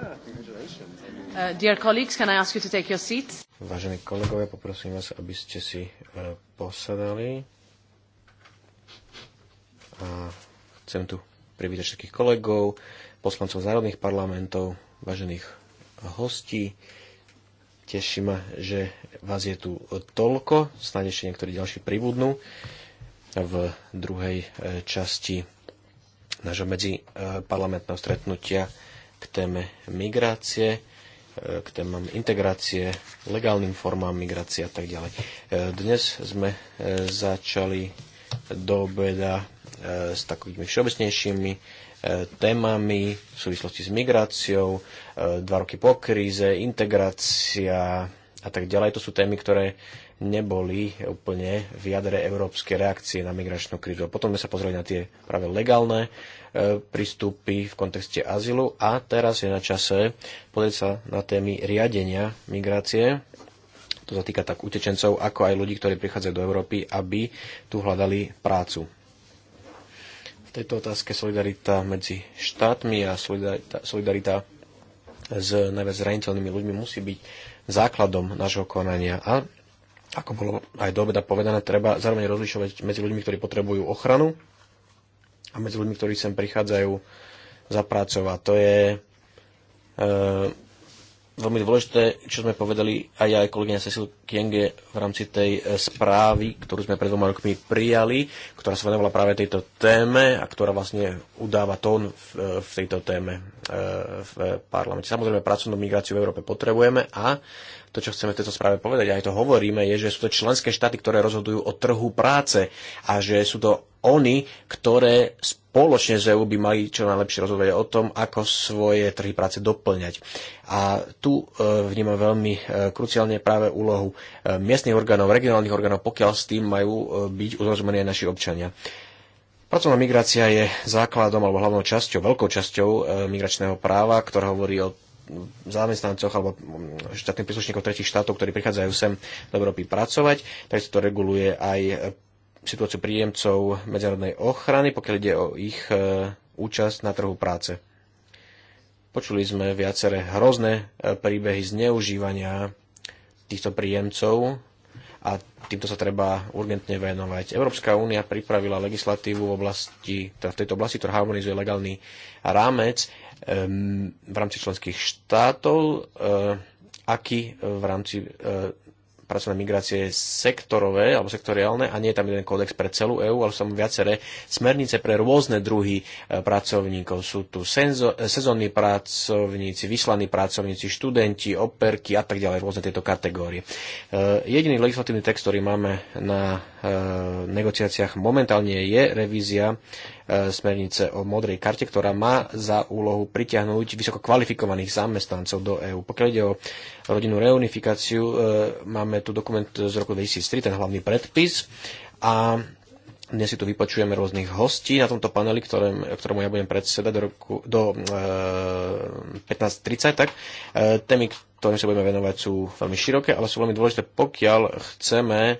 uh, dear colleagues, can I ask you to take your seats? Vážení kolegovia, poprosím vás, aby ste si uh, posadali. A chcem tu privítať všetkých kolegov, poslancov národných parlamentov, vážených hostí. Teší ma, že vás je tu toľko, snáď ešte niektorí ďalší pribudnú v druhej eh, časti nášho medziparlamentného stretnutia k téme migrácie, e, k témam integrácie, legálnym formám migrácie a tak ďalej. E, dnes sme e, začali do obeda s takými všeobecnejšími témami v súvislosti s migráciou, dva roky po kríze, integrácia a tak ďalej. To sú témy, ktoré neboli úplne v jadre európskej reakcie na migračnú krízu. Potom sme sa pozreli na tie práve legálne e, prístupy v kontexte azylu a teraz je na čase pozrieť sa na témy riadenia migrácie. To sa týka tak utečencov, ako aj ľudí, ktorí prichádzajú do Európy, aby tu hľadali prácu. V tejto otázke solidarita medzi štátmi a solidarita, solidarita s najviac zraniteľnými ľuďmi musí byť základom nášho konania. A ako bolo aj do obeda povedané, treba zároveň rozlišovať medzi ľuďmi, ktorí potrebujú ochranu a medzi ľuďmi, ktorí sem prichádzajú zapracovať. To je e, veľmi dôležité, čo sme povedali aj ja, aj kolegyňa Cecil Kienge v rámci tej e, správy, ktorú sme pred dvoma rokmi prijali, ktorá sa venovala práve tejto téme a ktorá vlastne udáva tón v, e, v tejto téme e, v parlamente. Samozrejme, pracovnú migráciu v Európe potrebujeme a to, čo chceme v tejto správe povedať, aj to hovoríme, je, že sú to členské štáty, ktoré rozhodujú o trhu práce a že sú to oni, ktoré spoločne z EU by mali čo najlepšie rozhodovať o tom, ako svoje trhy práce doplňať. A tu e, vnímam veľmi e, kruciálne práve úlohu e, miestnych orgánov, regionálnych orgánov, pokiaľ s tým majú byť uzrozumení aj naši občania. Pracovná migrácia je základom alebo hlavnou časťou, veľkou časťou migračného práva, ktorá hovorí o zamestnancoch alebo mm, štátnych príslušníkov tretich štátov, ktorí prichádzajú sem do Európy pracovať. Takisto to reguluje aj e, situáciu príjemcov medzinárodnej ochrany, pokiaľ ide o ich e, účasť na trhu práce. Počuli sme viaceré hrozné e, príbehy zneužívania týchto príjemcov a týmto sa treba urgentne venovať. Európska únia pripravila legislatívu v, oblasti, teda v tejto oblasti, ktorá harmonizuje legálny rámec v rámci členských štátov, eh, aký eh, v rámci eh, pracovnej migrácie je sektorové alebo sektoriálne a nie je tam jeden kódex pre celú EÚ, ale sú tam viaceré smernice pre rôzne druhy pracovníkov. Sú tu senzo, sezónni pracovníci, vyslaní pracovníci, študenti, operky a tak ďalej, rôzne tieto kategórie. Jediný legislatívny text, ktorý máme na negociáciách momentálne je revízia E, smernice o modrej karte, ktorá má za úlohu pritiahnuť vysoko kvalifikovaných zamestnancov do EÚ. Pokiaľ ide o rodinnú reunifikáciu, e, máme tu dokument z roku 2003, ten hlavný predpis a dnes si tu vypočujeme rôznych hostí na tomto paneli, ktorém, ktorému ja budem predsedať do, roku, do e, 15.30. Tak. E, témy, ktorým sa budeme venovať, sú veľmi široké, ale sú veľmi dôležité, pokiaľ chceme e,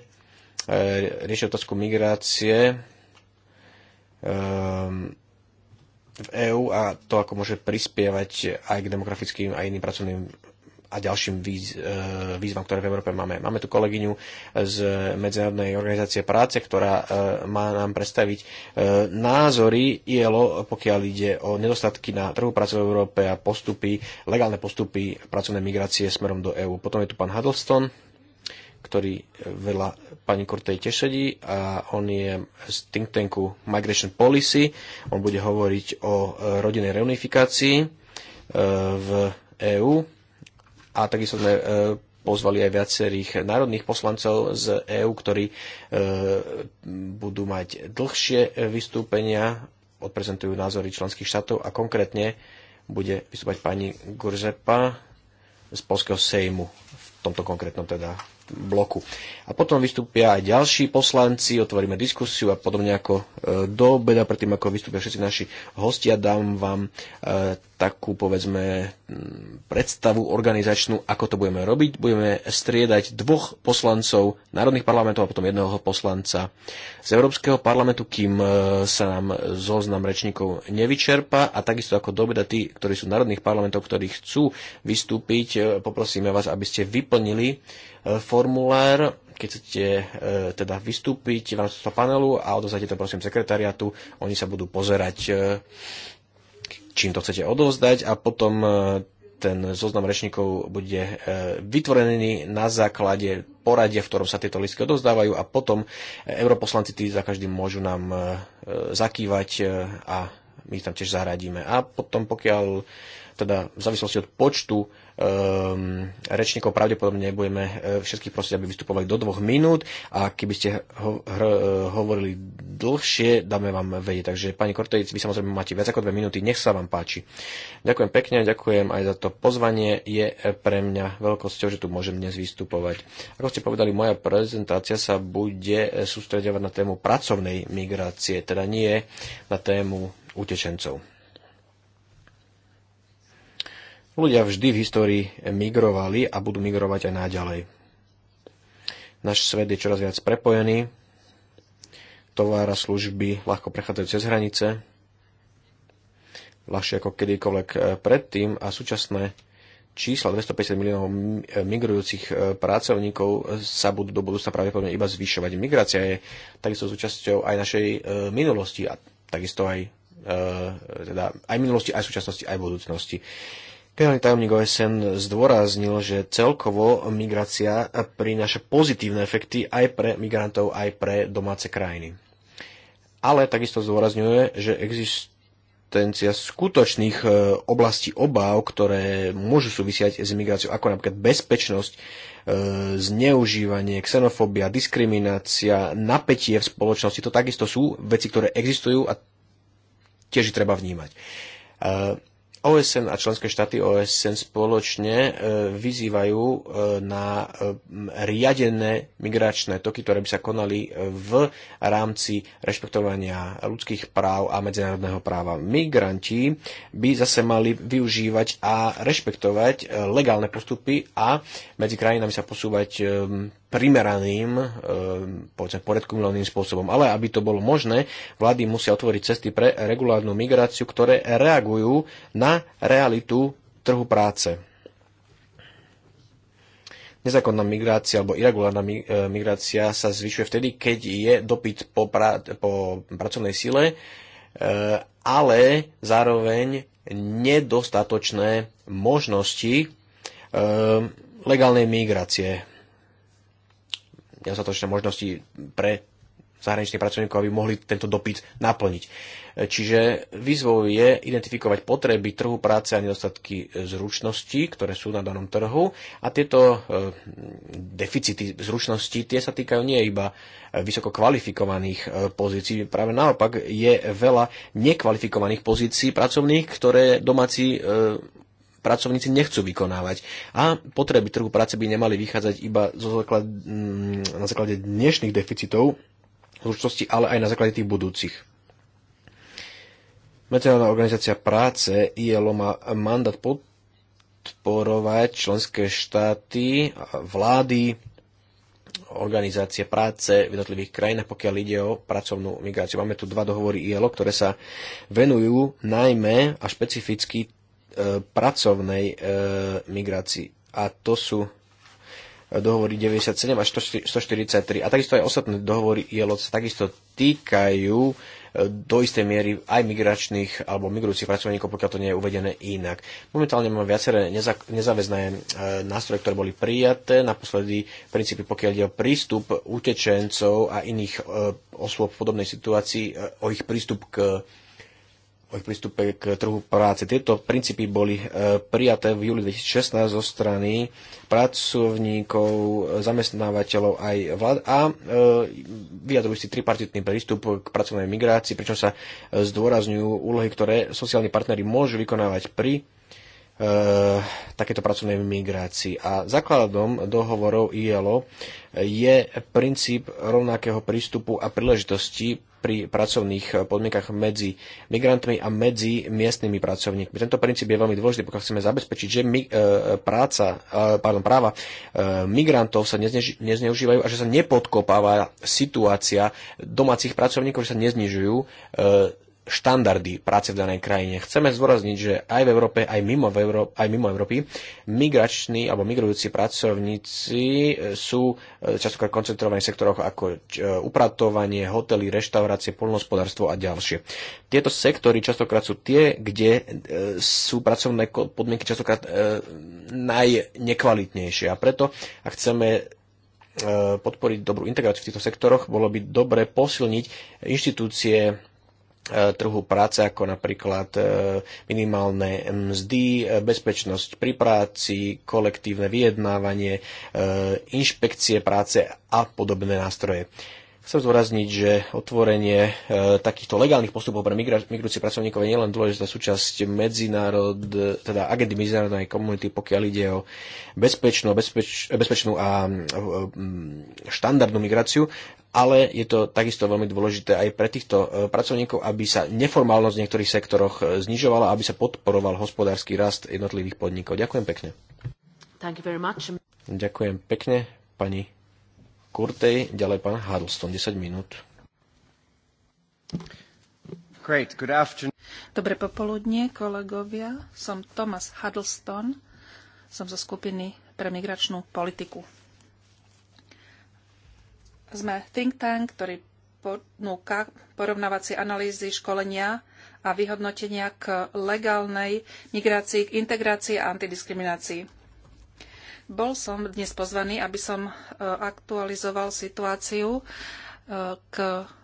riešiť otázku migrácie Ehm, v EÚ a to, ako môže prispievať aj k demografickým a iným pracovným a ďalším výz, e, výzvam, ktoré v Európe máme. Máme tu kolegyňu z Medzinárodnej organizácie práce, ktorá e, má nám predstaviť e, názory ILO, pokiaľ ide o nedostatky na trhu práce v Európe a postupy, legálne postupy pracovnej migrácie smerom do EÚ. Potom je tu pán Huddleston, ktorý vedľa pani Kurtej tešedí a on je z think tanku Migration Policy. On bude hovoriť o e, rodinnej reunifikácii e, v EÚ a takisto sme e, pozvali aj viacerých národných poslancov z EÚ, ktorí budú mať dlhšie vystúpenia, odprezentujú názory členských štátov a konkrétne bude vystúpať pani Gurzepa z Polského sejmu v tomto konkrétnom teda bloku. A potom vystúpia aj ďalší poslanci, otvoríme diskusiu a podobne ako e, do obeda, predtým ako vystúpia všetci naši hostia, dám vám e, takú, povedzme, mm, predstavu organizačnú, ako to budeme robiť. Budeme striedať dvoch poslancov národných parlamentov a potom jedného poslanca z Európskeho parlamentu, kým e, sa nám zoznam rečníkov nevyčerpa a takisto ako do obeda tí, ktorí sú národných parlamentov, ktorí chcú vystúpiť, poprosíme vás, aby ste vyplnili E, formulár, keď chcete e, teda vystúpiť v rámci toho panelu a odovzdajte to prosím sekretariatu, oni sa budú pozerať, e, čím to chcete odovzdať a potom e, ten zoznam rečníkov bude e, vytvorený na základe poradia, v ktorom sa tieto listky odovzdávajú a potom e, europoslanci tí za každým môžu nám e, zakývať e, a my ich tam tiež zahradíme. A potom pokiaľ teda v závislosti od počtu um, rečníkov pravdepodobne nebudeme e, všetkých prosiť, aby vystupovali do dvoch minút a keby ste ho, hr, e, hovorili dlhšie, dáme vám vedieť. Takže pani Kortejc, vy samozrejme máte viac ako dve minúty, nech sa vám páči. Ďakujem pekne, ďakujem aj za to pozvanie. Je pre mňa veľkosťou, že tu môžem dnes vystupovať. Ako ste povedali, moja prezentácia sa bude sústredovať na tému pracovnej migrácie, teda nie na tému utečencov. Ľudia vždy v histórii migrovali a budú migrovať aj naďalej. Náš svet je čoraz viac prepojený, továra služby ľahko prechádzajú cez hranice, ľahšie ako kedykoľvek e, predtým a súčasné čísla 250 miliónov e, migrujúcich e, pracovníkov sa budú do budúcna pravdepodobne iba zvyšovať. Migrácia je takisto súčasťou aj našej minulosti a takisto aj, teda aj minulosti, aj súčasnosti, aj budúcnosti. Generálny tajomník OSN zdôraznil, že celkovo migrácia prináša pozitívne efekty aj pre migrantov, aj pre domáce krajiny. Ale takisto zdôrazňuje, že existencia skutočných e, oblastí obáv, ktoré môžu súvisiať s migráciou, ako napríklad bezpečnosť, e, zneužívanie, xenofóbia, diskriminácia, napätie v spoločnosti, to takisto sú veci, ktoré existujú a tiež ich treba vnímať e, OSN a členské štáty OSN spoločne e, vyzývajú e, na e, riadené migračné toky, ktoré by sa konali v rámci rešpektovania ľudských práv a medzinárodného práva. Migranti by zase mali využívať a rešpektovať legálne postupy a medzi krajinami sa posúvať primeraným, e, povedzme, poriadkumilným spôsobom. Ale aby to bolo možné, vlády musia otvoriť cesty pre regulárnu migráciu, ktoré reagujú na realitu trhu práce. Nezákonná migrácia alebo irregulárna e, migrácia sa zvyšuje vtedy, keď je dopyt po, pra- po pracovnej sile, e, ale zároveň nedostatočné možnosti legálnej migrácie nedostatočné možnosti pre zahraničných pracovníkov, aby mohli tento dopyt naplniť. Čiže výzvou je identifikovať potreby trhu práce a nedostatky zručností, ktoré sú na danom trhu a tieto eh, deficity zručností, tie sa týkajú nie iba vysoko kvalifikovaných eh, pozícií, práve naopak je veľa nekvalifikovaných pozícií pracovných, ktoré domáci eh, pracovníci nechcú vykonávať. A potreby trhu práce by nemali vychádzať iba zo základ, mm, na základe dnešných deficitov zručnosti, ale aj na základe tých budúcich. Medzinárodná organizácia práce ILO má mandát podporovať členské štáty, vlády, organizácie práce v jednotlivých krajinách, pokiaľ ide o pracovnú migráciu. Máme tu dva dohovory ILO, ktoré sa venujú najmä a špecificky E, pracovnej e, migrácii. A to sú dohovory 97 až 143. A takisto aj ostatné dohovory ILOC takisto týkajú e, do istej miery aj migračných alebo migrujúcich pracovníkov, pokiaľ to nie je uvedené inak. Momentálne máme viaceré neza, nezáväzné nástroje, ktoré boli prijaté, naposledy princípy, pokiaľ ide o prístup utečencov a iných osôb v podobnej situácii, o ich prístup k o ich prístupe k trhu práce. Tieto princípy boli e, prijaté v júli 2016 zo strany pracovníkov, zamestnávateľov aj vlád a e, vyjadrujú si tripartitný prístup k pracovnej migrácii, pričom sa e, zdôrazňujú úlohy, ktoré sociálni partnery môžu vykonávať pri takéto pracovnej migrácii. A základom dohovorov ILO je princíp rovnakého prístupu a príležitosti pri pracovných eh, podmienkach medzi migrantmi a medzi miestnymi pracovníkmi. Tento princíp je veľmi dôležitý, pokiaľ chceme zabezpečiť, že my, e, eh, práca, e, pardon, práva e, migrantov sa nezneži, nezneužívajú a že sa nepodkopáva situácia domácich pracovníkov, že sa neznižujú e, štandardy práce v danej krajine. Chceme zdôrazniť, že aj v Európe, aj mimo, v Euró- aj mimo Európy migrační alebo migrujúci pracovníci e, sú e, častokrát koncentrovaní v sektoroch ako e, upratovanie, hotely, reštaurácie, polnohospodárstvo a ďalšie. Tieto sektory častokrát sú tie, kde sú pracovné podmienky častokrát najnekvalitnejšie. A preto, ak chceme podporiť dobrú integráciu v týchto sektoroch, bolo by dobre posilniť inštitúcie Eh, trhu práce, ako napríklad eh, minimálne mzdy, eh, bezpečnosť pri práci, kolektívne vyjednávanie, inšpekcie práce a podobné nástroje. Chcem zdôrazniť, že otvorenie e, takýchto legálnych postupov pre migra- migrujúcich pracovníkov je nielen dôležitá súčasť medzinárod, teda agendy medzinárodnej komunity, pokiaľ ide o bezpečnú, bezpeč- bezpečnú a e, štandardnú migráciu, ale je to takisto veľmi dôležité aj pre týchto e, pracovníkov, aby sa neformálnosť v niektorých sektoroch e, znižovala, aby sa podporoval hospodársky rast jednotlivých podnikov. Ďakujem pekne. Ďakujem pekne, pani Kurtej, ďalej pán Harlston, 10 minút. Great, good afternoon. Dobre popoludne, kolegovia. Som Thomas Huddleston. Som zo skupiny pre migračnú politiku. Sme think tank, ktorý ponúka porovnávacie analýzy, školenia a vyhodnotenia k legálnej migrácii, k integrácii a antidiskriminácii bol som dnes pozvaný, aby som e, aktualizoval situáciu e, k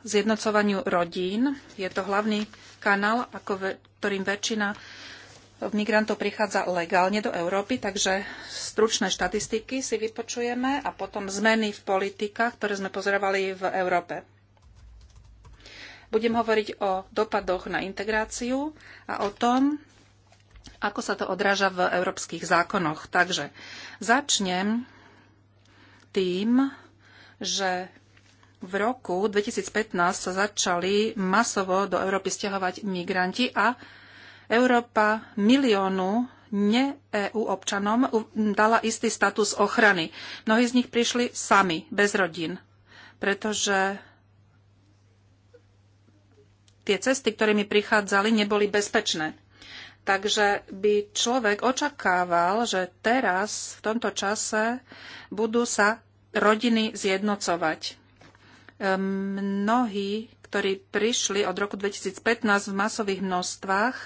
zjednocovaniu rodín. Je to hlavný kanál, ako ktorým väčšina migrantov prichádza legálne do Európy, takže stručné štatistiky si vypočujeme a potom zmeny v politikách, ktoré sme pozorovali v Európe. Budem hovoriť o dopadoch na integráciu a o tom, ako sa to odráža v európskych zákonoch. Takže začnem tým, že v roku 2015 sa začali masovo do Európy stiahovať migranti a Európa miliónu ne-EU občanom dala istý status ochrany. Mnohí z nich prišli sami, bez rodín, pretože tie cesty, ktorými prichádzali, neboli bezpečné. Takže by človek očakával, že teraz, v tomto čase, budú sa rodiny zjednocovať. Ehm, mnohí, ktorí prišli od roku 2015 v masových množstvách,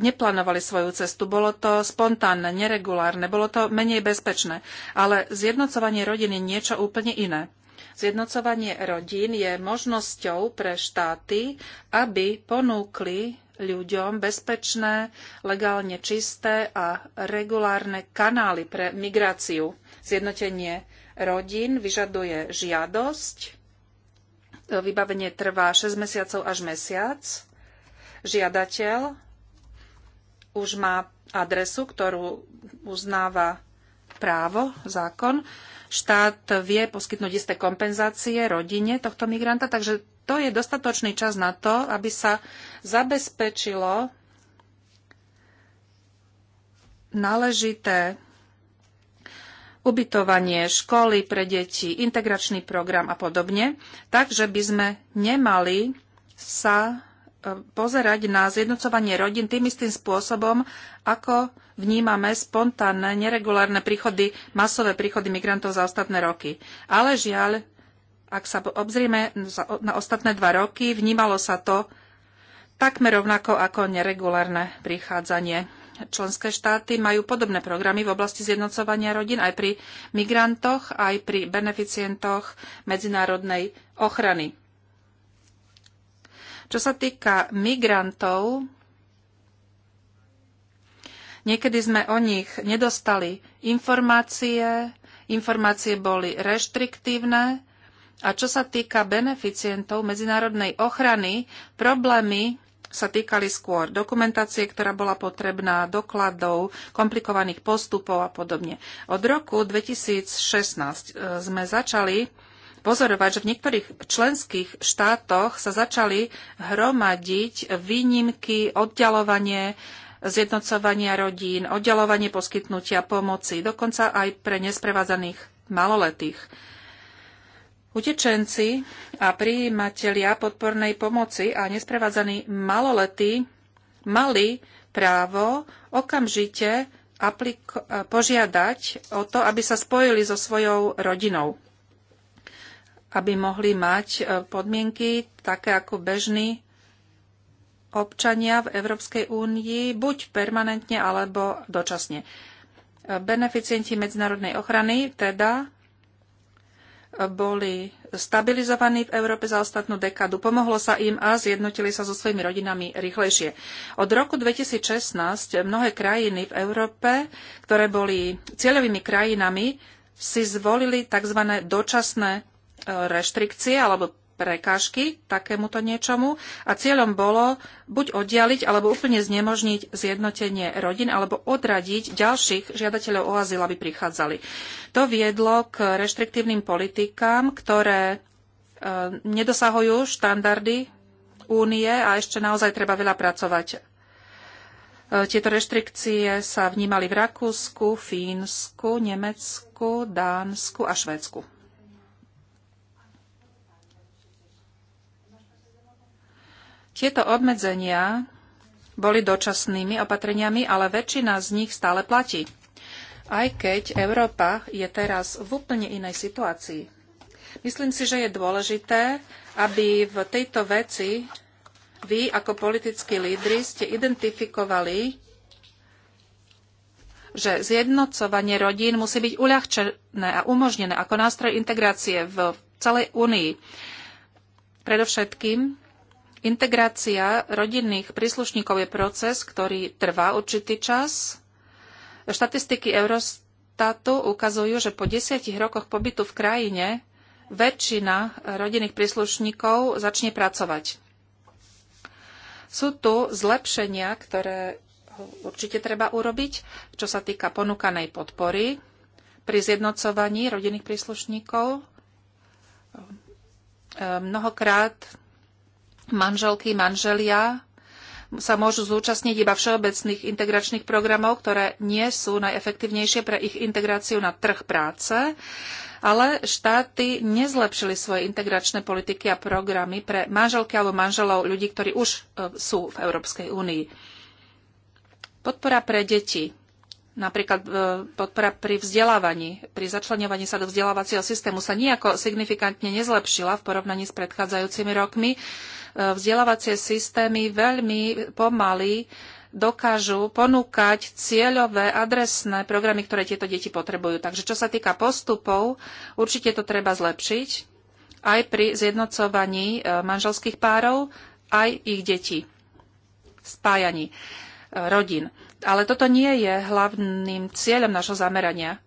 neplánovali svoju cestu. Bolo to spontánne, neregulárne, bolo to menej bezpečné. Ale zjednocovanie rodiny je niečo úplne iné. Zjednocovanie rodín je možnosťou pre štáty, aby ponúkli ľuďom bezpečné, legálne čisté a regulárne kanály pre migráciu. Zjednotenie rodín vyžaduje žiadosť. Vybavenie trvá 6 mesiacov až mesiac. Žiadateľ už má adresu, ktorú uznáva právo, zákon štát vie poskytnúť isté kompenzácie rodine tohto migranta, takže to je dostatočný čas na to, aby sa zabezpečilo náležité ubytovanie, školy pre deti, integračný program a podobne, takže by sme nemali sa pozerať na zjednocovanie rodín tým istým spôsobom, ako vnímame spontánne, neregulárne príchody, masové príchody migrantov za ostatné roky. Ale žiaľ, ak sa obzrieme na ostatné dva roky, vnímalo sa to takmer rovnako ako neregulárne prichádzanie. Členské štáty majú podobné programy v oblasti zjednocovania rodín aj pri migrantoch, aj pri beneficientoch medzinárodnej ochrany. Čo sa týka migrantov, niekedy sme o nich nedostali informácie, informácie boli reštriktívne a čo sa týka beneficientov medzinárodnej ochrany, problémy sa týkali skôr dokumentácie, ktorá bola potrebná, dokladov, komplikovaných postupov a podobne. Od roku 2016 e, sme začali pozorovať, že v niektorých členských štátoch sa začali hromadiť výnimky, oddalovanie zjednocovania rodín, oddelovanie poskytnutia pomoci, dokonca aj pre nesprevádzaných maloletých. Utečenci a prijímatelia podpornej pomoci a nesprevádzaní maloletí mali právo okamžite požiadať o to, aby sa spojili so svojou rodinou aby mohli mať e, podmienky také ako bežní občania v Európskej únii, buď permanentne alebo dočasne. E, beneficienti medzinárodnej ochrany teda e, boli stabilizovaní v Európe za ostatnú dekádu. Pomohlo sa im a zjednotili sa so svojimi rodinami rýchlejšie. Od roku 2016 mnohé krajiny v Európe, ktoré boli cieľovými krajinami, si zvolili tzv. dočasné reštrikcie alebo prekážky takémuto niečomu a cieľom bolo buď oddialiť alebo úplne znemožniť zjednotenie rodín alebo odradiť ďalších žiadateľov o azyl, aby prichádzali. To viedlo k reštriktívnym politikám, ktoré e, nedosahujú štandardy únie a ešte naozaj treba veľa pracovať. E, tieto reštrikcie sa vnímali v Rakúsku, Fínsku, Nemecku, Dánsku a Švédsku. Tieto obmedzenia boli dočasnými opatreniami, ale väčšina z nich stále platí. Aj keď Európa je teraz v úplne inej situácii. Myslím si, že je dôležité, aby v tejto veci vy ako politickí lídry ste identifikovali, že zjednocovanie rodín musí byť uľahčené a umožnené ako nástroj integrácie v celej únii. Predovšetkým Integrácia rodinných príslušníkov je proces, ktorý trvá určitý čas. Štatistiky Eurostatu ukazujú, že po desiatich rokoch pobytu v krajine väčšina rodinných príslušníkov začne pracovať. Sú tu zlepšenia, ktoré určite treba urobiť, čo sa týka ponúkanej podpory pri zjednocovaní rodinných príslušníkov. Mnohokrát manželky, manželia sa môžu zúčastniť iba všeobecných integračných programov, ktoré nie sú najefektívnejšie pre ich integráciu na trh práce, ale štáty nezlepšili svoje integračné politiky a programy pre manželky alebo manželov ľudí, ktorí už e, sú v Európskej únii. Podpora pre deti, napríklad e, podpora pri vzdelávaní, pri začlenovaní sa do vzdelávacieho systému sa nejako signifikantne nezlepšila v porovnaní s predchádzajúcimi rokmi vzdelávacie systémy veľmi pomaly dokážu ponúkať cieľové, adresné programy, ktoré tieto deti potrebujú. Takže čo sa týka postupov, určite to treba zlepšiť aj pri zjednocovaní e, manželských párov, aj ich detí, spájaní e, rodín. Ale toto nie je hlavným cieľom našho zamerania.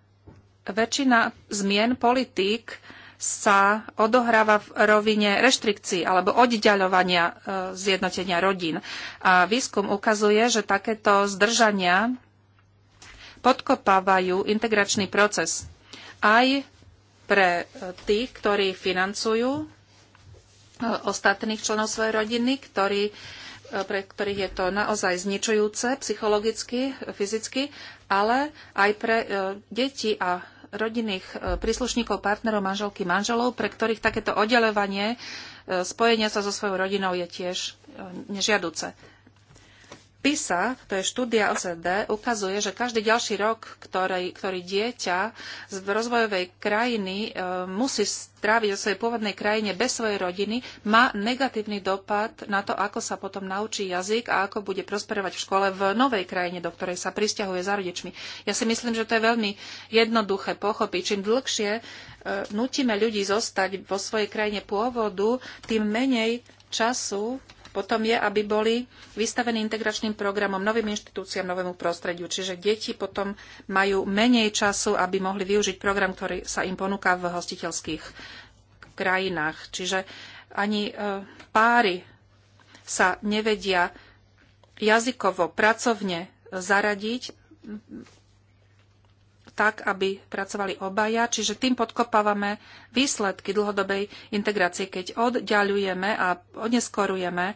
Väčšina zmien politík sa odohráva v rovine reštrikcií alebo oddiaľovania e, zjednotenia rodín. A výskum ukazuje, že takéto zdržania podkopávajú integračný proces aj pre e, tých, ktorí financujú e, ostatných členov svojej rodiny, ktorí, pre ktorých je to naozaj zničujúce psychologicky, fyzicky, ale aj pre deti a rodinných e, príslušníkov, partnerov, manželky, manželov, pre ktorých takéto oddelovanie e, spojenia sa so svojou rodinou je tiež e, nežiaduce. PISA, to je štúdia OCD, ukazuje, že každý ďalší rok, ktorý, ktorý dieťa z rozvojovej krajiny e, musí stráviť o svojej pôvodnej krajine bez svojej rodiny, má negatívny dopad na to, ako sa potom naučí jazyk a ako bude prosperovať v škole v novej krajine, do ktorej sa prisťahuje za rodičmi. Ja si myslím, že to je veľmi jednoduché pochopiť. Čím dlhšie e, nutíme ľudí zostať vo svojej krajine pôvodu, tým menej času potom je, aby boli vystavení integračným programom, novým inštitúciám, novému prostrediu. Čiže deti potom majú menej času, aby mohli využiť program, ktorý sa im ponúka v hostiteľských krajinách. Čiže ani e, páry sa nevedia jazykovo, pracovne zaradiť tak, aby pracovali obaja, čiže tým podkopávame výsledky dlhodobej integrácie, keď oddialujeme a odneskorujeme e,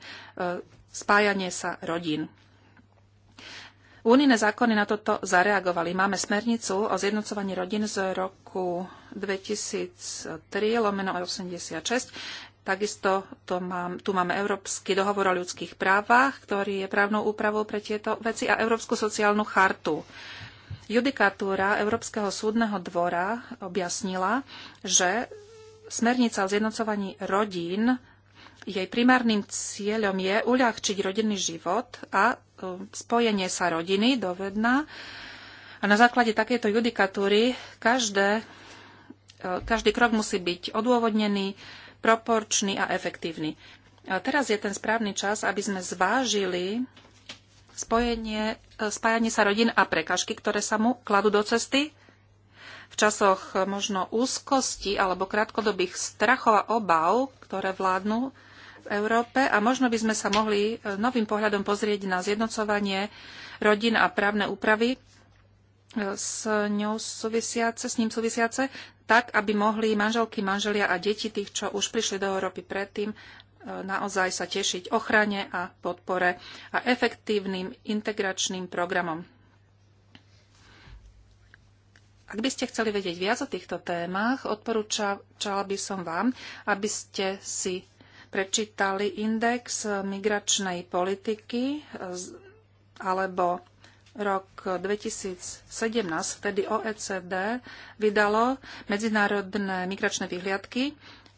spájanie sa rodín. Únine zákony na toto zareagovali. Máme smernicu o zjednocovaní rodín z roku 2003 lomeno 86. Takisto to mám, tu máme Európsky dohovor o ľudských právach, ktorý je právnou úpravou pre tieto veci a Európsku sociálnu chartu. Judikatúra Európskeho súdneho dvora objasnila, že smernica o zjednocovaní rodín jej primárnym cieľom je uľahčiť rodinný život a e, spojenie sa rodiny dovedná. A na základe takejto judikatúry každé, e, každý krok musí byť odôvodnený, proporčný a efektívny. A teraz je ten správny čas, aby sme zvážili spojenie, e, spájanie sa rodín a prekažky, ktoré sa mu kladú do cesty. V časoch e, možno úzkosti alebo krátkodobých strachov a obav, ktoré vládnu v Európe a možno by sme sa mohli e, novým pohľadom pozrieť na zjednocovanie rodín a právne úpravy s ňou súvisiace, s ním súvisiace, tak, aby mohli manželky, manželia a deti tých, čo už prišli do Európy predtým, naozaj sa tešiť ochrane a podpore a efektívnym integračným programom. Ak by ste chceli vedieť viac o týchto témach, odporúčala by som vám, aby ste si prečítali index migračnej politiky alebo rok 2017, vtedy OECD vydalo medzinárodné migračné vyhliadky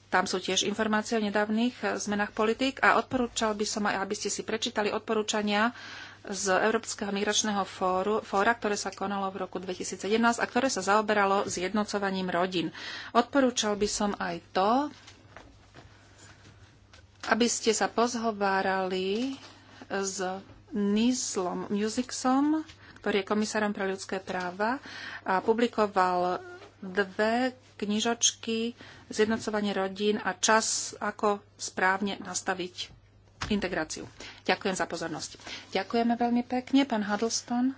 tam sú tiež informácie o nedávnych eh, zmenách politík a odporúčal by som aj, aby ste si prečítali odporúčania z Európskeho migračného fóru, fóra, ktoré sa konalo v roku 2017 a ktoré sa zaoberalo zjednocovaním rodín. Odporúčal by som aj to, aby ste sa pozhovárali s Nislom Musicsom, ktorý je komisárom pre ľudské práva a publikoval dve knižočky zjednocovanie rodín a čas, ako správne nastaviť integráciu. Ďakujem za pozornosť. Ďakujeme veľmi pekne, pán Huddleston.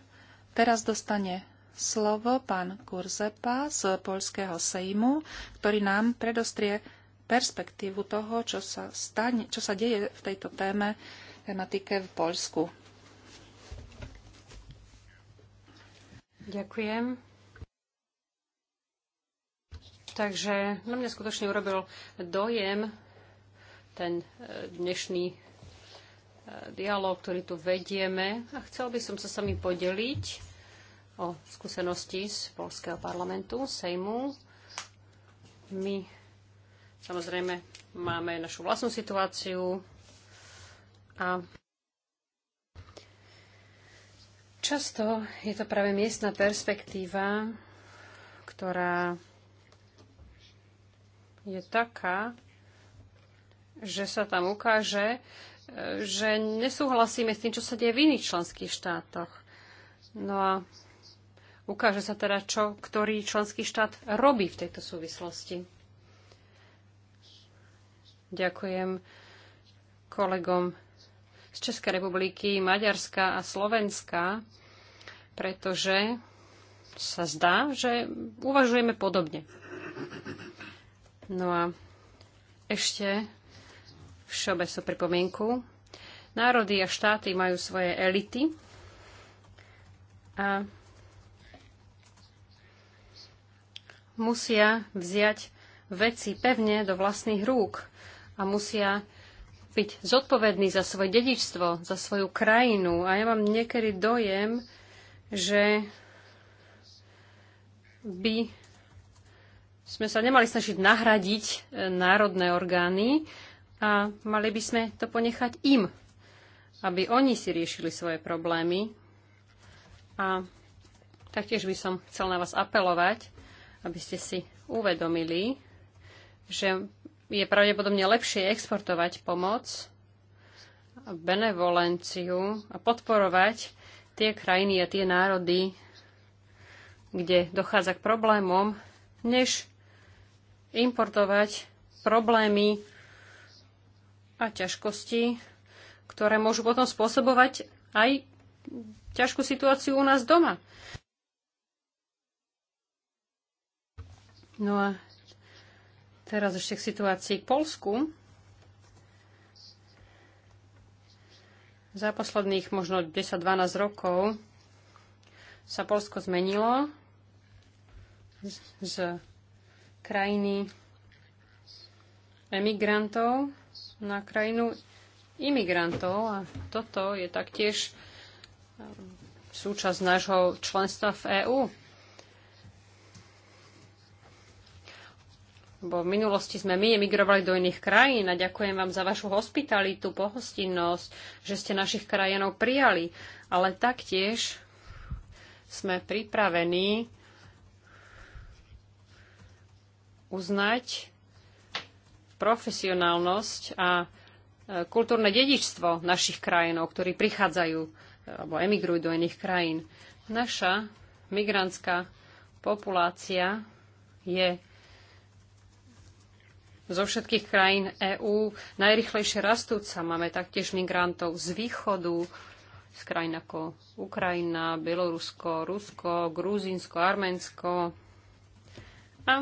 Teraz dostane slovo pán Kurzepa z Polského Sejmu, ktorý nám predostrie perspektívu toho, čo sa, stane, čo sa deje v tejto téme, tematike v Polsku. Ďakujem. Takže na mňa skutočne urobil dojem ten e, dnešný e, dialog, ktorý tu vedieme a chcel by som sa s vami podeliť o skúsenosti z Polského parlamentu, Sejmu. My samozrejme máme našu vlastnú situáciu a často je to práve miestna perspektíva, ktorá je taká, že sa tam ukáže, e, že nesúhlasíme s tým, čo sa deje v iných členských štátoch. No a ukáže sa teda, čo ktorý členský štát robí v tejto súvislosti. Ďakujem kolegom z Českej republiky, Maďarska a Slovenska, pretože sa zdá, že uvažujeme podobne. No a ešte všeobecnú pripomienku. Národy a štáty majú svoje elity a musia vziať veci pevne do vlastných rúk a musia byť zodpovední za svoje dedičstvo, za svoju krajinu. A ja mám niekedy dojem, že by sme sa nemali snažiť nahradiť e, národné orgány a mali by sme to ponechať im, aby oni si riešili svoje problémy. A taktiež by som chcel na vás apelovať, aby ste si uvedomili, že je pravdepodobne lepšie exportovať pomoc, benevolenciu a podporovať tie krajiny a tie národy, kde dochádza k problémom, než importovať problémy a ťažkosti, ktoré môžu potom spôsobovať aj ťažkú situáciu u nás doma. No a teraz ešte k situácii k Polsku. Za posledných možno 10-12 rokov sa Polsko zmenilo z krajiny emigrantov na krajinu imigrantov. A toto je taktiež um, súčasť nášho členstva v EÚ. Bo v minulosti sme my emigrovali do iných krajín a ďakujem vám za vašu hospitalitu, pohostinnosť, že ste našich krajinov prijali. Ale taktiež sme pripravení uznať profesionálnosť a e, kultúrne dedičstvo našich krajinov, ktorí prichádzajú e, alebo emigrujú do iných krajín. Naša migrantská populácia je zo všetkých krajín EÚ najrychlejšie rastúca. Máme taktiež migrantov z východu, z krajín ako Ukrajina, Bielorusko, Rusko, Gruzínsko, Arménsko. A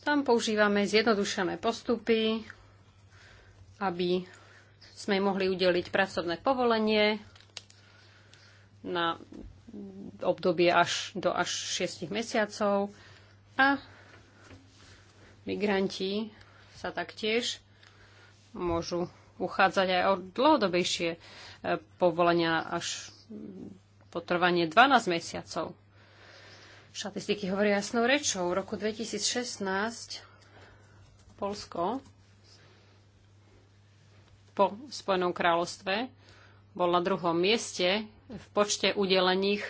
tam používame zjednodušené postupy, aby sme mohli udeliť pracovné povolenie na obdobie až do až 6 mesiacov a migranti sa taktiež môžu uchádzať aj o dlhodobejšie e, povolenia až potrvanie 12 mesiacov. Štatistiky hovoria jasnou rečou. V roku 2016 Polsko po Spojenom kráľovstve bol na druhom mieste v počte udelených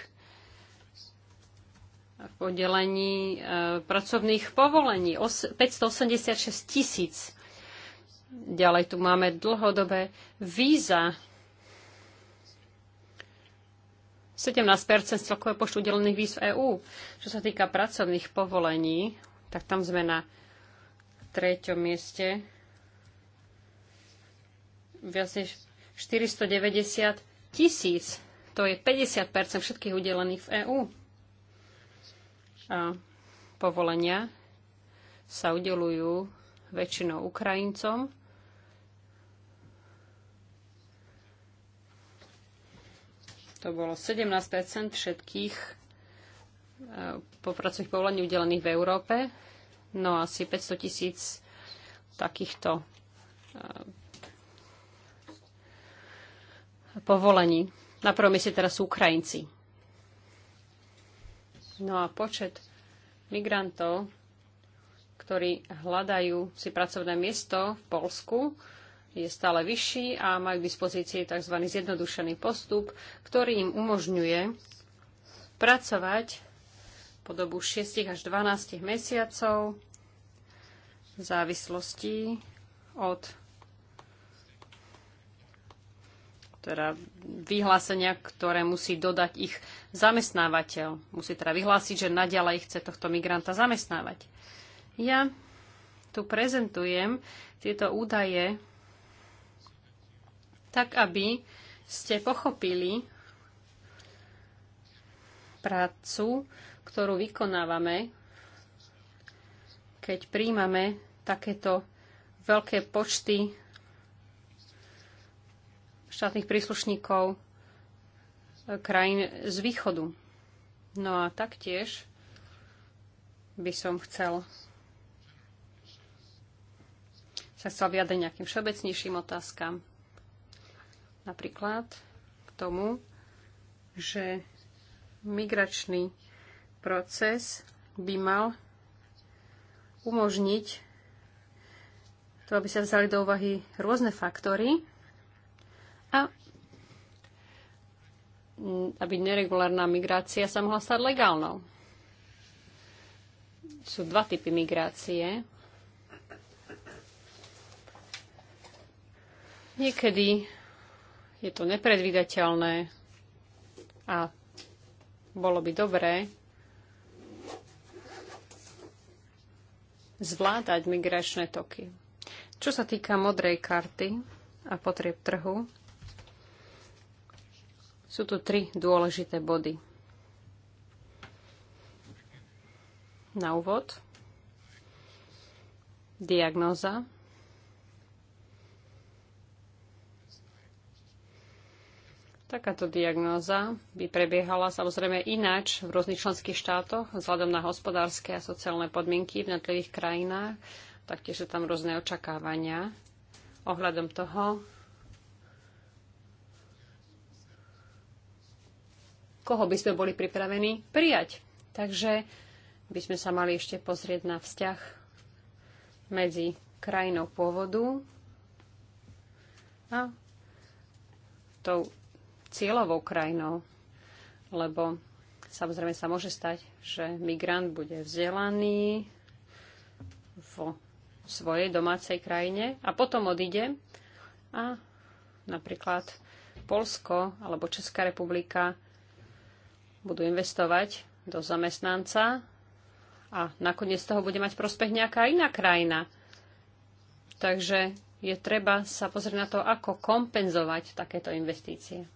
v udelení e, pracovných povolení. Os, 586 tisíc. Ďalej tu máme dlhodobé víza 17 z celkového počtu udelených víz v EÚ. Čo sa týka pracovných povolení, tak tam sme na treťom mieste. Viac než 490 tisíc. To je 50 všetkých udelených v EÚ. A povolenia sa udelujú väčšinou Ukrajincom to bolo 17 všetkých eh, popracových povolení udelených v Európe. No asi 500 tisíc takýchto eh, povolení. Na prvom mieste teraz sú Ukrajinci. No a počet migrantov, ktorí hľadajú si pracovné miesto v Polsku, je stále vyšší a majú k dispozícii tzv. zjednodušený postup, ktorý im umožňuje pracovať po dobu 6 až 12 mesiacov v závislosti od teda vyhlásenia, ktoré musí dodať ich zamestnávateľ. Musí teda vyhlásiť, že naďalej chce tohto migranta zamestnávať. Ja tu prezentujem tieto údaje tak aby ste pochopili prácu, ktorú vykonávame, keď príjmame takéto veľké počty štátnych príslušníkov e, krajín z východu. No a taktiež by som chcel sa chcel vyjadriť nejakým všeobecnejším otázkam. Napríklad k tomu, že migračný proces by mal umožniť to, aby sa vzali do úvahy rôzne faktory a aby neregulárna migrácia sa mohla stať legálnou. Sú dva typy migrácie. Niekedy je to nepredvídateľné a bolo by dobré zvládať migračné toky. Čo sa týka modrej karty a potrieb trhu, sú tu tri dôležité body. Na úvod diagnóza Takáto diagnóza by prebiehala samozrejme ináč v rôznych členských štátoch vzhľadom na hospodárske a sociálne podmienky v jednotlivých krajinách. Taktiež sú tam rôzne očakávania ohľadom toho, koho by sme boli pripravení prijať. Takže by sme sa mali ešte pozrieť na vzťah medzi krajinou pôvodu a tou cieľovou krajinou, lebo samozrejme sa môže stať, že migrant bude vzdelaný vo svojej domácej krajine a potom odíde a napríklad Polsko alebo Česká republika budú investovať do zamestnanca a nakoniec toho bude mať prospech nejaká iná krajina. Takže je treba sa pozrieť na to, ako kompenzovať takéto investície.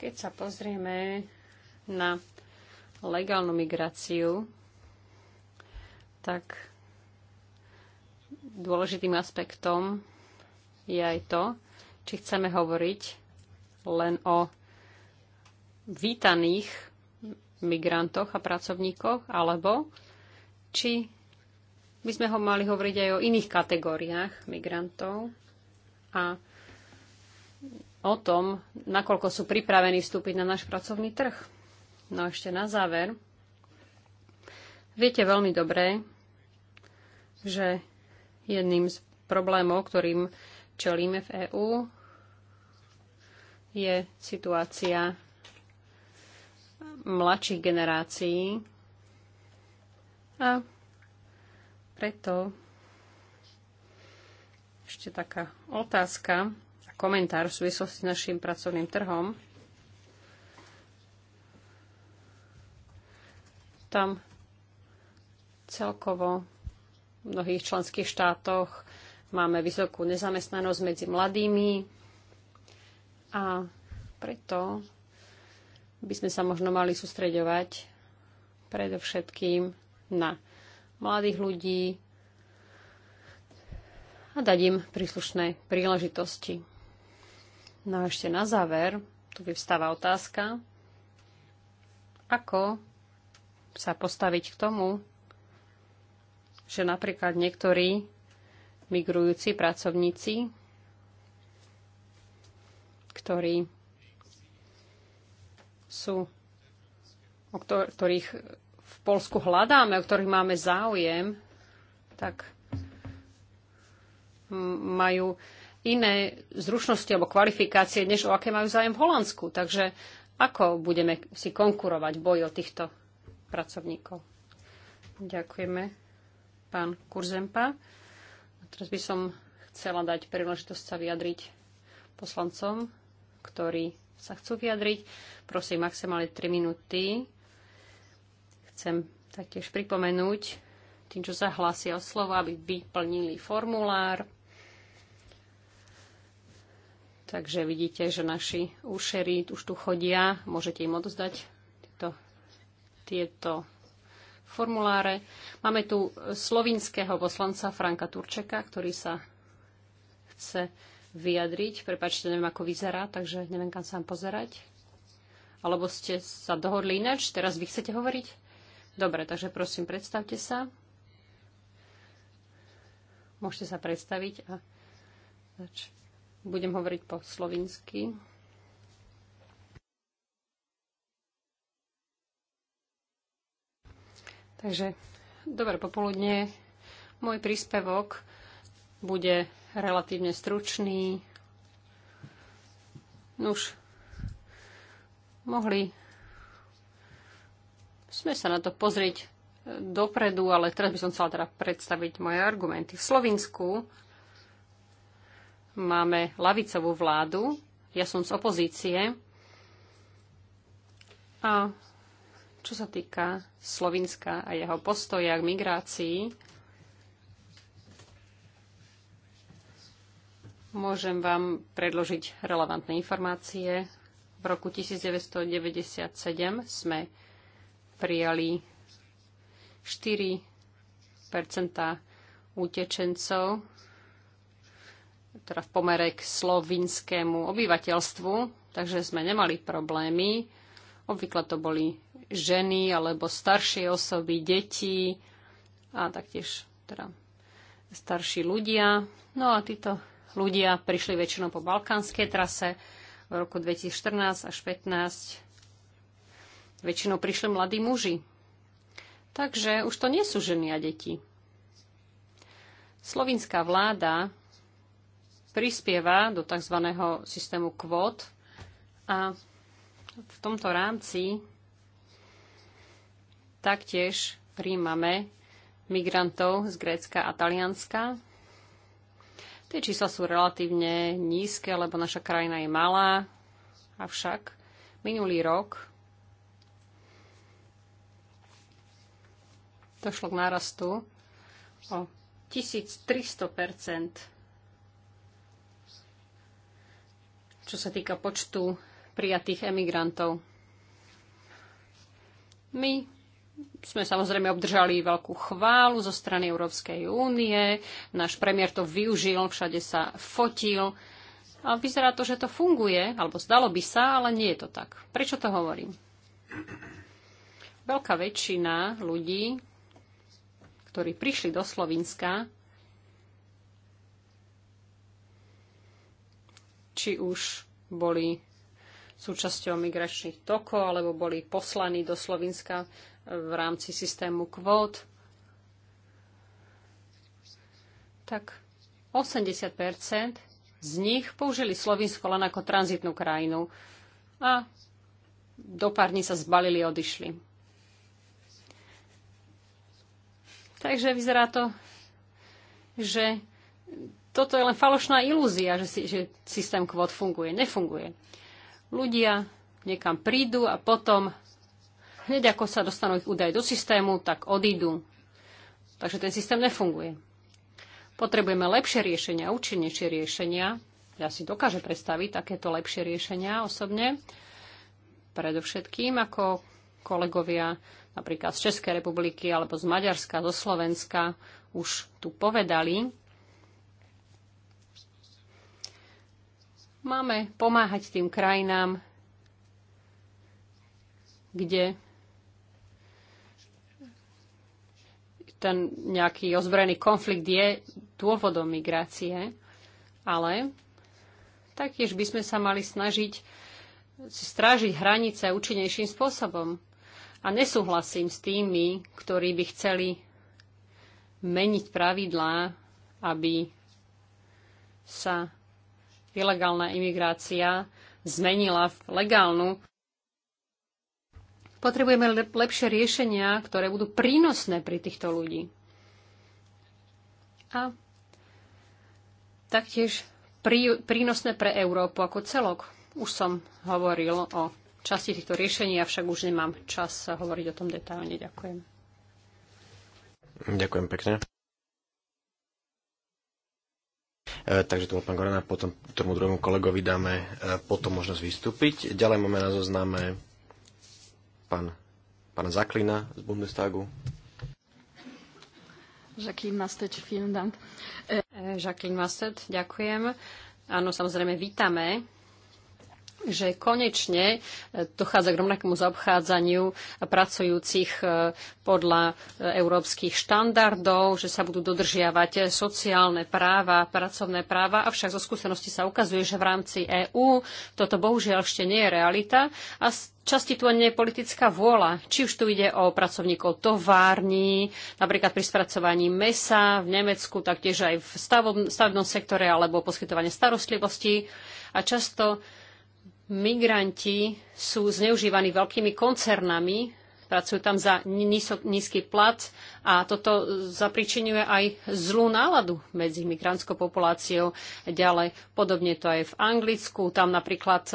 Keď sa pozrieme na legálnu migráciu, tak dôležitým aspektom je aj to, či chceme hovoriť len o vítaných migrantoch a pracovníkoch, alebo či by sme ho mali hovoriť aj o iných kategóriách migrantov. A o tom, nakoľko sú pripravení vstúpiť na náš pracovný trh. No a ešte na záver. Viete veľmi dobre, že jedným z problémov, ktorým čelíme v EÚ, je situácia mladších generácií a preto ešte taká otázka, komentár v súvislosti s našim pracovným trhom. Tam celkovo v mnohých členských štátoch máme vysokú nezamestnanosť medzi mladými a preto by sme sa možno mali sústreďovať predovšetkým na mladých ľudí a dať im príslušné príležitosti. No a ešte na záver, tu vyvstáva otázka, ako sa postaviť k tomu, že napríklad niektorí migrujúci pracovníci, ktorí sú, o ktorých v Polsku hľadáme, o ktorých máme záujem, tak majú iné zručnosti alebo kvalifikácie, než o aké majú zájem v Holandsku. Takže ako budeme si konkurovať v boji o týchto pracovníkov? Ďakujeme, pán Kurzempa. A teraz by som chcela dať príležitosť sa vyjadriť poslancom, ktorí sa chcú vyjadriť. Prosím, maximálne 3 minúty. Chcem taktiež pripomenúť tým, čo sa hlásia o slovo, aby vyplnili formulár Takže vidíte, že naši ušery už tu chodia. Môžete im odozdať tieto, tieto formuláre. Máme tu slovinského poslanca Franka Turčeka, ktorý sa chce vyjadriť. Prepačte, neviem, ako vyzerá, takže neviem, kam sa vám pozerať. Alebo ste sa dohodli inač? Teraz vy chcete hovoriť? Dobre, takže prosím, predstavte sa. Môžete sa predstaviť a začať. Budem hovoriť po slovinsky. Takže, dobré popoludne. Môj príspevok bude relatívne stručný. Nuž, mohli sme sa na to pozrieť eh, dopredu, ale teraz by som chcela teda predstaviť moje argumenty. V Slovensku máme lavicovú vládu, ja som z opozície. A čo sa týka Slovinska a jeho postoja k migrácii, môžem vám predložiť relevantné informácie. V roku 1997 sme prijali 4 utečencov teda v pomere k slovinskému obyvateľstvu, takže sme nemali problémy. Obvykle to boli ženy alebo staršie osoby, deti a taktiež teda starší ľudia. No a títo ľudia prišli väčšinou po balkánskej trase v roku 2014 až 2015. Väčšinou prišli mladí muži. Takže už to nie sú ženy a deti. Slovinská vláda prispieva do tzv. systému kvót a v tomto rámci taktiež príjmame migrantov z Grécka a Talianska. Tie čísla sú relatívne nízke, lebo naša krajina je malá, avšak minulý rok došlo k nárastu o 1300 čo sa týka počtu prijatých emigrantov. My sme samozrejme obdržali veľkú chválu zo strany Európskej únie. Náš premiér to využil, všade sa fotil. A vyzerá to, že to funguje, alebo zdalo by sa, ale nie je to tak. Prečo to hovorím? Veľká väčšina ľudí, ktorí prišli do Slovenska, či už boli súčasťou migračných tokov alebo boli poslaní do Slovenska e, v rámci systému kvót, tak 80 z nich použili Slovinsko len ako tranzitnú krajinu a do pár dní sa zbalili a odišli. Takže vyzerá to, že toto je len falošná ilúzia, že, si, že systém kvót funguje. Nefunguje. Ľudia niekam prídu a potom hneď ako sa dostanú ich údaje do systému, tak odídu. Takže ten systém nefunguje. Potrebujeme lepšie riešenia, účinnejšie riešenia. Ja si dokážem predstaviť takéto lepšie riešenia osobne. Predovšetkým ako kolegovia napríklad z Českej republiky alebo z Maďarska, zo Slovenska už tu povedali, Máme pomáhať tým krajinám, kde ten nejaký ozbrojený konflikt je dôvodom migrácie, ale taktiež by sme sa mali snažiť strážiť hranice účinnejším spôsobom. A nesúhlasím s tými, ktorí by chceli meniť pravidlá, aby sa ilegálna imigrácia zmenila v legálnu. Potrebujeme lepšie riešenia, ktoré budú prínosné pri týchto ľudí. A taktiež prí, prínosné pre Európu ako celok. Už som hovoril o časti týchto riešení, avšak už nemám čas hovoriť o tom detailne. Ďakujem. Ďakujem pekne. E, takže tomu pán Gorana, potom tomu druhému kolegovi dáme e, potom možnosť vystúpiť. Ďalej máme na zozname pán, pán Zaklina z Bundestagu. Jacqueline Mastet, vielen Dank. E, Jacqueline Mastet, ďakujem. Áno, samozrejme, vítame že konečne e, dochádza k rovnakému zaobchádzaniu pracujúcich e, podľa e, európskych štandardov, že sa budú dodržiavať sociálne práva, pracovné práva, avšak zo skúsenosti sa ukazuje, že v rámci EÚ toto bohužiaľ ešte nie je realita a časti tu nie je politická vôľa. Či už tu ide o pracovníkov tovární, napríklad pri spracovaní mesa v Nemecku, taktiež aj v stavobnom sektore alebo poskytovanie starostlivosti. A často migranti sú zneužívaní veľkými koncernami, pracujú tam za nízky plat a toto zapričinuje aj zlú náladu medzi migrantskou populáciou. Ďalej, podobne to aj v Anglicku, tam napríklad e,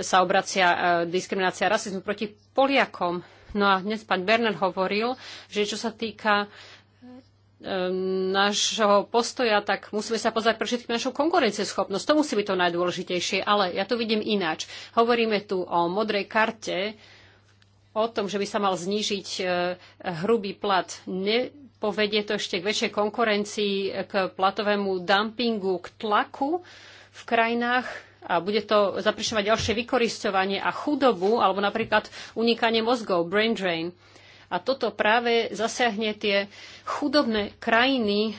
sa obracia e, diskriminácia rasizmu proti Poliakom. No a dnes pán Berner hovoril, že čo sa týka Ehm, nášho postoja, tak musíme sa pozrieť pre všetkým našu konkurencieschopnosť. To musí byť to najdôležitejšie, ale ja to vidím ináč. Hovoríme tu o modrej karte, o tom, že by sa mal znížiť e, hrubý plat. Nepovedie to ešte k väčšej konkurencii, k platovému dumpingu, k tlaku v krajinách a bude to zaprišovať ďalšie vykoristovanie a chudobu, alebo napríklad unikanie mozgov, brain drain. A toto práve zasiahne tie chudobné krajiny,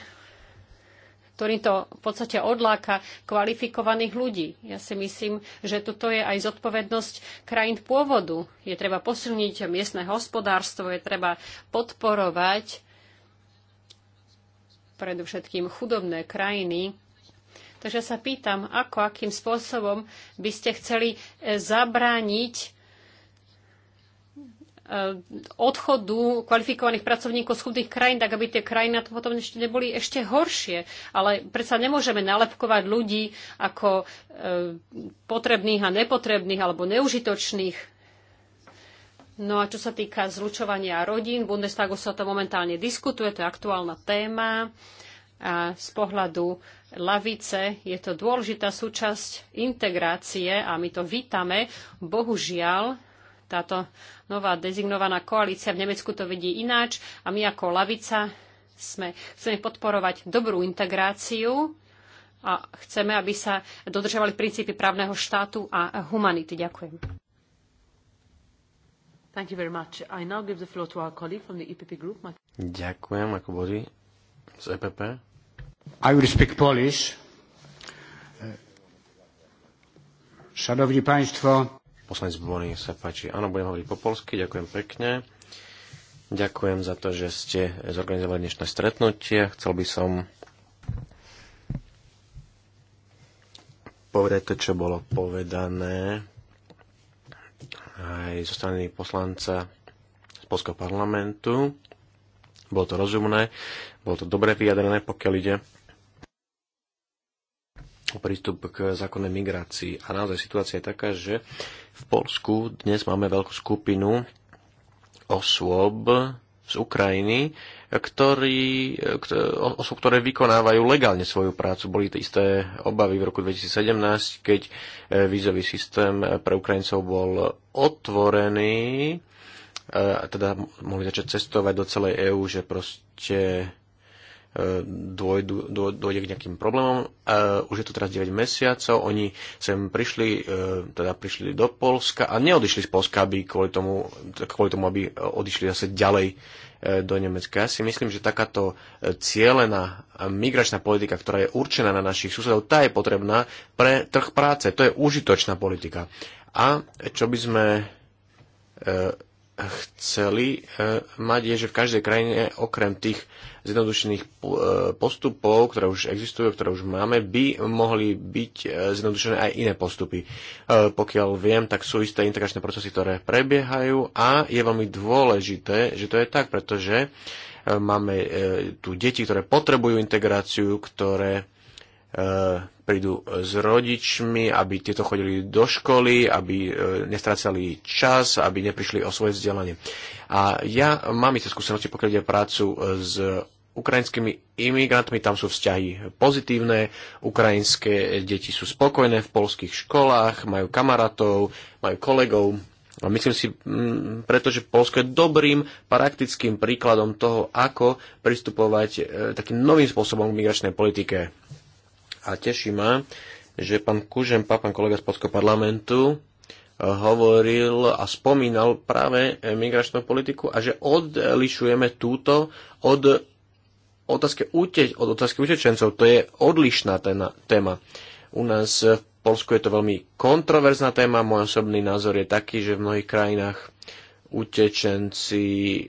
ktorým to v podstate odláka kvalifikovaných ľudí. Ja si myslím, že toto je aj zodpovednosť krajín pôvodu. Je treba posilniť miestne hospodárstvo, je treba podporovať predovšetkým chudobné krajiny. Takže sa pýtam, ako, akým spôsobom by ste chceli e, zabrániť Eh, odchodu kvalifikovaných pracovníkov z chudých krajín, tak aby tie krajiny na to potom ešte neboli ešte horšie. Ale predsa nemôžeme nalepkovať ľudí ako eh, potrebných a nepotrebných alebo neužitočných. No a čo sa týka zlučovania rodín, v Bundestagu sa to momentálne diskutuje, to je aktuálna téma. A z pohľadu lavice je to dôležitá súčasť integrácie a my to vítame. Bohužiaľ, táto nová dezignovaná koalícia v Nemecku to vidí ináč a my ako lavica sme, chceme podporovať dobrú integráciu a chceme, aby sa dodržovali princípy právneho štátu a humanity. Ďakujem. Group, Ďakujem, ako boli z EPP. I will speak Polish. Szanowni Państwo. Poslanec Bony sa páči. Áno, budem hovoriť po polsky, ďakujem pekne. Ďakujem za to, že ste zorganizovali dnešné stretnutie. Chcel by som povedať to, čo bolo povedané aj zo strany poslanca z Polského parlamentu. Bolo to rozumné, bolo to dobre vyjadrené, pokiaľ ide prístup k zákonnej migrácii. A naozaj situácia je taká, že v Polsku dnes máme veľkú skupinu osôb z Ukrajiny, ktorí, osob, ktoré vykonávajú legálne svoju prácu. Boli to isté obavy v roku 2017, keď eh, vízový systém pre Ukrajincov bol otvorený, eh, teda mohli začať cestovať do celej EÚ, že proste E, dôjdu, dôjde k nejakým problémom. E, už je to teraz 9 mesiacov, oni sem prišli, e, teda prišli do Polska a neodišli z Polska, aby kvôli tomu, kvôli tomu aby odišli zase ďalej do Nemecka. Ja si myslím, že takáto cieľená migračná politika, ktorá je určená na našich susedov, tá je potrebná pre trh práce. To je užitočná politika. A čo by sme chceli e, mať, je, že v každej krajine okrem tých zjednodušených e, postupov, ktoré už existujú, ktoré už máme, by mohli byť e, zjednodušené aj iné postupy. Pokiaľ viem, tak sú isté integračné procesy, ktoré prebiehajú a je veľmi dôležité, že to je tak, pretože máme tu deti, ktoré potrebujú integráciu, ktoré E, prídu s rodičmi, aby tieto chodili do školy, aby e, nestrácali čas, aby neprišli o svoje vzdelanie. A ja mám isté skúsenosti, pokiaľ ide prácu e, s ukrajinskými imigrantmi, tam sú vzťahy pozitívne, ukrajinské deti sú spokojné v polských školách, majú kamarátov, majú kolegov. A myslím si, mm, pretože Polsko je dobrým praktickým príkladom toho, ako pristupovať takým novým spôsobom k migračnej politike a teší ma, že pán Kužem, pán kolega z Polského parlamentu, eh, hovoril a spomínal práve migračnú politiku a že odlišujeme túto od otázky, uteč, od otázky utečencov. To je odlišná téma. U nás v Polsku je to veľmi kontroverzná téma. Môj osobný názor je taký, že v mnohých krajinách utečenci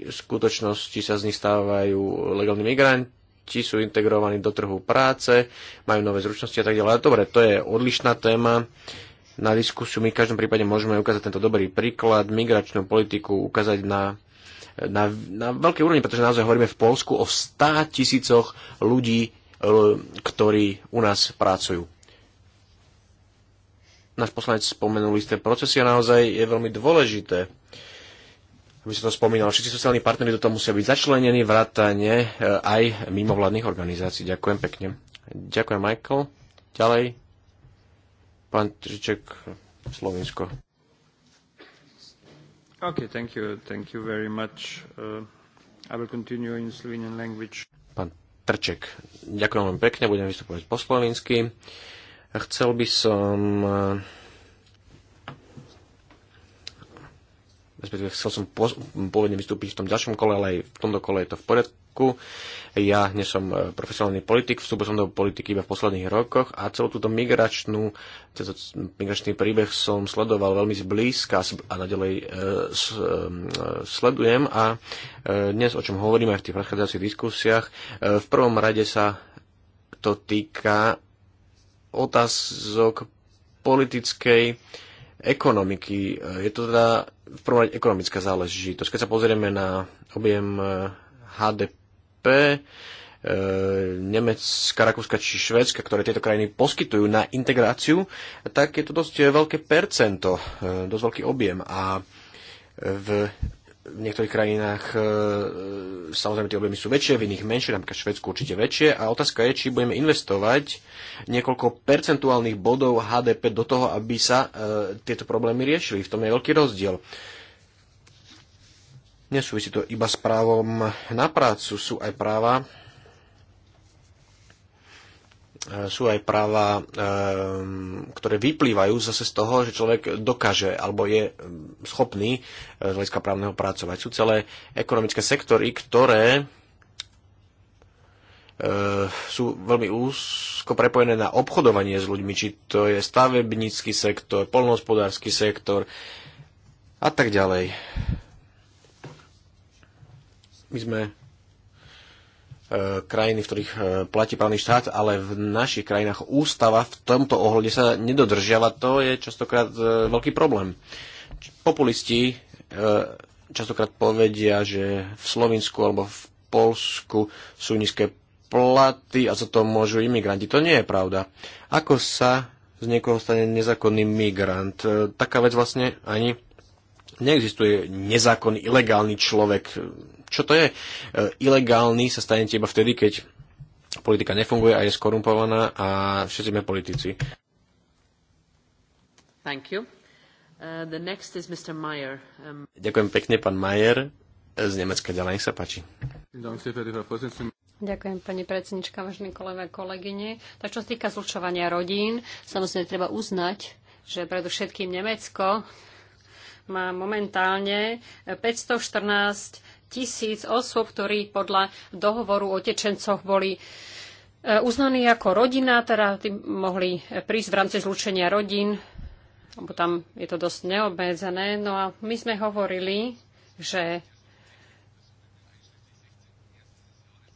v skutočnosti sa z nich stávajú legálni migranti či sú integrovaní do trhu práce, majú nové zručnosti a tak ďalej. Dobre, to je odlišná téma na diskusiu. My v každom prípade môžeme ukázať tento dobrý príklad, migračnú politiku ukázať na, na, na veľkej úrovni, pretože naozaj hovoríme v Polsku o 100 tisícoch ľudí, ktorí u nás pracujú. Náš poslanec spomenul isté procesy a naozaj je veľmi dôležité aby som to spomínal, všetci sociálni partnery do toho musia byť začlenení, vrátane e, aj mimovládnych organizácií. Ďakujem pekne. Ďakujem, Michael. Ďalej, pán Triček, Slovensko. OK, thank you, thank you very much. Uh, I will continue in Slovenian language. Pán Trček, ďakujem veľmi pekne, budem vystupovať po slovensky. Chcel by som uh, respektíve chcel som pôvodne vystúpiť v tom ďalšom kole, ale aj v tomto kole je to v poriadku. Ja nie som e, profesionálny politik, vstúpil som do politiky iba v posledných rokoch a celú túto migračnú, tento migračný príbeh som sledoval veľmi zblízka a nadalej e, e, e, sledujem a e, dnes, o čom hovoríme aj v tých predchádzajúcich diskusiách, e, v prvom rade sa to týka otázok politickej ekonomiky. Je to teda v prvom rade ekonomická záležitosť. Keď sa pozrieme na objem HDP, eh, eh, Nemecka, Rakúska či Švédska, ktoré tieto krajiny poskytujú na integráciu, tak je to dosť veľké percento, eh, dosť veľký objem. A v v niektorých krajinách e, e, samozrejme tie objemy sú väčšie, v iných menšie, napríklad v Švedsku určite väčšie. A otázka je, či budeme investovať niekoľko percentuálnych bodov HDP do toho, aby sa e, tieto problémy riešili. V tom je veľký rozdiel. Nesúvisí to iba s právom na prácu, sú aj práva sú aj práva, ehm, ktoré vyplývajú zase z toho, že človek dokáže alebo je ehm, schopný e, z hľadiska právneho pracovať. Sú celé ekonomické sektory, ktoré e, sú veľmi úzko prepojené na obchodovanie s ľuďmi, či to je stavebnícky sektor, polnohospodársky sektor a tak ďalej. My sme E, krajiny, v ktorých e, platí právny štát, ale v našich krajinách ústava v tomto ohľade sa nedodržiava. To je častokrát e, veľký problém. Populisti častokrát povedia, že v Slovensku alebo v Polsku sú nízke platy a za to môžu imigranti. To nie je pravda. Ako sa z niekoho stane nezákonný migrant? Taká vec vlastne ani neexistuje nezákonný, ilegálny človek čo to je? E, ilegálny sa stane iba vtedy, keď politika nefunguje a je skorumpovaná a všetci sme politici. Thank you. Uh, the next is Mr. Mayer. Um... Ďakujem pekne, pán Mayer z Nemecka. Ďalej, nech sa páči. Ďakujem, pani predsednička, vážení kolega, kolegyne. Tak čo sa týka zlučovania rodín, samozrejme treba uznať, že predovšetkým Nemecko má momentálne 514 tisíc osôb, ktorí podľa dohovoru o tečencoch boli e, uznaní ako rodina, teda mohli prísť v rámci zlučenia rodín, lebo tam je to dosť neobmedzené. No a my sme hovorili, že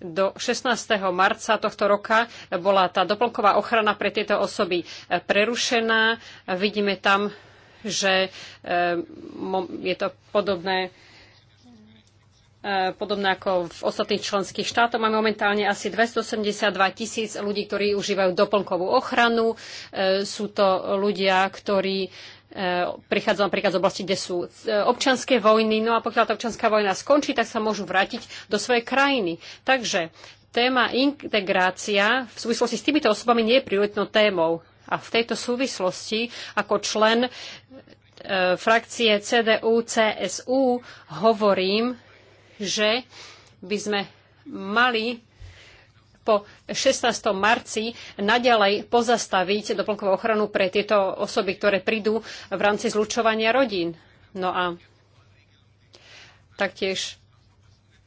do 16. marca tohto roka bola tá doplnková ochrana pre tieto osoby e, prerušená. Vidíme tam, že e, je to podobné Podobne ako v ostatných členských štátoch, máme momentálne asi 282 tisíc ľudí, ktorí užívajú doplnkovú ochranu. E, sú to ľudia, ktorí e, prichádza napríklad z oblasti, kde sú e, občanské vojny. No a pokiaľ tá občanská vojna skončí, tak sa môžu vrátiť do svojej krajiny. Takže téma integrácia v súvislosti s týmito osobami nie je prioritnou témou. A v tejto súvislosti ako člen frakcie CDU-CSU hovorím, že by sme mali po 16. marci naďalej pozastaviť doplnkovú ochranu pre tieto osoby, ktoré prídu v rámci zlučovania rodín. No a taktiež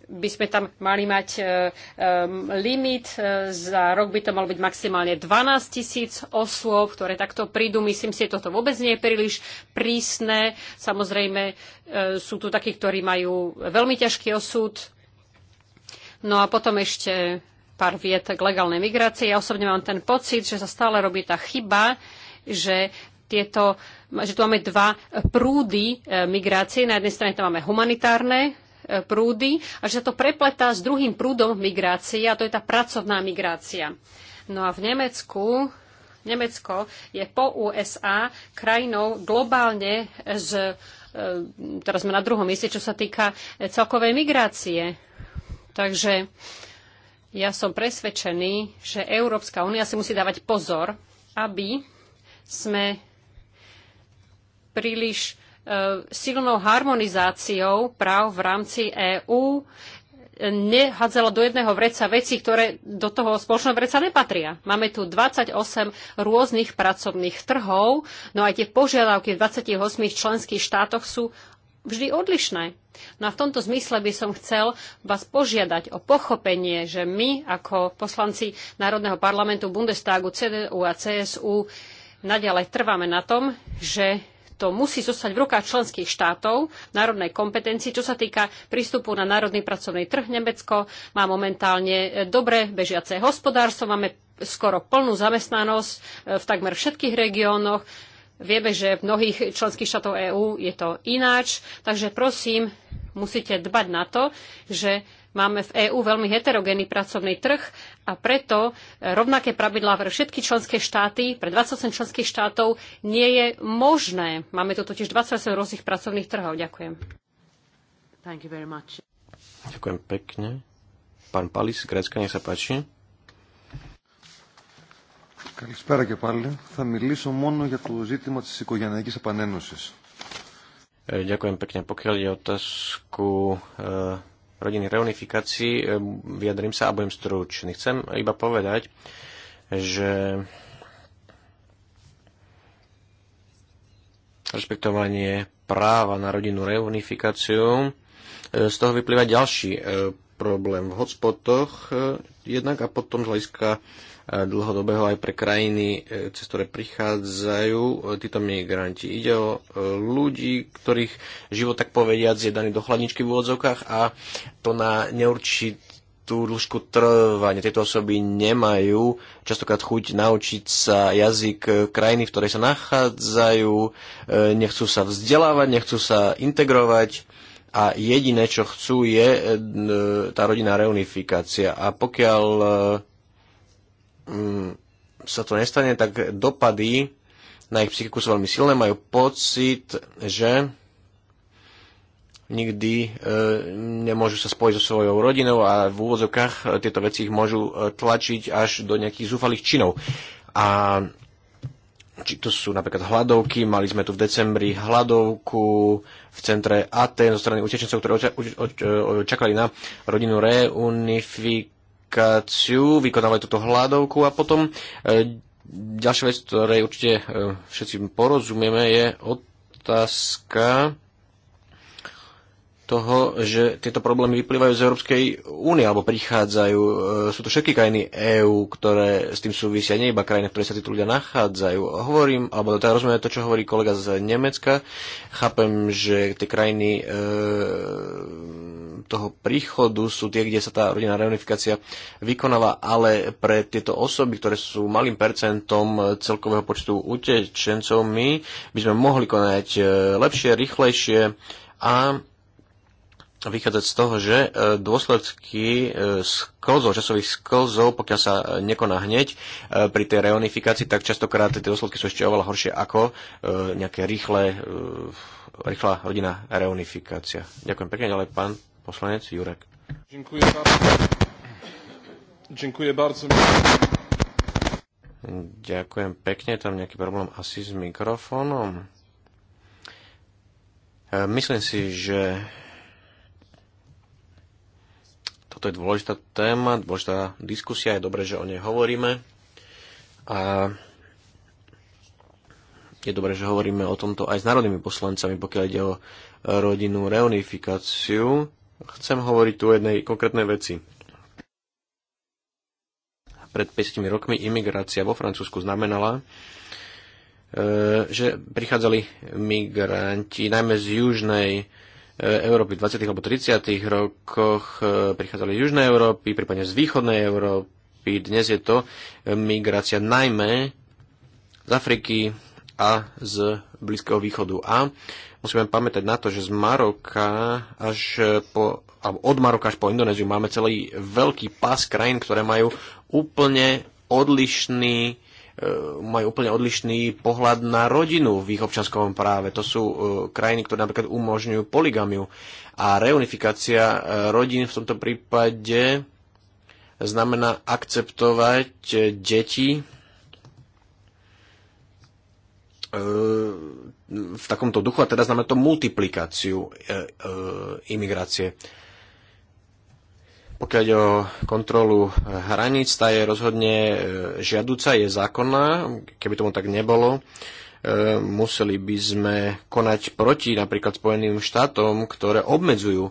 by sme tam mali mať um, limit. E, za rok by to malo byť maximálne 12 tisíc osôb, ktoré takto prídu. Myslím si, že toto vôbec nie je príliš prísne. Samozrejme, sú tu takí, ktorí majú veľmi ťažký osud. No a potom ešte pár viet k legálnej migrácii. Ja osobne mám ten pocit, že sa stále robí tá chyba, že tieto, že tu máme dva prúdy migrácie. Na jednej strane tam máme humanitárne prúdy a že sa to prepletá s druhým prúdom migrácie a to je tá pracovná migrácia. No a v Nemecku Nemecko je po USA krajinou globálne z e, teraz sme na druhom mieste, čo sa týka celkovej migrácie. Takže ja som presvedčený, že Európska únia si musí dávať pozor, aby sme príliš E, silnou harmonizáciou práv v rámci EÚ nehádzala do jedného vreca veci, ktoré do toho spoločného vreca nepatria. Máme tu 28 rôznych pracovných trhov, no aj tie požiadavky v 28 členských štátoch sú vždy odlišné. No a v tomto zmysle by som chcel vás požiadať o pochopenie, že my ako poslanci Národného parlamentu Bundestagu, CDU a CSU naďalej trváme na tom, že to musí zostať v rukách členských štátov, národnej kompetencii. Čo sa týka prístupu na národný pracovný trh, Nemecko má momentálne dobre bežiace hospodárstvo, máme skoro plnú zamestnanosť e, v takmer všetkých regiónoch. Vieme, že v mnohých členských štátov EÚ je to ináč, takže prosím, musíte dbať na to, že Máme v EÚ veľmi heterogénny pracovný trh a preto e, rovnaké pravidlá pre všetky členské štáty, pre 28 členských štátov nie je možné. Máme tu totiž 28 rôznych pracovných trhov. Ďakujem. Thank you very much. Ďakujem pekne. Pán Palis, Grécka, nech sa páči. Καλησπέρα και πάλι. Θα μιλήσω μόνο για το ζήτημα της οικογενειακής επανένωσης rodiny reunifikácii, e, vyjadrím sa a budem stručný. Chcem iba povedať, že rešpektovanie práva na rodinnú reunifikáciu, e, z toho vyplýva ďalší e, problém v hotspotoch, jednak a potom z hľadiska dlhodobého aj pre krajiny, e, cez ktoré prichádzajú e, títo migranti. Ide o e, ľudí, ktorých život, tak povediac, je daný do chladničky v úvodzovkách a to na neurčitú dĺžku trvania. Tieto osoby nemajú častokrát chuť naučiť sa jazyk krajiny, v ktorej sa nachádzajú, nechcú sa vzdelávať, nechcú sa integrovať a jediné, čo chcú, je tá rodinná reunifikácia. A pokiaľ sa to nestane, tak dopady na ich psychiku sú veľmi silné, majú pocit, že nikdy e, nemôžu sa spojiť so svojou rodinou a v úvodzokách e, tieto veci ich môžu e, tlačiť až do nejakých zúfalých činov. A či to sú napríklad hladovky, mali sme tu v decembri hladovku v centre Aten zo strany utečencov, ktorí oča, oč, oč, e, oč, čakali na rodinu reunifikáciu aplikáciu, vykonávať túto hľadovku a potom e, ďalšia vec, ktorej určite e, všetci porozumieme, je otázka toho, že tieto problémy vyplývajú z Európskej únie alebo prichádzajú. E, sú to všetky krajiny EÚ, ktoré s tým súvisia, nie iba krajiny, v ktorých sa títo ľudia nachádzajú. Hovorím, alebo teda rozumiem to, čo hovorí kolega z Nemecka. Chápem, že tie krajiny e, toho príchodu sú tie, kde sa tá rodinná reunifikácia vykonala, ale pre tieto osoby, ktoré sú malým percentom celkového počtu utečencov, my by sme mohli konať e, lepšie, rýchlejšie a vychádzať z toho, že e, dôsledky e, sklzov, časových sklzov, pokiaľ sa nekoná hneď pri tej reunifikácii, tak častokrát tie dôsledky sú ešte oveľa horšie ako nejaké rýchle, rýchla rodina reunifikácia. Ďakujem pekne, ďalej pán poslanec Jurek. Ďakujem Ďakujem bardzo. Ďakujem pekne, tam nejaký problém asi s mikrofónom. E, myslím si, že toto je dôležitá téma, dôležitá diskusia, je dobré, že o nej hovoríme. A je dobré, že hovoríme o tomto aj s národnými poslancami, pokiaľ ide o rodinnú reunifikáciu. Chcem hovoriť tu o jednej konkrétnej veci. Pred 5 rokmi imigrácia vo Francúzsku znamenala, e, že prichádzali migranti najmä z južnej e, Európy v 20. alebo 30. rokoch e, prichádzali z Južnej Európy, prípadne z Východnej Európy. Dnes je to migrácia najmä z Afriky, a z Blízkeho východu. A musíme pamätať na to, že z Maroka až po, alebo od Maroka až po Indonéziu máme celý veľký pás krajín, ktoré majú úplne odlišný e, majú úplne odlišný pohľad na rodinu v ich občanskom práve. To sú e, krajiny, ktoré napríklad umožňujú poligamiu. A reunifikácia e, rodín v tomto prípade znamená akceptovať deti v takomto duchu a teda znamená to multiplikáciu e, e, imigrácie. Pokiaľ ide o kontrolu hraníc, tá je rozhodne e, žiaduca, je zákonná. Keby tomu tak nebolo, museli by sme konať proti napríklad Spojeným štátom, ktoré obmedzujú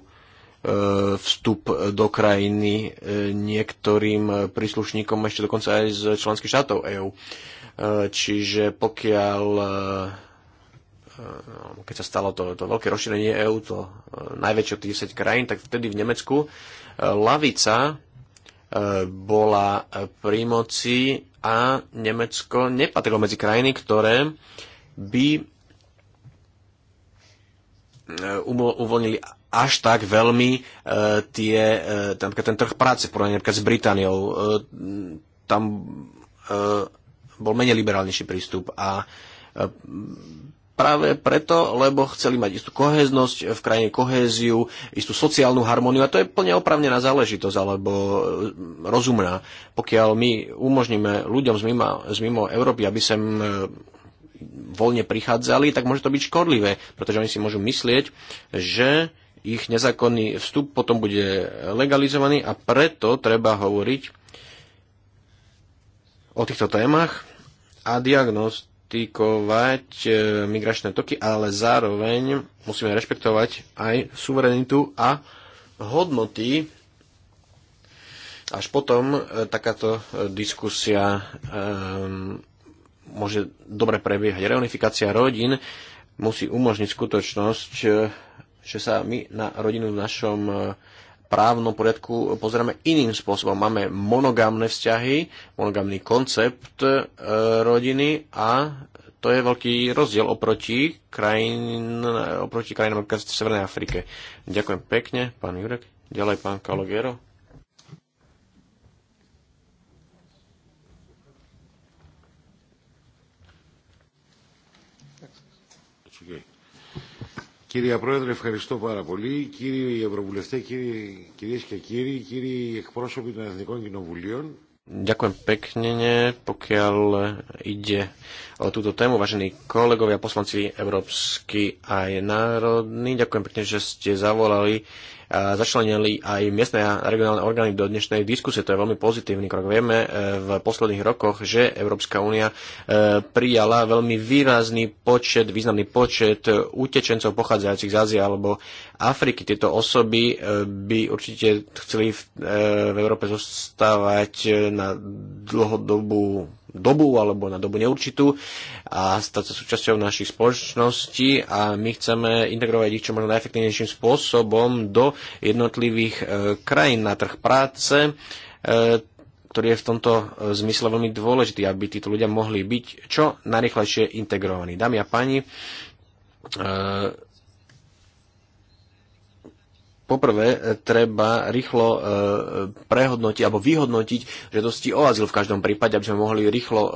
vstup do krajiny niektorým príslušníkom ešte dokonca aj z členských štátov EÚ. Čiže pokiaľ e, e, keď sa stalo to, to veľké rozšírenie EÚ, to e, najväčšie od 10 krajín, tak vtedy v Nemecku lavica bola pri moci a Nemecko nepatrilo medzi krajiny, ktoré by uvoľnili až tak veľmi tie, ten trh práce v porovnaní napríklad s Britániou. Tam bol menej liberálnejší prístup a e, práve preto, lebo chceli mať istú koheznosť v krajine, kohéziu, istú sociálnu harmóniu a to je plne opravnená záležitosť alebo e, rozumná. Pokiaľ my umožníme ľuďom z mimo, z mimo Európy, aby sem e, voľne prichádzali, tak môže to byť škodlivé, pretože oni si môžu myslieť, že ich nezákonný vstup potom bude legalizovaný a preto treba hovoriť o týchto témach a diagnostikovať e, migračné toky, ale zároveň musíme rešpektovať aj suverenitu a hodnoty. Až potom e, takáto diskusia e, môže dobre prebiehať. Reunifikácia rodín musí umožniť skutočnosť, že sa my na rodinu v našom právnom poriadku pozeráme iným spôsobom. Máme monogamné vzťahy, monogamný koncept e, rodiny a to je veľký rozdiel oproti, krajín, oproti krajinám v Severnej Afrike. Ďakujem pekne, pán Jurek. Ďalej pán Kalogero. Κυρία Πρόεδρε, ευχαριστώ πάρα πολύ. Κύριοι Ευρωβουλευτέ, κύριοι, κυρίες και κύριοι, κύριοι εκπρόσωποι των Εθνικών Κοινοβουλίων. Ďakujem pekne, pokiaľ ide o túto tému, vážení kolegovia, poslanci európsky aj národní. Ďakujem pekne, že ste zavolali začlenili aj miestne a regionálne orgány do dnešnej diskusie. To je veľmi pozitívny krok. Vieme e, v posledných rokoch, že Európska únia e, prijala veľmi výrazný počet, významný počet utečencov pochádzajúcich z Ázie alebo Afriky. Tieto osoby e, by určite chceli v Európe zostávať na dlhodobú dobu alebo na dobu neurčitú a stať sa súčasťou našich spoločností a my chceme integrovať ich čo možno najefektívnejším spôsobom do jednotlivých e, krajín na trh práce, e, ktorý je v tomto e, zmysle veľmi dôležitý, aby títo ľudia mohli byť čo najrychlejšie integrovaní. Dámy a páni, e, Poprvé, e, treba rýchlo e, prehodnotiť alebo vyhodnotiť žiadosti o azyl v každom prípade, aby sme mohli rýchlo e,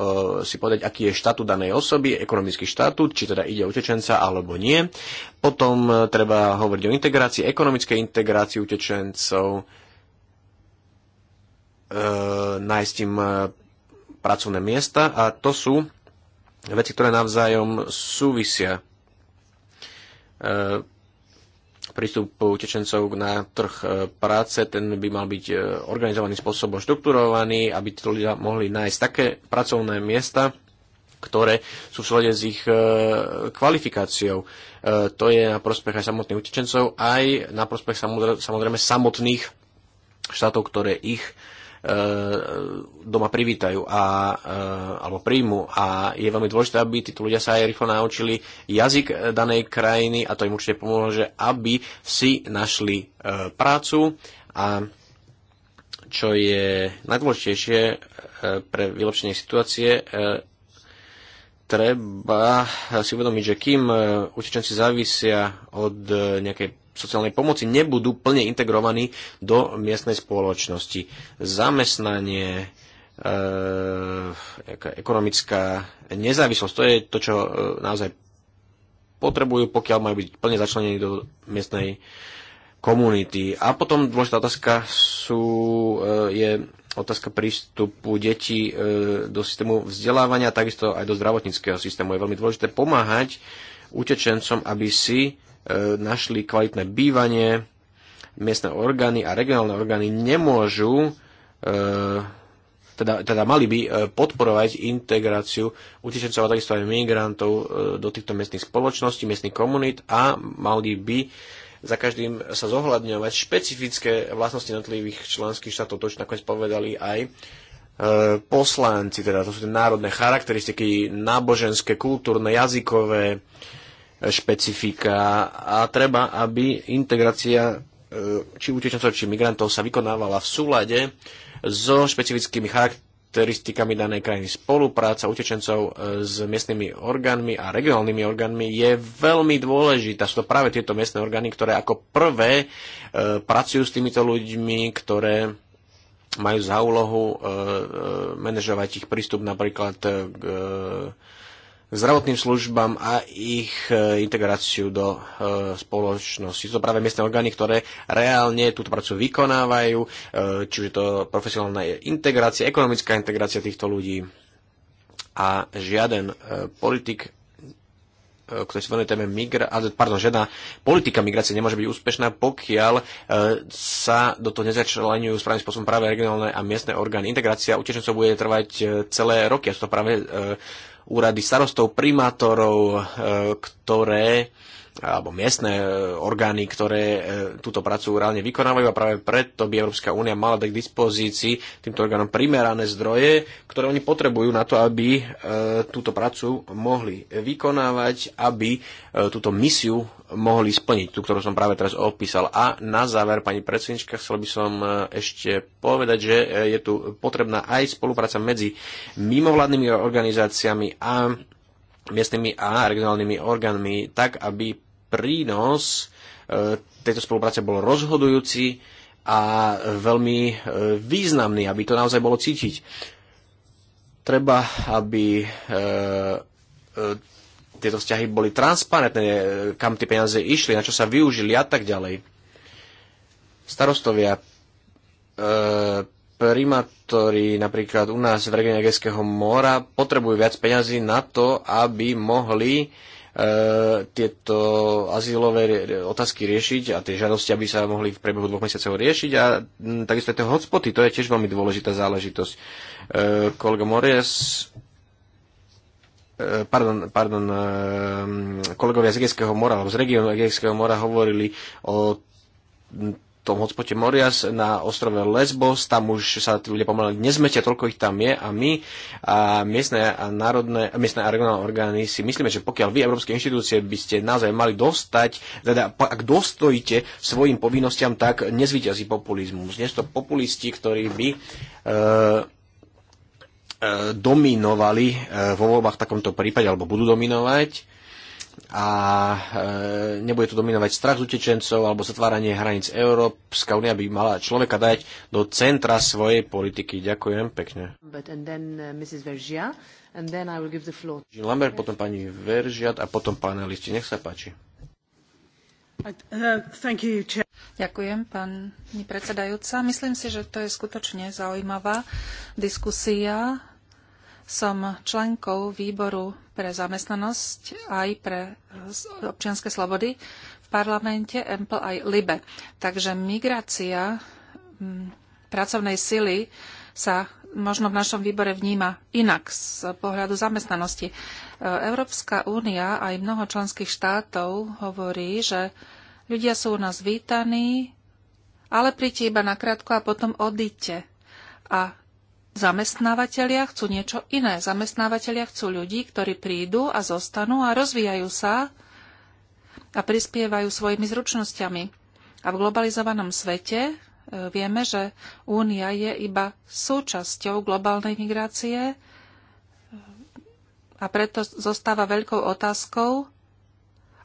si povedať, aký je štatút danej osoby, ekonomický štatút, či teda ide utečenca alebo nie. Potom treba hovoriť o integrácii, ekonomickej integrácii utečencov, nájsť im pracovné miesta a to sú veci, ktoré navzájom súvisia prístup utečencov na trh e, práce. Ten by mal byť e, organizovaný spôsobom štrukturovaný, aby tí ľudia mohli nájsť také pracovné miesta, ktoré sú v slede s ich e, kvalifikáciou. to je na prospech aj samotných utečencov, aj na prospech samozrejme samotných štátov, ktoré ich E, doma privítajú a, e, alebo príjmu. A je veľmi dôležité, aby títo ľudia sa aj rýchlo naučili jazyk danej krajiny a to im určite pomôže, aby si našli e, prácu a čo je najdôležitejšie pre vylepšenie situácie, treba si uvedomiť, že kým utečenci závisia od nejakej sociálnej pomoci nebudú plne integrovaní do miestnej spoločnosti. Zamestnanie, e, ekonomická nezávislosť, to je to, čo e, naozaj potrebujú, pokiaľ majú byť plne začlenení do miestnej komunity. A potom dôležitá otázka sú, e, je otázka prístupu detí e, do systému vzdelávania, takisto aj do zdravotníckého systému. Je veľmi dôležité pomáhať utečencom, aby si E, našli kvalitné bývanie, miestne orgány a regionálne orgány nemôžu, e, teda, teda mali by e, podporovať integráciu utečencov a takisto aj migrantov do týchto miestnych spoločností, miestnych komunít a mali by za každým sa zohľadňovať špecifické vlastnosti jednotlivých členských štátov, to už nakoniec povedali aj poslanci, teda to sú tie národné charakteristiky, náboženské, kultúrne, jazykové, špecifika a treba, aby integrácia e, či utečencov, či migrantov sa vykonávala v súlade so špecifickými charakteristikami danej krajiny. Spolupráca utečencov e, s miestnymi orgánmi a regionálnymi orgánmi je veľmi dôležitá. Sú to práve tieto miestne orgány, ktoré ako prvé e, pracujú s týmito ľuďmi, ktoré majú za úlohu manažovať ich prístup napríklad k zdravotným službám a ich e, integráciu do e, spoločnosti. Sú to práve miestne orgány, ktoré reálne túto prácu vykonávajú, e, či už je to profesionálna integrácia, ekonomická integrácia týchto ľudí. A žiaden politik ktorý sa venuje téme migra- pardon, žiadna politika migrácie nemôže byť úspešná, pokiaľ e, sa do toho nezačlenujú správnym spôsobom práve regionálne a miestne orgány. Integrácia utečencov bude trvať celé roky a sú to práve e, úrady starostov, primátorov, e, ktoré alebo miestne e, orgány, ktoré e, túto prácu reálne vykonávajú a práve preto by Európska únia mala dať k dispozícii týmto orgánom primerané zdroje, ktoré oni potrebujú na to, aby e, túto prácu mohli vykonávať, aby túto misiu mohli splniť, tú, ktorú som práve teraz opísal. A na záver, pani predsednička, chcel by som ešte povedať, že je tu potrebná aj spolupráca medzi mimovládnymi organizáciami a miestnymi a regionálnymi orgánmi tak, aby prínos e, tejto spolupráce bol rozhodujúci a veľmi e, významný, aby to naozaj bolo cítiť. Treba, aby e, tieto vzťahy boli transparentné, kam tie peniaze išli, na čo sa využili a tak ďalej. Starostovia, primátori napríklad u nás v regióne Egejského mora potrebujú viac peňazí na to, aby mohli E, tieto azylové otázky riešiť a tie žiadosti, aby sa mohli v priebehu dvoch mesiacov riešiť a takisto tie hotspoty, to je tiež veľmi dôležitá záležitosť. E, kolega Morias e, pardon, pardon, kolegovia z Egejského mora, alebo z regionu Egejského mora hovorili o tom hotspote Morias na ostrove Lesbos, tam už sa tí ľudia pomaly nezmetia, toľko ich tam je a my a miestne a, národné, a miestne a regionálne orgány si myslíme, že pokiaľ vy, európske inštitúcie, by ste naozaj mali dostať, teda ak dostojíte svojim povinnostiam, tak nezvýťazí populizmus. Nie sú to populisti, ktorí by e, e dominovali e, vo voľbách v takomto prípade, alebo budú dominovať a e, nebude to dominovať strach z utečencov alebo zatváranie hraníc Európska únia by mala človeka dať do centra svojej politiky. Ďakujem pekne. Uh, Lambert, potom pani Veržiat a potom panelisti. Nech sa páči. Uh, Ďakujem, pani predsedajúca. Myslím si, že to je skutočne zaujímavá diskusia. Som členkou výboru pre zamestnanosť aj pre občianske slobody v parlamente EMPL aj LIBE. Takže migrácia pracovnej sily sa možno v našom výbore vníma inak z pohľadu zamestnanosti. E, Európska únia aj mnoho členských štátov hovorí, že ľudia sú u nás vítaní, ale príďte iba nakrátko a potom odíte. A Zamestnávateľia chcú niečo iné. Zamestnávateľia chcú ľudí, ktorí prídu a zostanú a rozvíjajú sa a prispievajú svojimi zručnosťami. A v globalizovanom svete e, vieme, že únia je iba súčasťou globálnej migrácie e, a preto zostáva veľkou otázkou,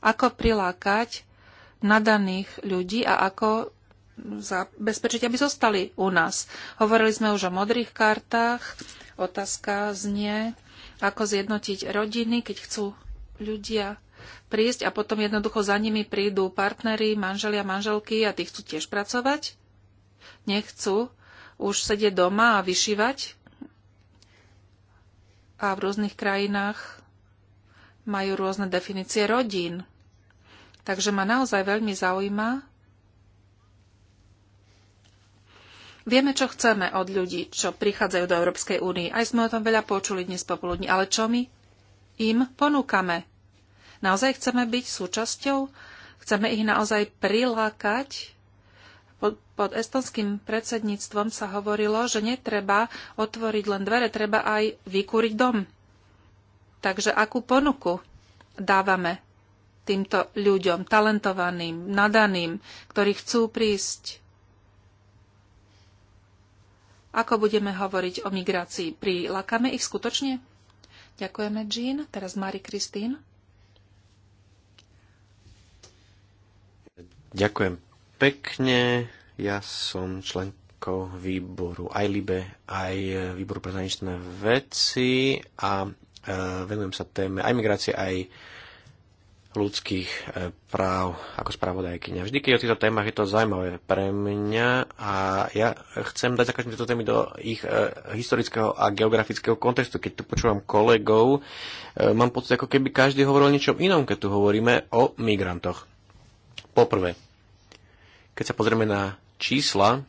ako prilákať nadaných ľudí a ako zabezpečiť, aby zostali u nás. Hovorili sme už o modrých kartách. Otázka znie, ako zjednotiť rodiny, keď chcú ľudia prísť a potom jednoducho za nimi prídu partnery, manželia, manželky a tí chcú tiež pracovať. Nechcú už sedieť doma a vyšívať. A v rôznych krajinách majú rôzne definície rodín. Takže ma naozaj veľmi zaujíma, Vieme, čo chceme od ľudí, čo prichádzajú do Európskej únie. Aj sme o tom veľa počuli dnes popoludní. Ale čo my im ponúkame? Naozaj chceme byť súčasťou? Chceme ich naozaj prilákať? Pod, pod estonským predsedníctvom sa hovorilo, že netreba otvoriť len dvere, treba aj vykúriť dom. Takže akú ponuku dávame týmto ľuďom, talentovaným, nadaným, ktorí chcú prísť ako budeme hovoriť o migrácii? Prilákame ich skutočne? Ďakujeme, Jean. Teraz Mari Kristín. Ďakujem pekne. Ja som členkou výboru aj LIBE, aj výboru pre zahraničné veci a e, venujem sa téme aj migrácie, aj ľudských e, práv ako spravodajkyňa. Vždy, keď o týchto témach je to zaujímavé pre mňa a ja chcem dať zakažem tieto témy do ich e, historického a geografického kontextu. Keď tu počúvam kolegov, e, mám pocit, ako keby každý hovoril o niečom inom, keď tu hovoríme o migrantoch. Poprvé, keď sa pozrieme na čísla,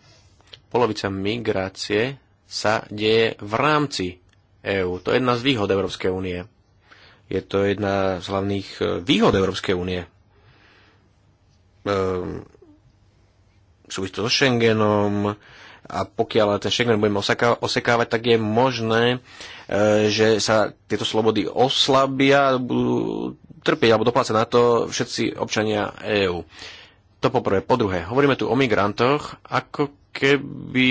polovica migrácie sa deje v rámci EÚ. To je jedna z výhod Európskej únie je to jedna z hlavných e, výhod Európskej únie. Ehm, súvisí to so Schengenom a pokiaľ ten Schengen budeme osekávať, tak je možné, e, že sa tieto slobody oslabia, budú trpieť alebo doplácať na to všetci občania EÚ. To poprvé. Po druhé, hovoríme tu o migrantoch, ako keby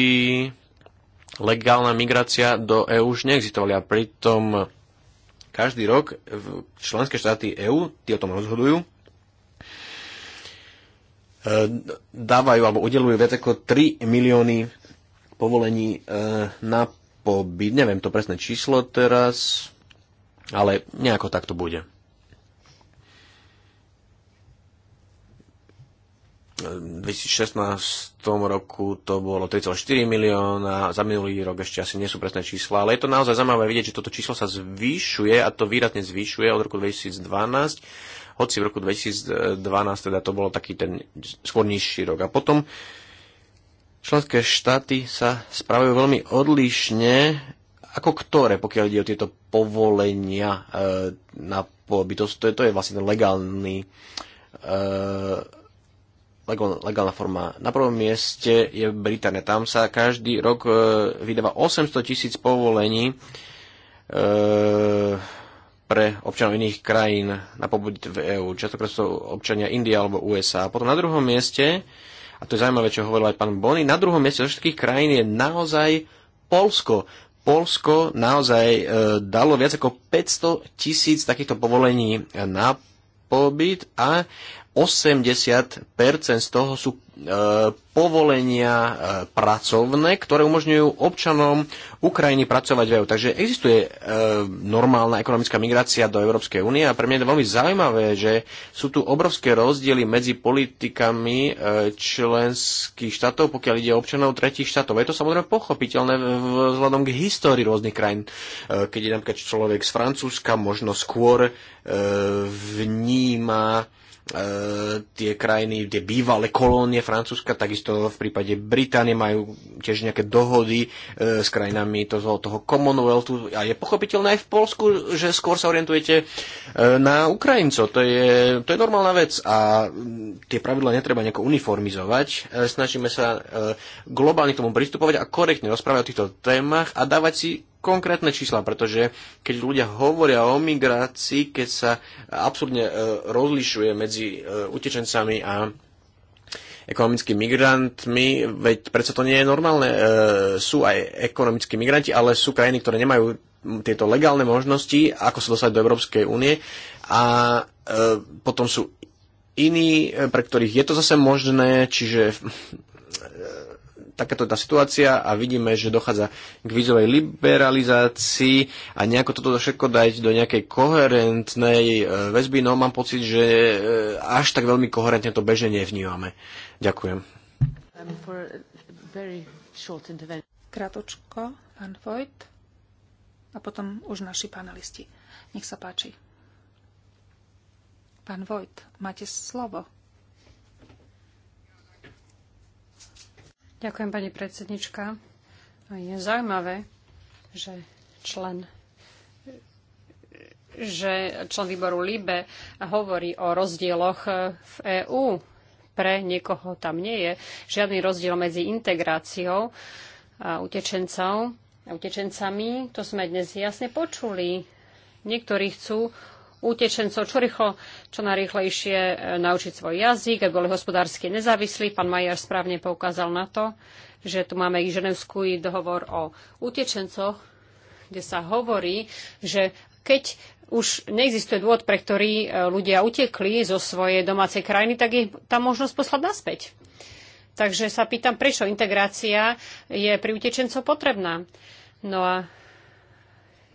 legálna migrácia do EÚ už neexistovala a pritom každý rok v členské štáty EÚ, tie o tom rozhodujú, e, dávajú alebo udelujú viac ako 3 milióny povolení e, na pobyt. Neviem to presné číslo teraz, ale nejako tak to bude. 2016 roku to bolo 3,4 milióna, za minulý rok ešte asi nie sú presné čísla, ale je to naozaj zaujímavé vidieť, že toto číslo sa zvyšuje a to výrazne zvyšuje od roku 2012, hoci v roku 2012 teda to bolo taký ten skôr nižší rok. A potom členské štáty sa správajú veľmi odlišne, ako ktoré, pokiaľ ide o tieto povolenia e, na pobytosť, To, to je vlastne ten legálny e, legálna, forma. Na prvom mieste je Británia. Tam sa každý rok e, vydáva 800 tisíc povolení e, pre občanov iných krajín na pobyt v EÚ. Častokrát sú občania Indie alebo USA. Potom na druhom mieste, a to je zaujímavé, čo hovoril aj pán Bony, na druhom mieste zo všetkých krajín je naozaj Polsko. Polsko naozaj e, dalo viac ako 500 tisíc takýchto povolení na pobyt a 80% z toho sú e, povolenia e, pracovné, ktoré umožňujú občanom Ukrajiny pracovať v EU. Takže existuje e, normálna ekonomická migrácia do Európskej únie a pre mňa je to veľmi zaujímavé, že sú tu obrovské rozdiely medzi politikami e, členských štátov, pokiaľ ide o občanov tretich štátov. Je to samozrejme pochopiteľné vzhľadom k histórii rôznych krajín. E, keď je napríklad človek z Francúzska, možno skôr e, vníma E, tie krajiny, tie bývalé kolónie Francúzska, takisto v prípade Británie majú tiež nejaké dohody e, s krajinami toho, toho Commonwealthu a je pochopiteľné aj v Polsku, že skôr sa orientujete e, na Ukrajincov. To je, to je normálna vec a mm, tie pravidla netreba nejako uniformizovať. Snažíme sa globálne k tomu pristupovať a korektne rozprávať o týchto témach a dávať si konkrétne čísla, pretože keď ľudia hovoria o migrácii, keď sa absurdne e, rozlišuje medzi e, utečencami a ekonomickými migrantmi, veď predsa to nie je normálne. E, sú aj ekonomickí migranti, ale sú krajiny, ktoré nemajú tieto legálne možnosti, ako sa dostať do Európskej únie a potom sú iní, pre ktorých je to zase možné, čiže takáto tá situácia a vidíme, že dochádza k vízovej liberalizácii a nejako toto všetko dať do nejakej koherentnej e, väzby, no mám pocit, že e, až tak veľmi koherentne to bežne nevnímame. Ďakujem. Um, Kratočko, pán Vojt a potom už naši panelisti. Nech sa páči. Pán Vojt, máte slovo. Ďakujem, pani predsednička. Je zaujímavé, že člen že člen výboru LIBE hovorí o rozdieloch v EÚ. Pre niekoho tam nie je žiadny rozdiel medzi integráciou a utečencov a utečencami. To sme dnes jasne počuli. Niektorí chcú utečencov čo rýchlo, čo najrýchlejšie e, naučiť svoj jazyk, aby boli hospodársky nezávislí. Pán Majer správne poukázal na to, že tu máme i ženevskú dohovor o utečencoch, kde sa hovorí, že keď už neexistuje dôvod, pre ktorý e, ľudia utekli zo svojej domácej krajiny, tak je tam možnosť poslať naspäť. Takže sa pýtam, prečo integrácia je pri utečencov potrebná. No a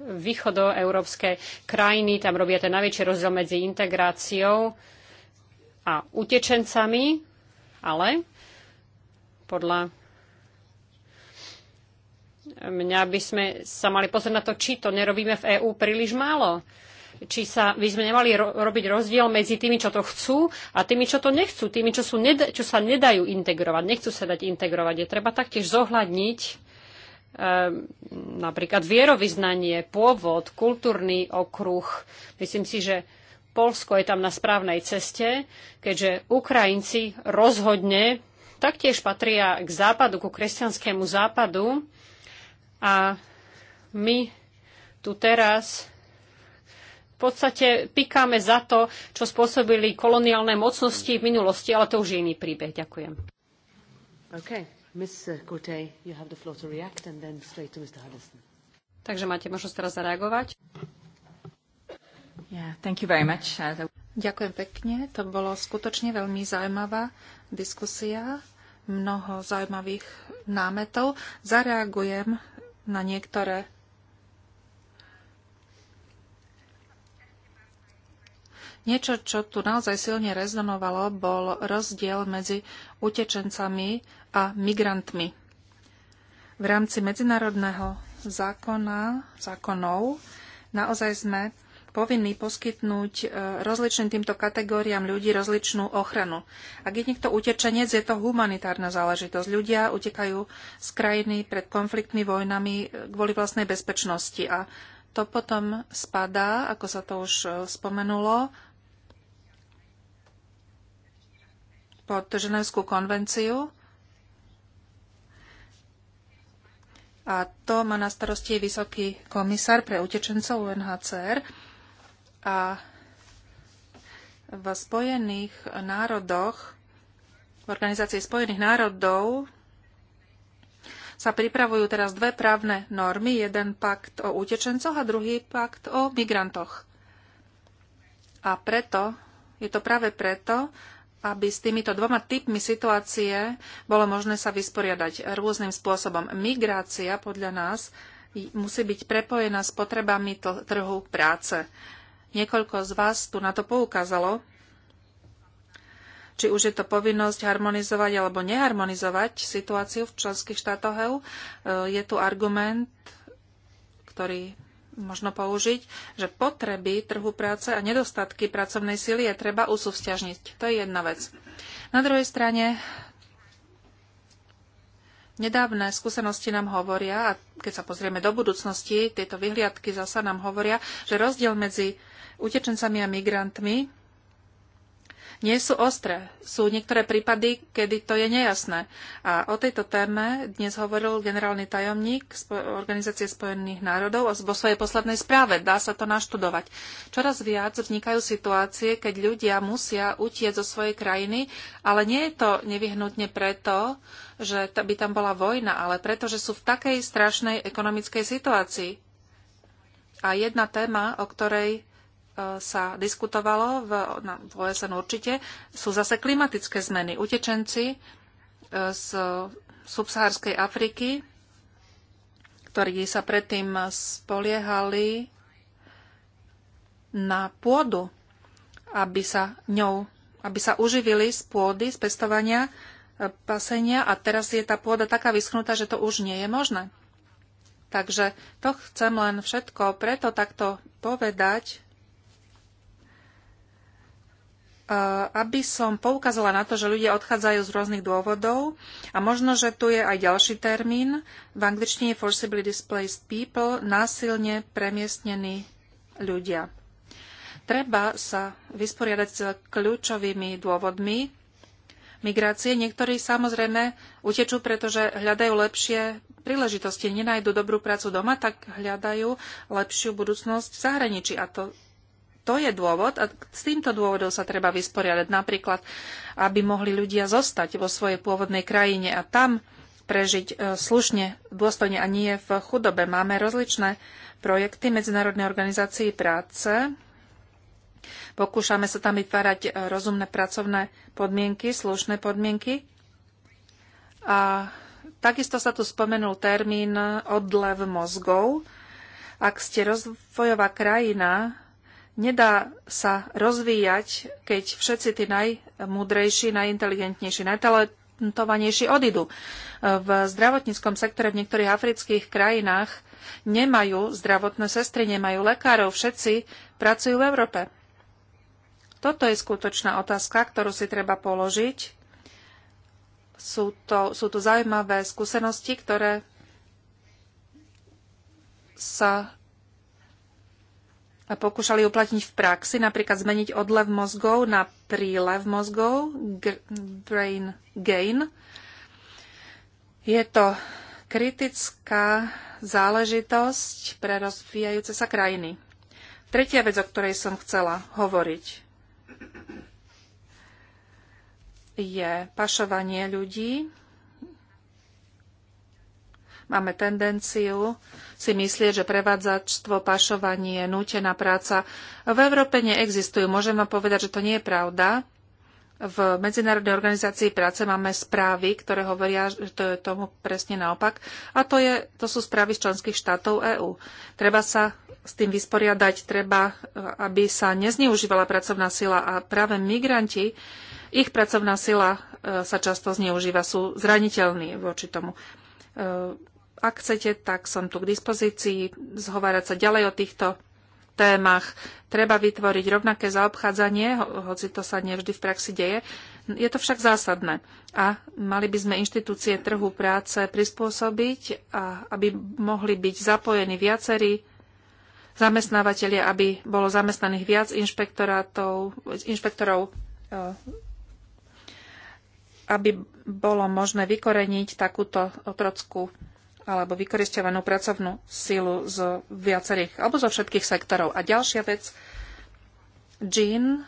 východoeurópske krajiny, tam robia ten najväčší rozdiel medzi integráciou a utečencami, ale podľa mňa by sme sa mali pozrieť na to, či to nerobíme v EÚ príliš málo. Či sa by sme nemali ro- robiť rozdiel medzi tými, čo to chcú a tými, čo to nechcú, tými, čo, sú ned- čo sa nedajú integrovať, nechcú sa dať integrovať. Je treba taktiež zohľadniť Ehm, napríklad vierovýznanie, pôvod, kultúrny okruh. Myslím si, že Polsko je tam na správnej ceste, keďže Ukrajinci rozhodne taktiež patria k západu, ku kresťanskému západu. A my tu teraz v podstate pikáme za to, čo spôsobili koloniálne mocnosti v minulosti, ale to už je iný príbeh. Ďakujem. Okay. Ms. Uh, Corte, you have the floor to react and then straight to Mr. Huddleston. Takže máte možnosť teraz zareagovať. Yeah, thank you very much. Uh, Ďakujem pekne. To bolo skutočne veľmi zaujímavá diskusia. Mnoho zaujímavých námetov. Zareagujem na niektoré Niečo, čo tu naozaj silne rezonovalo, bol rozdiel medzi utečencami a migrantmi. V rámci medzinárodného zákona, zákonov, naozaj sme povinní poskytnúť e, rozličným týmto kategóriám ľudí rozličnú ochranu. Ak je niekto utečenec, je to humanitárna záležitosť. Ľudia utekajú z krajiny pred konfliktmi, vojnami e, kvôli vlastnej bezpečnosti. A to potom spadá, ako sa to už e, spomenulo, pod Ženevskú konvenciu a to má na starosti vysoký komisár pre utečencov UNHCR a v Spojených národoch, v Organizácii Spojených národov sa pripravujú teraz dve právne normy, jeden pakt o utečencoch a druhý pakt o migrantoch. A preto, je to práve preto, aby s týmito dvoma typmi situácie bolo možné sa vysporiadať rôznym spôsobom. Migrácia podľa nás musí byť prepojená s potrebami trhu práce. Niekoľko z vás tu na to poukázalo, či už je to povinnosť harmonizovať alebo neharmonizovať situáciu v členských štátoch EU. E, je tu argument, ktorý možno použiť, že potreby trhu práce a nedostatky pracovnej sily je treba usúvzťažniť. To je jedna vec. Na druhej strane Nedávne skúsenosti nám hovoria, a keď sa pozrieme do budúcnosti, tieto vyhliadky zasa nám hovoria, že rozdiel medzi utečencami a migrantmi nie sú ostré. Sú niektoré prípady, kedy to je nejasné. A o tejto téme dnes hovoril generálny tajomník Organizácie spojených národov vo svojej poslednej správe. Dá sa to naštudovať. Čoraz viac vznikajú situácie, keď ľudia musia utieť zo svojej krajiny, ale nie je to nevyhnutne preto, že by tam bola vojna, ale preto, že sú v takej strašnej ekonomickej situácii. A jedna téma, o ktorej sa diskutovalo v, na, v OSN určite, sú zase klimatické zmeny. Utečenci e, z subsahárskej Afriky, ktorí sa predtým spoliehali na pôdu, aby sa ňou, aby sa uživili z pôdy, z pestovania, e, pasenia a teraz je tá pôda taká vyschnutá, že to už nie je možné. Takže to chcem len všetko preto takto povedať, aby som poukázala na to, že ľudia odchádzajú z rôznych dôvodov a možno, že tu je aj ďalší termín, v angličtine forcibly displaced people, násilne premiestnení ľudia. Treba sa vysporiadať s kľúčovými dôvodmi migrácie. Niektorí samozrejme utečú, pretože hľadajú lepšie príležitosti, nenajdu dobrú prácu doma, tak hľadajú lepšiu budúcnosť v zahraničí. A to to je dôvod a s týmto dôvodom sa treba vysporiadať. Napríklad, aby mohli ľudia zostať vo svojej pôvodnej krajine a tam prežiť e, slušne, dôstojne a nie v chudobe. Máme rozličné projekty Medzinárodnej organizácii práce. Pokúšame sa tam vytvárať e, rozumné pracovné podmienky, slušné podmienky. A takisto sa tu spomenul termín odlev mozgov. Ak ste rozvojová krajina, Nedá sa rozvíjať, keď všetci tí najmúdrejší, najinteligentnejší, najtalentovanejší odídu. V zdravotníckom sektore v niektorých afrických krajinách nemajú zdravotné sestry, nemajú lekárov, všetci pracujú v Európe. Toto je skutočná otázka, ktorú si treba položiť. Sú, to, sú to zaujímavé skúsenosti, ktoré sa pokúšali uplatniť v praxi, napríklad zmeniť odlev mozgov na prílev mozgov, brain gain. Je to kritická záležitosť pre rozvíjajúce sa krajiny. Tretia vec, o ktorej som chcela hovoriť, je pašovanie ľudí, Máme tendenciu si myslieť, že prevádzačstvo, pašovanie, nútená práca v Európe neexistujú. Môžem vám povedať, že to nie je pravda. V Medzinárodnej organizácii práce máme správy, ktoré hovoria, že to je tomu presne naopak. A to, je, to sú správy z členských štátov EÚ. Treba sa s tým vysporiadať, treba, aby sa nezneužívala pracovná sila a práve migranti, ich pracovná sila e, sa často zneužíva, sú zraniteľní voči tomu. E, ak chcete, tak som tu k dispozícii zhovárať sa ďalej o týchto témach. Treba vytvoriť rovnaké zaobchádzanie, hoci to sa nevždy v praxi deje. Je to však zásadné. A mali by sme inštitúcie trhu práce prispôsobiť, a aby mohli byť zapojení viacerí zamestnávateľia, aby bolo zamestnaných viac inšpektorátov, inšpektorov, e, aby bolo možné vykoreniť takúto otrockú alebo vykoristovanú pracovnú silu z viacerých alebo zo všetkých sektorov. A ďalšia vec, Jean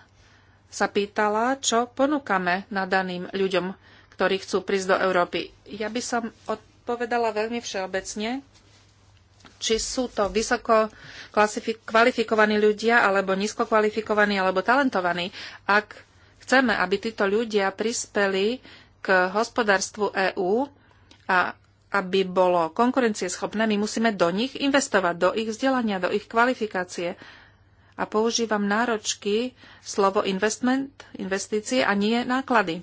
sa pýtala, čo ponúkame nadaným ľuďom, ktorí chcú prísť do Európy. Ja by som odpovedala veľmi všeobecne, či sú to vysoko kvalifikovaní ľudia, alebo nízko kvalifikovaní, alebo talentovaní. Ak chceme, aby títo ľudia prispeli k hospodárstvu EÚ a aby bolo konkurencieschopné, my musíme do nich investovať, do ich vzdelania, do ich kvalifikácie. A používam náročky slovo investment, investície a nie náklady.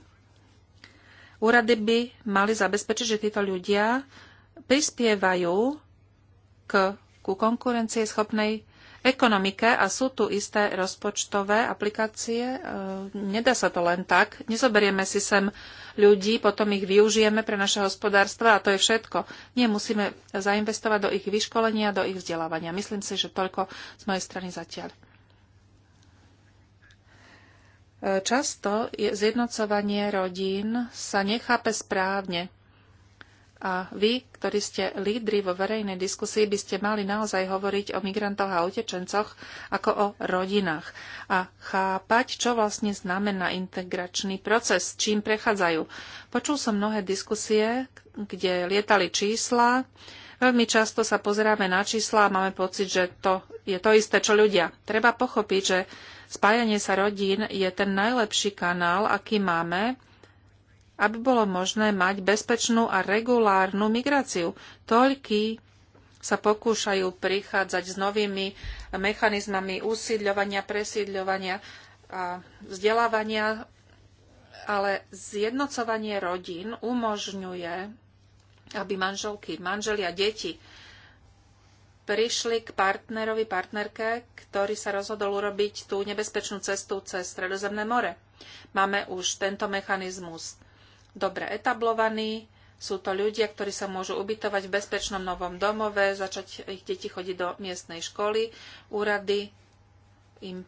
Úrady by mali zabezpečiť, že títo ľudia prispievajú k, ku konkurencieschopnej ekonomike a sú tu isté rozpočtové aplikácie. E, nedá sa to len tak. Nezoberieme si sem ľudí, potom ich využijeme pre naše hospodárstva a to je všetko. Nie, musíme zainvestovať do ich vyškolenia, do ich vzdelávania. Myslím si, že toľko z mojej strany zatiaľ. E, často je zjednocovanie rodín sa nechápe správne. A vy, ktorí ste lídri vo verejnej diskusii, by ste mali naozaj hovoriť o migrantoch a utečencoch ako o rodinách a chápať, čo vlastne znamená integračný proces, čím prechádzajú. Počul som mnohé diskusie, kde lietali čísla. Veľmi často sa pozeráme na čísla a máme pocit, že to je to isté, čo ľudia. Treba pochopiť, že spájanie sa rodín je ten najlepší kanál, aký máme, aby bolo možné mať bezpečnú a regulárnu migráciu. Toľky sa pokúšajú prichádzať s novými mechanizmami usídľovania, presídľovania a vzdelávania, ale zjednocovanie rodín umožňuje, aby manželky, manželia, deti prišli k partnerovi, partnerke, ktorý sa rozhodol urobiť tú nebezpečnú cestu cez Stredozemné more. Máme už tento mechanizmus dobre etablovaní. Sú to ľudia, ktorí sa môžu ubytovať v bezpečnom novom domove, začať ich deti chodiť do miestnej školy. Úrady im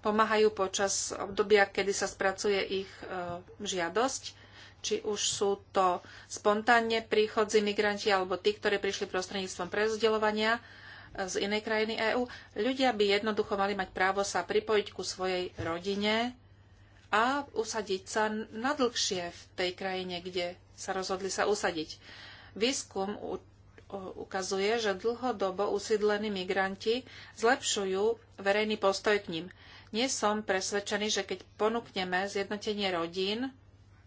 pomáhajú počas obdobia, kedy sa spracuje ich e, žiadosť, či už sú to spontánne príchodzi migranti alebo tí, ktorí prišli prostredníctvom prezdeľovania e, z inej krajiny EÚ. Ľudia by jednoducho mali mať právo sa pripojiť ku svojej rodine a usadiť sa nadlhšie v tej krajine, kde sa rozhodli sa usadiť. Výskum ukazuje, že dlhodobo usídlení migranti zlepšujú verejný postoj k ním. Nie som presvedčený, že keď ponúkneme zjednotenie rodín,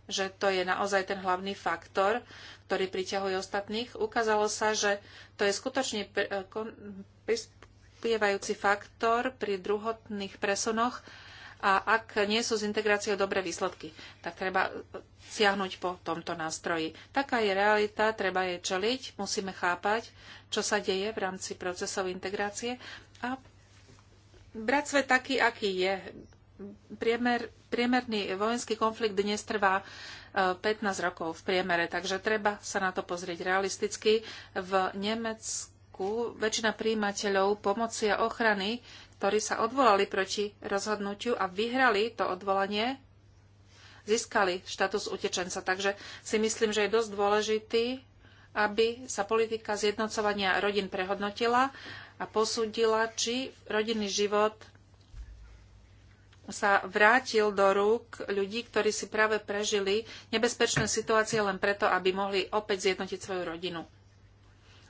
že to je naozaj ten hlavný faktor, ktorý priťahuje ostatných. Ukázalo sa, že to je skutočne e, prispievajúci faktor pri druhotných presunoch a ak nie sú z integráciou dobré výsledky, tak treba siahnuť po tomto nástroji. Taká je realita, treba jej čeliť, musíme chápať, čo sa deje v rámci procesov integrácie a brať svet taký, aký je. Priemer, priemerný vojenský konflikt dnes trvá 15 e, rokov v priemere, takže treba sa na to pozrieť realisticky. V Nemecku väčšina príjimateľov pomoci a ochrany ktorí sa odvolali proti rozhodnutiu a vyhrali to odvolanie, získali štatus utečenca. Takže si myslím, že je dosť dôležitý, aby sa politika zjednocovania rodín prehodnotila a posúdila, či rodinný život sa vrátil do rúk ľudí, ktorí si práve prežili nebezpečné situácie len preto, aby mohli opäť zjednotiť svoju rodinu.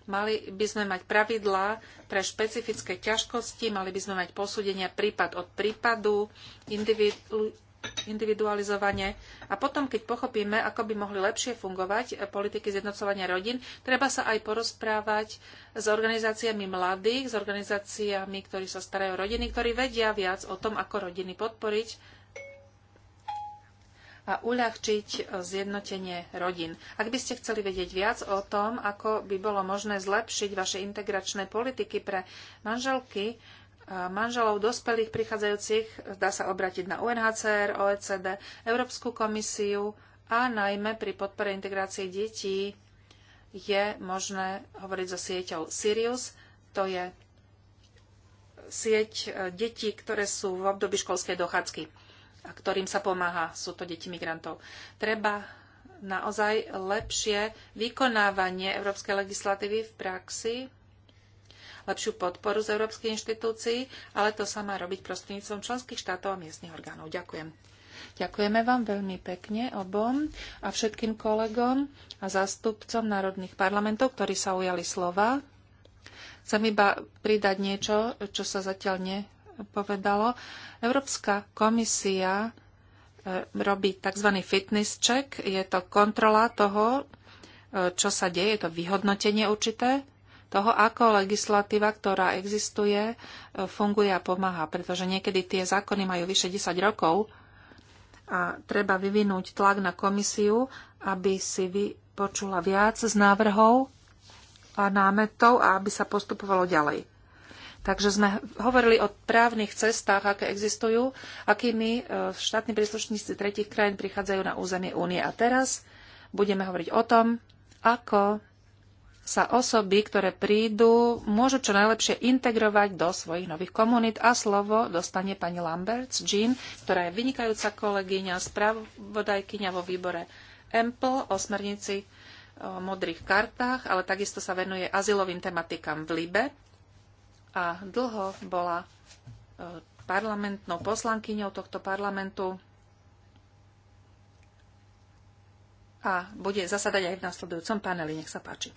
Mali by sme mať pravidlá pre špecifické ťažkosti, mali by sme mať posúdenia prípad od prípadu, individualizovane individualizovanie. A potom, keď pochopíme, ako by mohli lepšie fungovať politiky zjednocovania rodín, treba sa aj porozprávať s organizáciami mladých, s organizáciami, ktorí sa starajú o rodiny, ktorí vedia viac o tom, ako rodiny podporiť a uľahčiť e, zjednotenie rodín. Ak by ste chceli vedieť viac o tom, ako by bolo možné zlepšiť vaše integračné politiky pre manželky, e, manželov dospelých prichádzajúcich, dá sa obratiť na UNHCR, OECD, Európsku komisiu a najmä pri podpore integrácie detí je možné hovoriť so sieťou Sirius. To je sieť e, detí, ktoré sú v období školskej dochádzky a ktorým sa pomáha. Sú to deti migrantov. Treba naozaj lepšie vykonávanie európskej legislatívy v praxi, lepšiu podporu z európskej inštitúcií, ale to sa má robiť prostredníctvom členských štátov a miestnych orgánov. Ďakujem. Ďakujeme vám veľmi pekne obom a všetkým kolegom a zástupcom národných parlamentov, ktorí sa ujali slova. Chcem iba pridať niečo, čo sa zatiaľ ne povedalo, Európska komisia e, robí tzv. fitness check. Je to kontrola toho, e, čo sa deje, je to vyhodnotenie určité toho, ako legislatíva, ktorá existuje, e, funguje a pomáha. Pretože niekedy tie zákony majú vyše 10 rokov a treba vyvinúť tlak na komisiu, aby si vypočula viac z návrhov a námetov a aby sa postupovalo ďalej. Takže sme hovorili o právnych cestách, aké existujú, akými e, štátni príslušníci tretich krajín prichádzajú na územie únie. A teraz budeme hovoriť o tom, ako sa osoby, ktoré prídu, môžu čo najlepšie integrovať do svojich nových komunít. A slovo dostane pani Lamberts, Jean, ktorá je vynikajúca kolegyňa, spravodajkyňa vo výbore EMPL o smernici o modrých kartách, ale takisto sa venuje azylovým tematikám v Libe a dlho bola e, parlamentnou poslankyňou tohto parlamentu a bude zasadať aj v nasledujúcom paneli. Nech sa páči.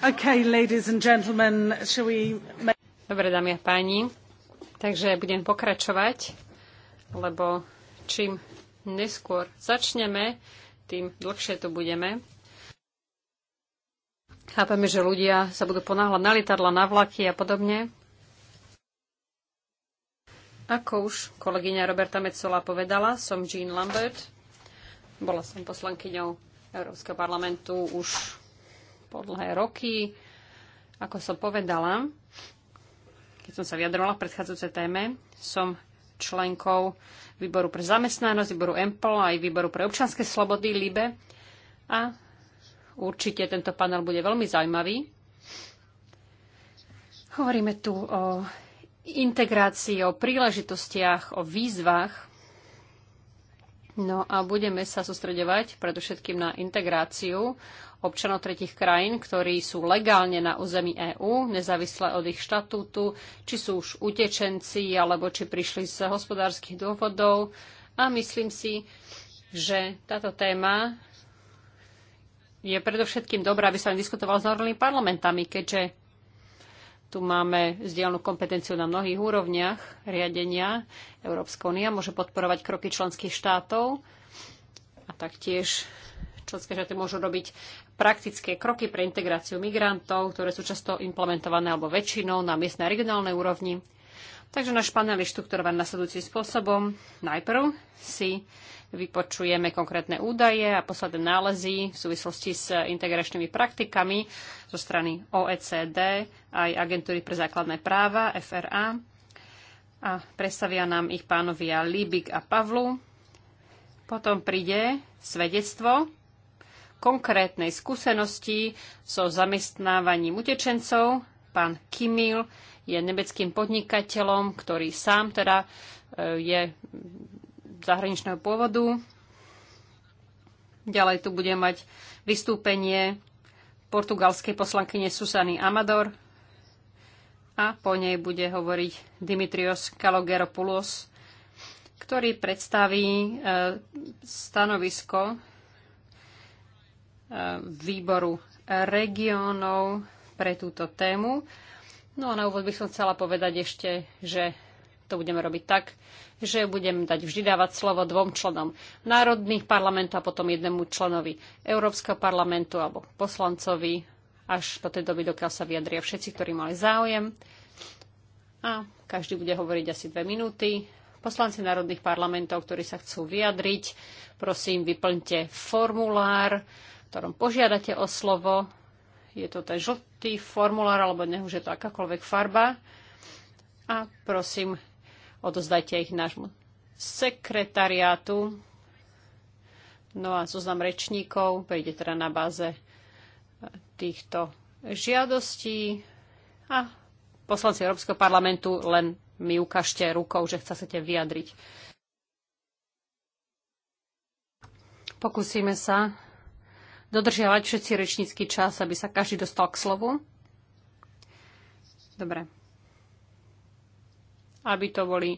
Dobre, dámy a páni, takže budem pokračovať, lebo čím neskôr začneme, tým dlhšie tu budeme. Chápeme, že ľudia sa budú ponáhľať na lietadla, na vlaky a podobne. Ako už kolegyňa Roberta Metzola povedala, som Jean Lambert. Bola som poslankyňou Európskeho parlamentu už po dlhé roky. Ako som povedala, keď som sa vyjadrovala v predchádzajúcej téme, som členkou výboru pre zamestnanosť, výboru EMPL aj výboru pre občanské slobody LIBE. A určite tento panel bude veľmi zaujímavý. Hovoríme tu o integrácii, o príležitostiach, o výzvach. No a budeme sa sústredovať predovšetkým na integráciu občanov tretich krajín, ktorí sú legálne na území EÚ, nezávisle od ich štatútu, či sú už utečenci, alebo či prišli z hospodárskych dôvodov. A myslím si, že táto téma je predovšetkým dobrá, aby sa diskutoval s národnými parlamentami, keďže tu máme vzdielnú kompetenciu na mnohých úrovniach riadenia. Európska únia môže podporovať kroky členských štátov a taktiež Členské štáty môžu robiť praktické kroky pre integráciu migrantov, ktoré sú často implementované alebo väčšinou na miestnej a regionálnej úrovni. Takže náš panel je štruktúrovaný nasledujúcim spôsobom. Najprv si vypočujeme konkrétne údaje a posledné nálezy v súvislosti s integračnými praktikami zo strany OECD, aj Agentúry pre základné práva, FRA. A predstavia nám ich pánovia Libik a Pavlu. Potom príde svedectvo konkrétnej skúsenosti so zamestnávaním utečencov. Pán Kimil je nemeckým podnikateľom, ktorý sám teda e, je zahraničného pôvodu. Ďalej tu bude mať vystúpenie portugalskej poslankyne Susany Amador a po nej bude hovoriť Dimitrios Kalogeropoulos, ktorý predstaví e, stanovisko výboru regiónov pre túto tému. No a na úvod by som chcela povedať ešte, že to budeme robiť tak, že budem dať vždy dávať slovo dvom členom národných parlamentov a potom jednému členovi Európskeho parlamentu alebo poslancovi až do tej doby, dokiaľ sa vyjadria všetci, ktorí mali záujem. A každý bude hovoriť asi dve minúty. Poslanci národných parlamentov, ktorí sa chcú vyjadriť, prosím, vyplňte formulár, ktorom požiadate o slovo. Je to ten žltý formulár, alebo nech už je to akákoľvek farba. A prosím, odozdajte ich nášmu sekretariátu. No a zoznam rečníkov prejde teda na báze e, týchto žiadostí a poslanci Európskeho parlamentu len mi ukážte rukou, že chcete vyjadriť. Pokúsime sa dodržiavať všetci rečnícky čas, aby sa každý dostal k slovu. Dobre. Aby to boli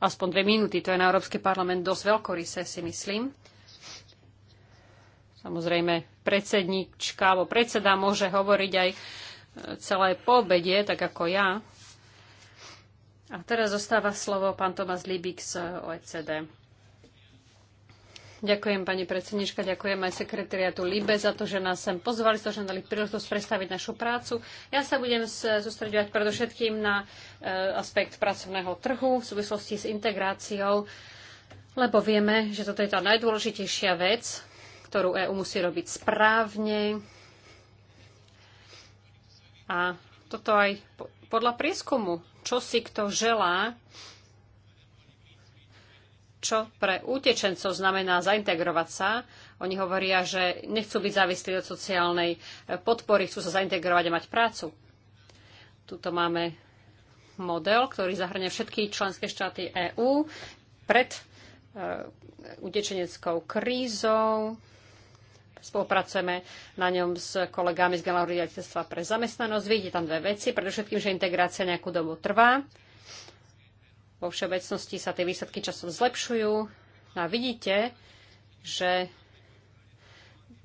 aspoň dve minúty. To je na Európsky parlament dosť veľkorysé, si myslím. Samozrejme, predsednička alebo predseda môže hovoriť aj e, celé poobedie, tak ako ja. A teraz zostáva slovo pán Tomás Libik z OECD. Ďakujem pani predsednička, ďakujem aj sekretariatu LIBE za to, že nás sem pozvali, za to, že nám dali príležitosť predstaviť našu prácu. Ja sa budem sústredovať predovšetkým na e, aspekt pracovného trhu v súvislosti s integráciou, lebo vieme, že toto je tá najdôležitejšia vec, ktorú EÚ musí robiť správne. A toto aj podľa prieskumu, čo si kto želá, čo pre utečencov znamená zaintegrovať sa. Oni hovoria, že nechcú byť závislí od sociálnej e, podpory, chcú sa zaintegrovať a mať prácu. Tuto máme model, ktorý zahrňuje všetky členské štáty EÚ pred e, utečeneckou krízou. Spolupracujeme na ňom s kolegami z Generálneho riaditeľstva pre zamestnanosť. Vidíte tam dve veci. Predovšetkým, že integrácia nejakú dobu trvá vo všeobecnosti sa tie výsledky časom zlepšujú. No a vidíte, že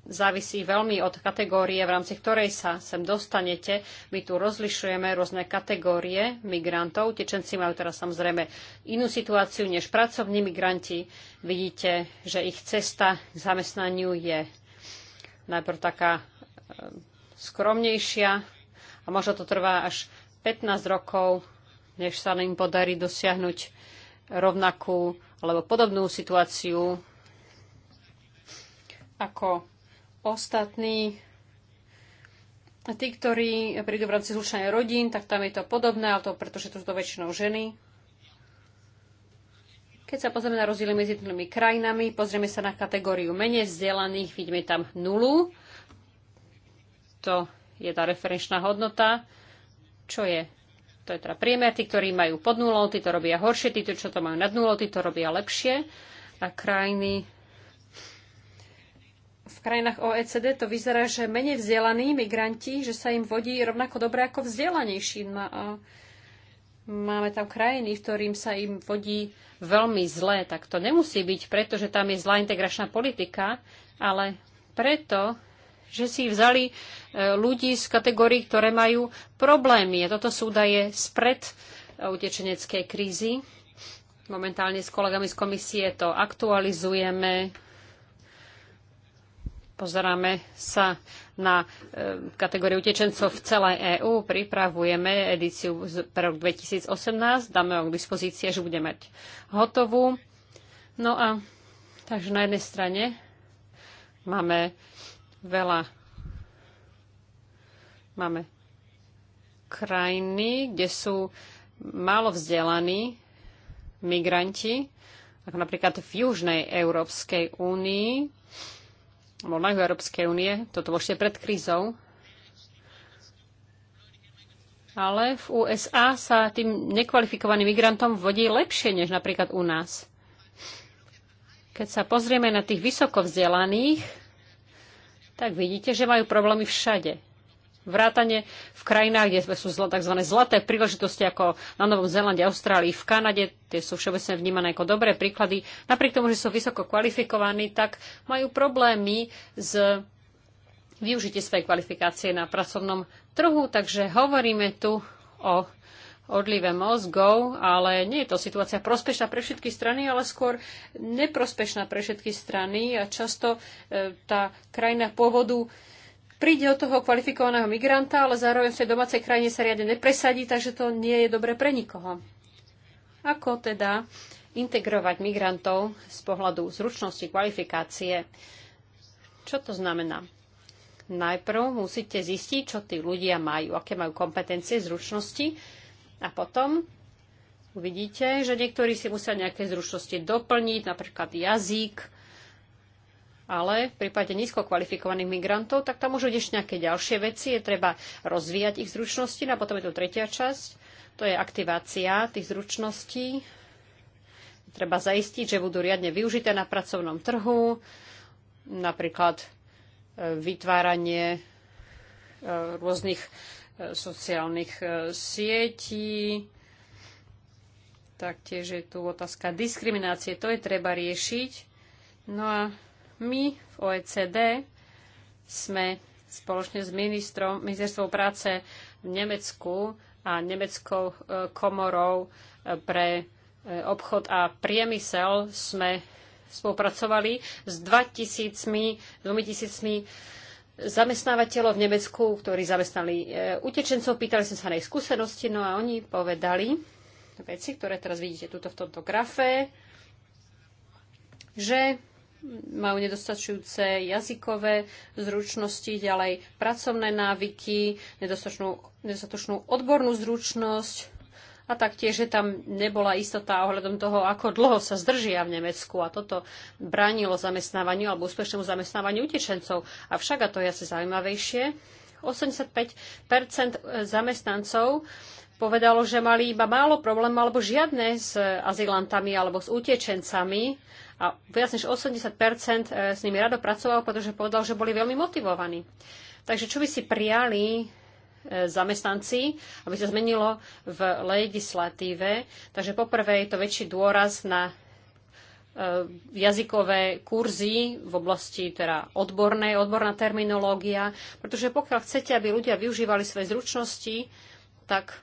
závisí veľmi od kategórie, v rámci ktorej sa sem dostanete. My tu rozlišujeme rôzne kategórie migrantov. Tečenci majú teraz samozrejme inú situáciu než pracovní migranti. Vidíte, že ich cesta k zamestnaniu je najprv taká e, skromnejšia a možno to trvá až 15 rokov než sa im podarí dosiahnuť rovnakú alebo podobnú situáciu ako ostatní. A tí, ktorí prídu v rámci zlučenia rodín, tak tam je to podobné, ale to pretože to sú to väčšinou ženy. Keď sa pozrieme na rozdiely medzi jednotlivými krajinami, pozrieme sa na kategóriu menej vzdelaných, vidíme tam nulu. To je tá referenčná hodnota, čo je to je teda priemer, tí, ktorí majú pod nulou, tí to robia horšie, tí, čo to majú nad nulou, tí to robia lepšie. A krajiny v krajinách OECD to vyzerá, že menej vzdelaní migranti, že sa im vodí rovnako dobre ako vzdelanejší. No a máme tam krajiny, v ktorým sa im vodí veľmi zlé. Tak to nemusí byť, pretože tam je zlá integračná politika, ale preto, že si vzali e, ľudí z kategórií, ktoré majú problémy. A toto sú údaje spred e, utečeneckej krízy. Momentálne s kolegami z komisie to aktualizujeme. Pozeráme sa na e, kategóriu utečencov v celej EÚ. Pripravujeme edíciu pre rok 2018. Dáme ho k dispozície, že bude mať hotovú. No a takže na jednej strane máme veľa máme krajiny, kde sú málo vzdelaní migranti, ako napríklad v Južnej Európskej únii, alebo na Európskej únie, toto bolo ešte pred krízou, ale v USA sa tým nekvalifikovaným migrantom vodí lepšie než napríklad u nás. Keď sa pozrieme na tých vysoko vzdelaných, tak vidíte, že majú problémy všade. Vrátane v krajinách, kde sú tzv. zlaté príležitosti, ako na Novom Zélande, Austrálii, v Kanade, tie sú všeobecne vnímané ako dobré príklady. Napriek tomu, že sú vysoko kvalifikovaní, tak majú problémy s využitím svojej kvalifikácie na pracovnom trhu, takže hovoríme tu o odlive mozgov, ale nie je to situácia prospešná pre všetky strany, ale skôr neprospešná pre všetky strany a často e, tá krajina pôvodu príde od toho kvalifikovaného migranta, ale zároveň v tej domácej krajine sa riadne nepresadí, takže to nie je dobre pre nikoho. Ako teda integrovať migrantov z pohľadu zručnosti, kvalifikácie? Čo to znamená? najprv musíte zistiť, čo tí ľudia majú, aké majú kompetencie, zručnosti a potom uvidíte, že niektorí si musia nejaké zručnosti doplniť, napríklad jazyk, ale v prípade nízko kvalifikovaných migrantov, tak tam môžu ešte nejaké ďalšie veci, je treba rozvíjať ich zručnosti. No a potom je tu tretia časť, to je aktivácia tých zručností. Treba zaistiť, že budú riadne využité na pracovnom trhu, napríklad e, vytváranie e, rôznych sociálnych e, sietí. Taktiež je tu otázka diskriminácie. To je treba riešiť. No a my v OECD sme spoločne s ministrom, ministerstvom práce v Nemecku a nemeckou e, komorou e, pre obchod a priemysel sme spolupracovali s 2000, 2000 zamestnávateľov v Nemecku, ktorí zamestnali e, utečencov. Pýtali sme sa na ich skúsenosti, no a oni povedali veci, ktoré teraz vidíte tuto v tomto grafe, že majú nedostačujúce jazykové zručnosti, ďalej pracovné návyky, nedostatočnú, nedostatočnú odbornú zručnosť, a taktiež, že tam nebola istota ohľadom toho, ako dlho sa zdržia v Nemecku a toto bránilo zamestnávaniu alebo úspešnému zamestnávaniu utečencov. Avšak, a to je asi zaujímavejšie, 85 e, zamestnancov povedalo, že mali iba málo problém alebo žiadne s azylantami alebo s utečencami a viac než 80 e, s nimi rado pracoval, pretože povedal, že boli veľmi motivovaní. Takže čo by si prijali E, zamestnanci, aby sa zmenilo v legislatíve. Takže poprvé je to väčší dôraz na e, jazykové kurzy v oblasti teda odbornej, odborná terminológia, pretože pokiaľ chcete, aby ľudia využívali svoje zručnosti, tak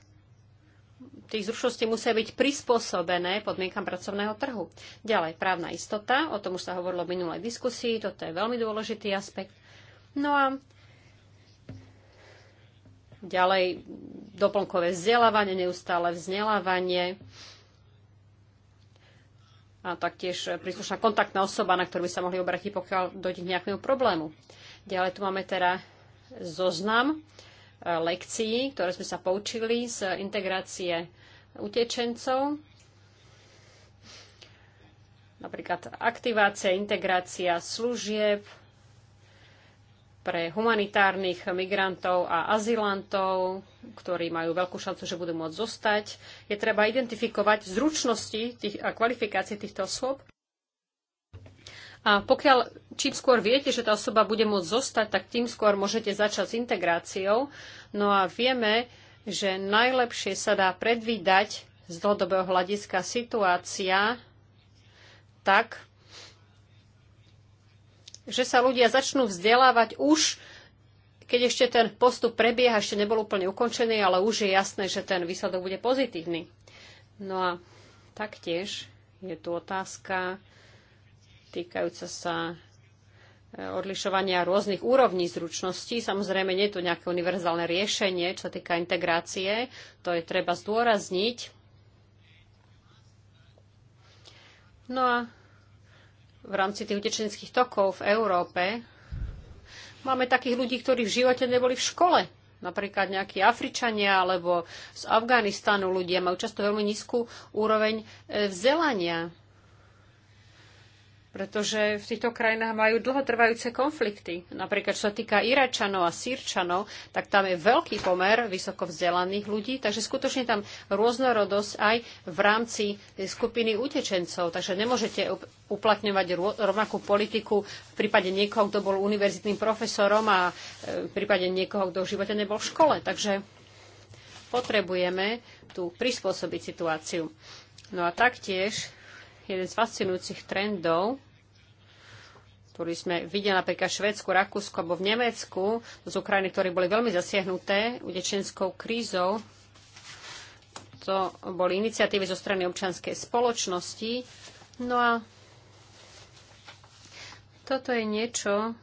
tých zručností musia byť prispôsobené podmienkam pracovného trhu. Ďalej, právna istota, o tom už sa hovorilo v minulej diskusii, toto je veľmi dôležitý aspekt. No a Ďalej doplnkové vzdelávanie, neustále vzdelávanie a taktiež príslušná kontaktná osoba, na ktorú by sa mohli obrátiť, pokiaľ dojde k nejakému problému. Ďalej tu máme teda zoznam e, lekcií, ktoré sme sa poučili z integrácie utečencov. Napríklad aktivácia, integrácia služieb, pre humanitárnych migrantov a azylantov, ktorí majú veľkú šancu, že budú môcť zostať. Je treba identifikovať zručnosti tých, a kvalifikácie týchto osôb. A pokiaľ čím skôr viete, že tá osoba bude môcť zostať, tak tým skôr môžete začať s integráciou. No a vieme, že najlepšie sa dá predvídať z dlhodobého hľadiska situácia tak, že sa ľudia začnú vzdelávať už, keď ešte ten postup prebieha, ešte nebol úplne ukončený, ale už je jasné, že ten výsledok bude pozitívny. No a taktiež je tu otázka týkajúca sa e, odlišovania rôznych úrovní zručností. Samozrejme, nie je tu nejaké univerzálne riešenie, čo týka integrácie. To je treba zdôrazniť. No a v rámci tých utečenských tokov v Európe. Máme takých ľudí, ktorí v živote neboli v škole. Napríklad nejakí Afričania alebo z Afganistanu ľudia majú často veľmi nízku úroveň e, vzdelania pretože v týchto krajinách majú dlhotrvajúce konflikty. Napríklad, čo sa týka Iračanov a Sýrčanov, tak tam je veľký pomer vysoko vzdelaných ľudí, takže skutočne tam rôznorodosť aj v rámci skupiny utečencov. Takže nemôžete uplatňovať rovnakú politiku v prípade niekoho, kto bol univerzitným profesorom a e, v prípade niekoho, kto v živote nebol v škole. Takže potrebujeme tu prispôsobiť situáciu. No a taktiež jeden z fascinujúcich trendov, ktorý sme videli napríklad v Švedsku, Rakúsku alebo v Nemecku z Ukrajiny, ktorí boli veľmi zasiahnuté utečenskou krízou. To boli iniciatívy zo strany občianskej spoločnosti. No a toto je niečo,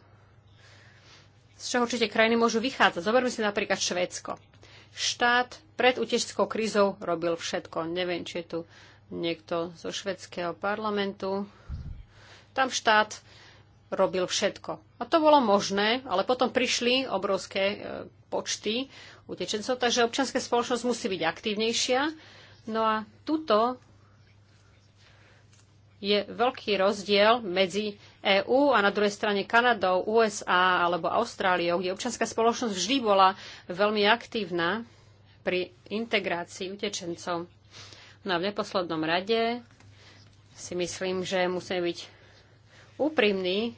z čoho určite krajiny môžu vychádzať. Zoberme si napríklad Švédsko. Štát pred utečskou krízou robil všetko. Neviem, či je tu niekto zo švedského parlamentu. Tam štát robil všetko. A to bolo možné, ale potom prišli obrovské e, počty utečencov, takže občianská spoločnosť musí byť aktívnejšia. No a tuto je veľký rozdiel medzi EÚ a na druhej strane Kanadou, USA alebo Austráliou, kde občianská spoločnosť vždy bola veľmi aktívna pri integrácii utečencov. No a v neposlednom rade si myslím, že musíme byť úprimní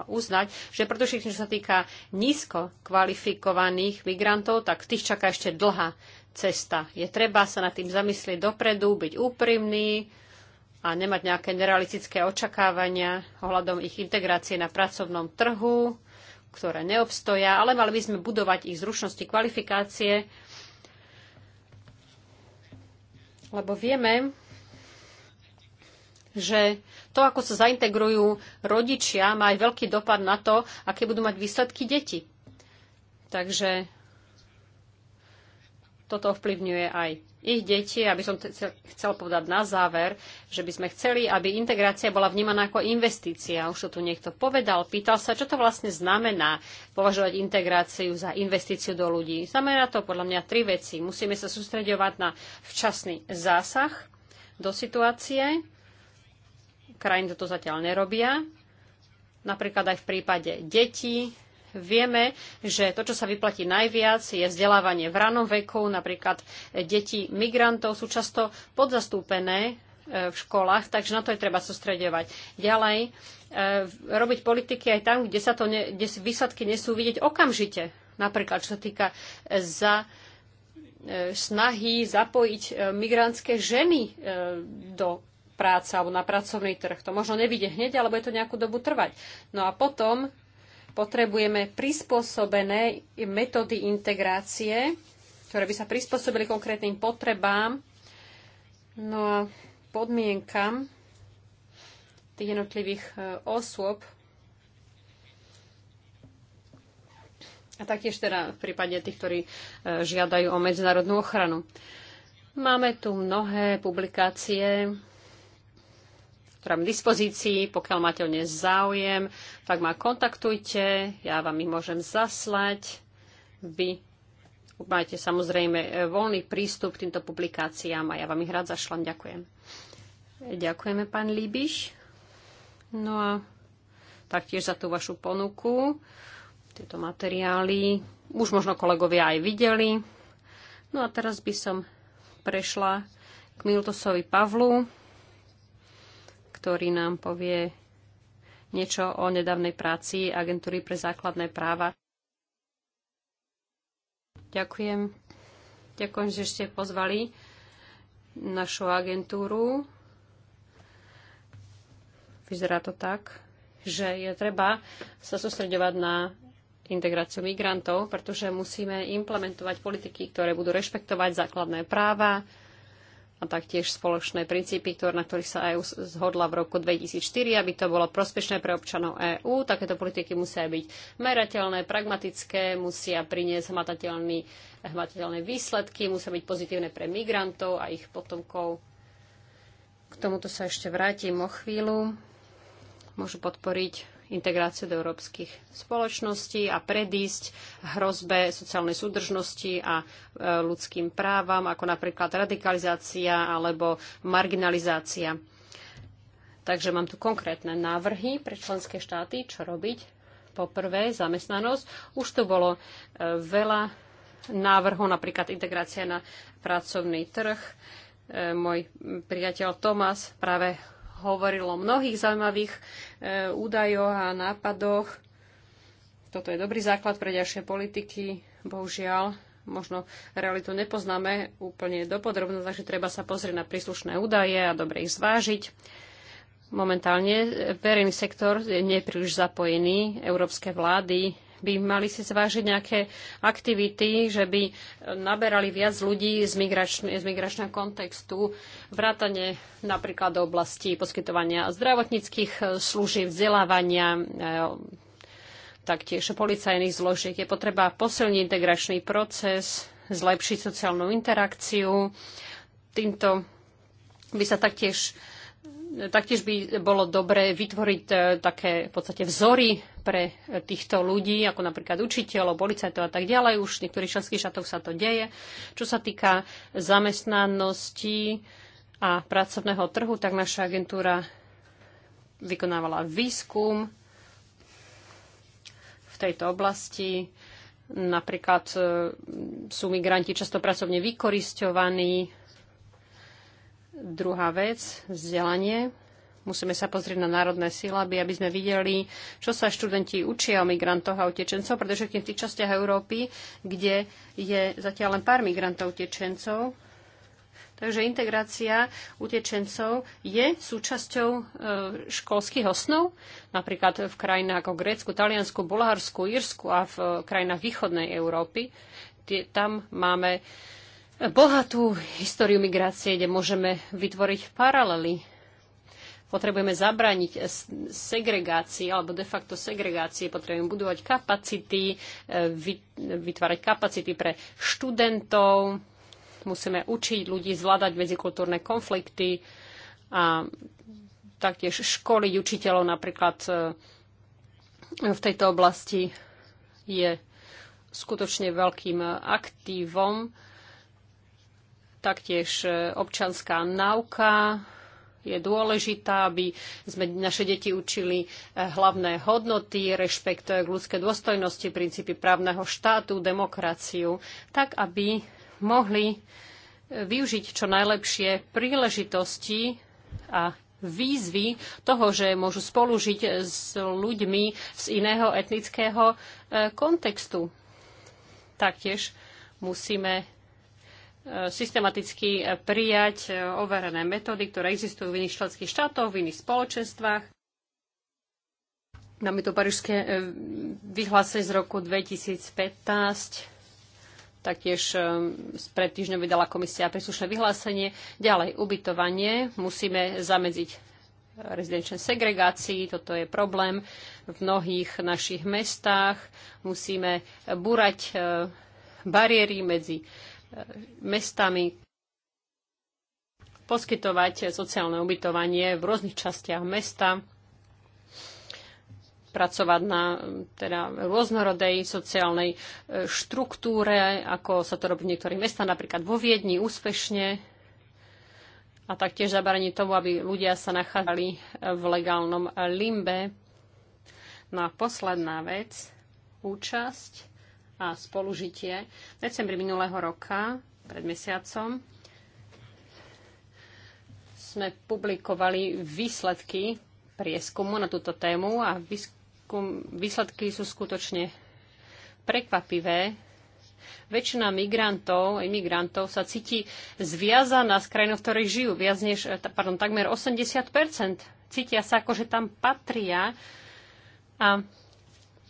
a uznať, že pretože čo sa týka nízko kvalifikovaných migrantov, tak tých čaká ešte dlhá cesta. Je treba sa nad tým zamyslieť dopredu, byť úprimný a nemať nejaké nerealistické očakávania ohľadom ich integrácie na pracovnom trhu, ktoré neobstoja, ale mali by sme budovať ich zručnosti, kvalifikácie lebo vieme, že to, ako sa zaintegrujú rodičia, má aj veľký dopad na to, aké budú mať výsledky deti. Takže toto ovplyvňuje aj ich deti. Aby som chcel povedať na záver, že by sme chceli, aby integrácia bola vnímaná ako investícia. Už to tu niekto povedal, pýtal sa, čo to vlastne znamená považovať integráciu za investíciu do ľudí. Znamená to podľa mňa tri veci. Musíme sa sústredovať na včasný zásah do situácie. Krajiny to zatiaľ nerobia. Napríklad aj v prípade detí Vieme, že to, čo sa vyplatí najviac, je vzdelávanie v ranom veku. Napríklad deti migrantov sú často podzastúpené e, v školách, takže na to je treba sústredovať. Ďalej, e, robiť politiky aj tam, kde, sa to ne, kde výsledky nesú vidieť okamžite. Napríklad, čo sa týka e, za snahy zapojiť migrantské ženy do práce alebo na pracovný trh. To možno nevidie hneď, alebo je to nejakú dobu trvať. No a potom Potrebujeme prispôsobené metódy integrácie, ktoré by sa prispôsobili konkrétnym potrebám, no a podmienkam tých jednotlivých e, osôb. A taktiež teda v prípade tých, ktorí e, žiadajú o medzinárodnú ochranu. Máme tu mnohé publikácie, ktorá mám v dispozícii. Pokiaľ máte o ne záujem, tak ma kontaktujte, ja vám ich môžem zaslať. Vy máte samozrejme e, voľný prístup k týmto publikáciám a ja vám ich rád zašlem. Ďakujem. Ďakujeme, pán Líbiš. No a taktiež za tú vašu ponuku. Tieto materiály už možno kolegovia aj videli. No a teraz by som prešla k Miltosovi Pavlu ktorý nám povie niečo o nedávnej práci Agentúry pre základné práva. Ďakujem. Ďakujem, že ste pozvali našu agentúru. Vyzerá to tak, že je treba sa sústredovať na integráciu migrantov, pretože musíme implementovať politiky, ktoré budú rešpektovať základné práva, a taktiež spoločné princípy, ktoré, na ktorých sa EÚ zhodla v roku 2004, aby to bolo prospešné pre občanov EÚ. Takéto politiky musia byť merateľné, pragmatické, musia priniesť hmatateľné výsledky, musia byť pozitívne pre migrantov a ich potomkov. K tomuto sa ešte vrátim o chvíľu. Môžu podporiť integráciu do európskych spoločností a predísť hrozbe sociálnej súdržnosti a e, ľudským právam, ako napríklad radikalizácia alebo marginalizácia. Takže mám tu konkrétne návrhy pre členské štáty, čo robiť. Po prvé, zamestnanosť. Už tu bolo e, veľa návrhov, napríklad integrácia na pracovný trh. E, môj priateľ Tomas práve hovoril o mnohých zaujímavých e, údajoch a nápadoch. Toto je dobrý základ pre ďalšie politiky. Bohužiaľ, možno realitu nepoznáme úplne dopodrobne, takže treba sa pozrieť na príslušné údaje a dobre ich zvážiť. Momentálne verejný sektor je nepríliš zapojený. Európske vlády by mali si zvážiť nejaké aktivity, že by naberali viac ľudí z, migračn- z migračného kontextu, vrátane napríklad do oblasti poskytovania zdravotníckých služieb, vzdelávania, eh, taktiež policajných zložiek. Je potreba posilniť integračný proces, zlepšiť sociálnu interakciu. Týmto by sa taktiež taktiež by bolo dobré vytvoriť e, také v podstate vzory pre týchto ľudí, ako napríklad učiteľov, policajtov a tak ďalej. Už v niektorých členských štátoch sa to deje. Čo sa týka zamestnanosti a pracovného trhu, tak naša agentúra vykonávala výskum v tejto oblasti. Napríklad e, sú migranti často pracovne vykoristovaní Druhá vec, vzdelanie. Musíme sa pozrieť na národné sílaby, aby sme videli, čo sa študenti učia o migrantoch a utečencov, pretože v tých častiach Európy, kde je zatiaľ len pár migrantov utečencov, Takže integrácia utečencov je súčasťou e, školských osnov, napríklad v krajinách ako Grécku, Taliansku, Bulharsku, Írsku a v e, krajinách východnej Európy. Tam máme bohatú históriu migrácie, kde môžeme vytvoriť paralely. Potrebujeme zabrániť segregácii alebo de facto segregácii. Potrebujeme budovať kapacity, e, vytvárať kapacity pre študentov. Musíme učiť ľudí zvládať medzikultúrne konflikty a taktiež školiť učiteľov napríklad e, v tejto oblasti je skutočne veľkým aktívom Taktiež e, občanská náuka je dôležitá, aby sme naše deti učili e, hlavné hodnoty, rešpekt k ľudskej dôstojnosti, princípy právneho štátu, demokraciu, tak aby mohli e, využiť čo najlepšie príležitosti a výzvy toho, že môžu spolužiť s ľuďmi z iného etnického kontextu. Taktiež musíme systematicky prijať e, overené metódy, ktoré existujú v iných členských štátoch, v iných spoločenstvách. Máme tu parížské e, vyhlásenie z roku 2015, taktiež e, pred týždňom vydala komisia príslušné vyhlásenie. Ďalej, ubytovanie. Musíme zamedziť rezidenčnej segregácii. Toto je problém v mnohých našich mestách. Musíme burať bariéry medzi mestami poskytovať sociálne ubytovanie v rôznych častiach mesta, pracovať na teda rôznorodej sociálnej e, štruktúre, ako sa to robí v niektorých mestách, napríklad vo Viedni úspešne a taktiež zabraniť tomu, aby ľudia sa nachádzali v legálnom limbe. No a posledná vec, účasť a spolužitie v decembri minulého roka, pred mesiacom, sme publikovali výsledky prieskumu na túto tému a výskum, výsledky sú skutočne prekvapivé. Väčšina migrantov, imigrantov sa cíti zviazaná s krajinou, v ktorej žijú. Viac než, eh, pardon, takmer 80 cítia sa ako, že tam patria. A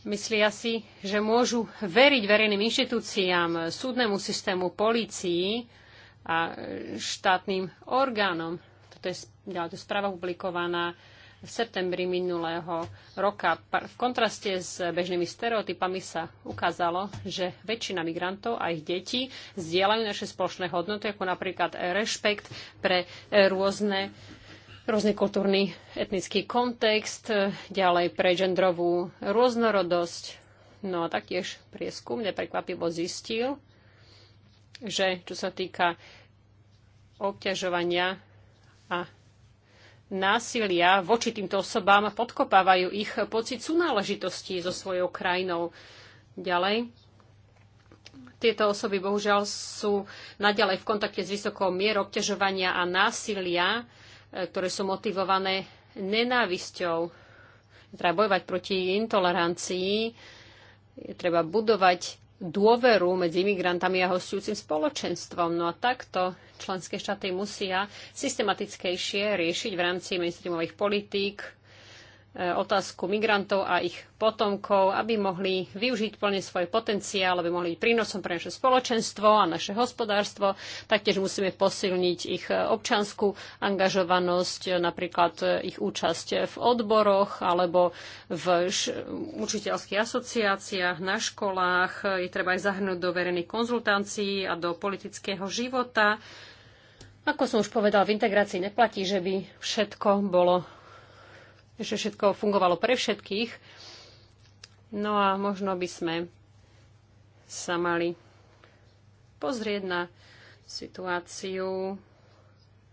Myslia si, že môžu veriť verejným inštitúciám, súdnemu systému, polícii a štátnym orgánom. Toto je, ja, to správa publikovaná v septembri minulého roka. V kontraste s bežnými stereotypami sa ukázalo, že väčšina migrantov a ich detí zdieľajú naše spoločné hodnoty, ako napríklad rešpekt pre rôzne rôzny kultúrny etnický kontext, ďalej pre genderovú rôznorodosť. No a taktiež prieskum neprekvapivo zistil, že čo sa týka obťažovania a násilia voči týmto osobám podkopávajú ich pocit súnáležitosti so svojou krajinou. Ďalej, tieto osoby bohužiaľ sú naďalej v kontakte s vysokou mierou obťažovania a násilia, ktoré sú motivované nenávisťou. Treba bojovať proti intolerancii, treba budovať dôveru medzi imigrantami a hostujúcim spoločenstvom. No a takto členské štáty musia systematickejšie riešiť v rámci mainstreamových politík E, otázku migrantov a ich potomkov, aby mohli využiť plne svoj potenciál, aby mohli byť prínosom pre naše spoločenstvo a naše hospodárstvo. Taktiež musíme posilniť ich e, občanskú angažovanosť, e, napríklad ich účasť v odboroch alebo v učiteľských asociáciách, na školách. Je treba aj zahrnúť do verejných konzultácií a do politického života. Ako som už povedal, v integrácii neplatí, že by všetko bolo že všetko fungovalo pre všetkých. No a možno by sme sa mali pozrieť na situáciu,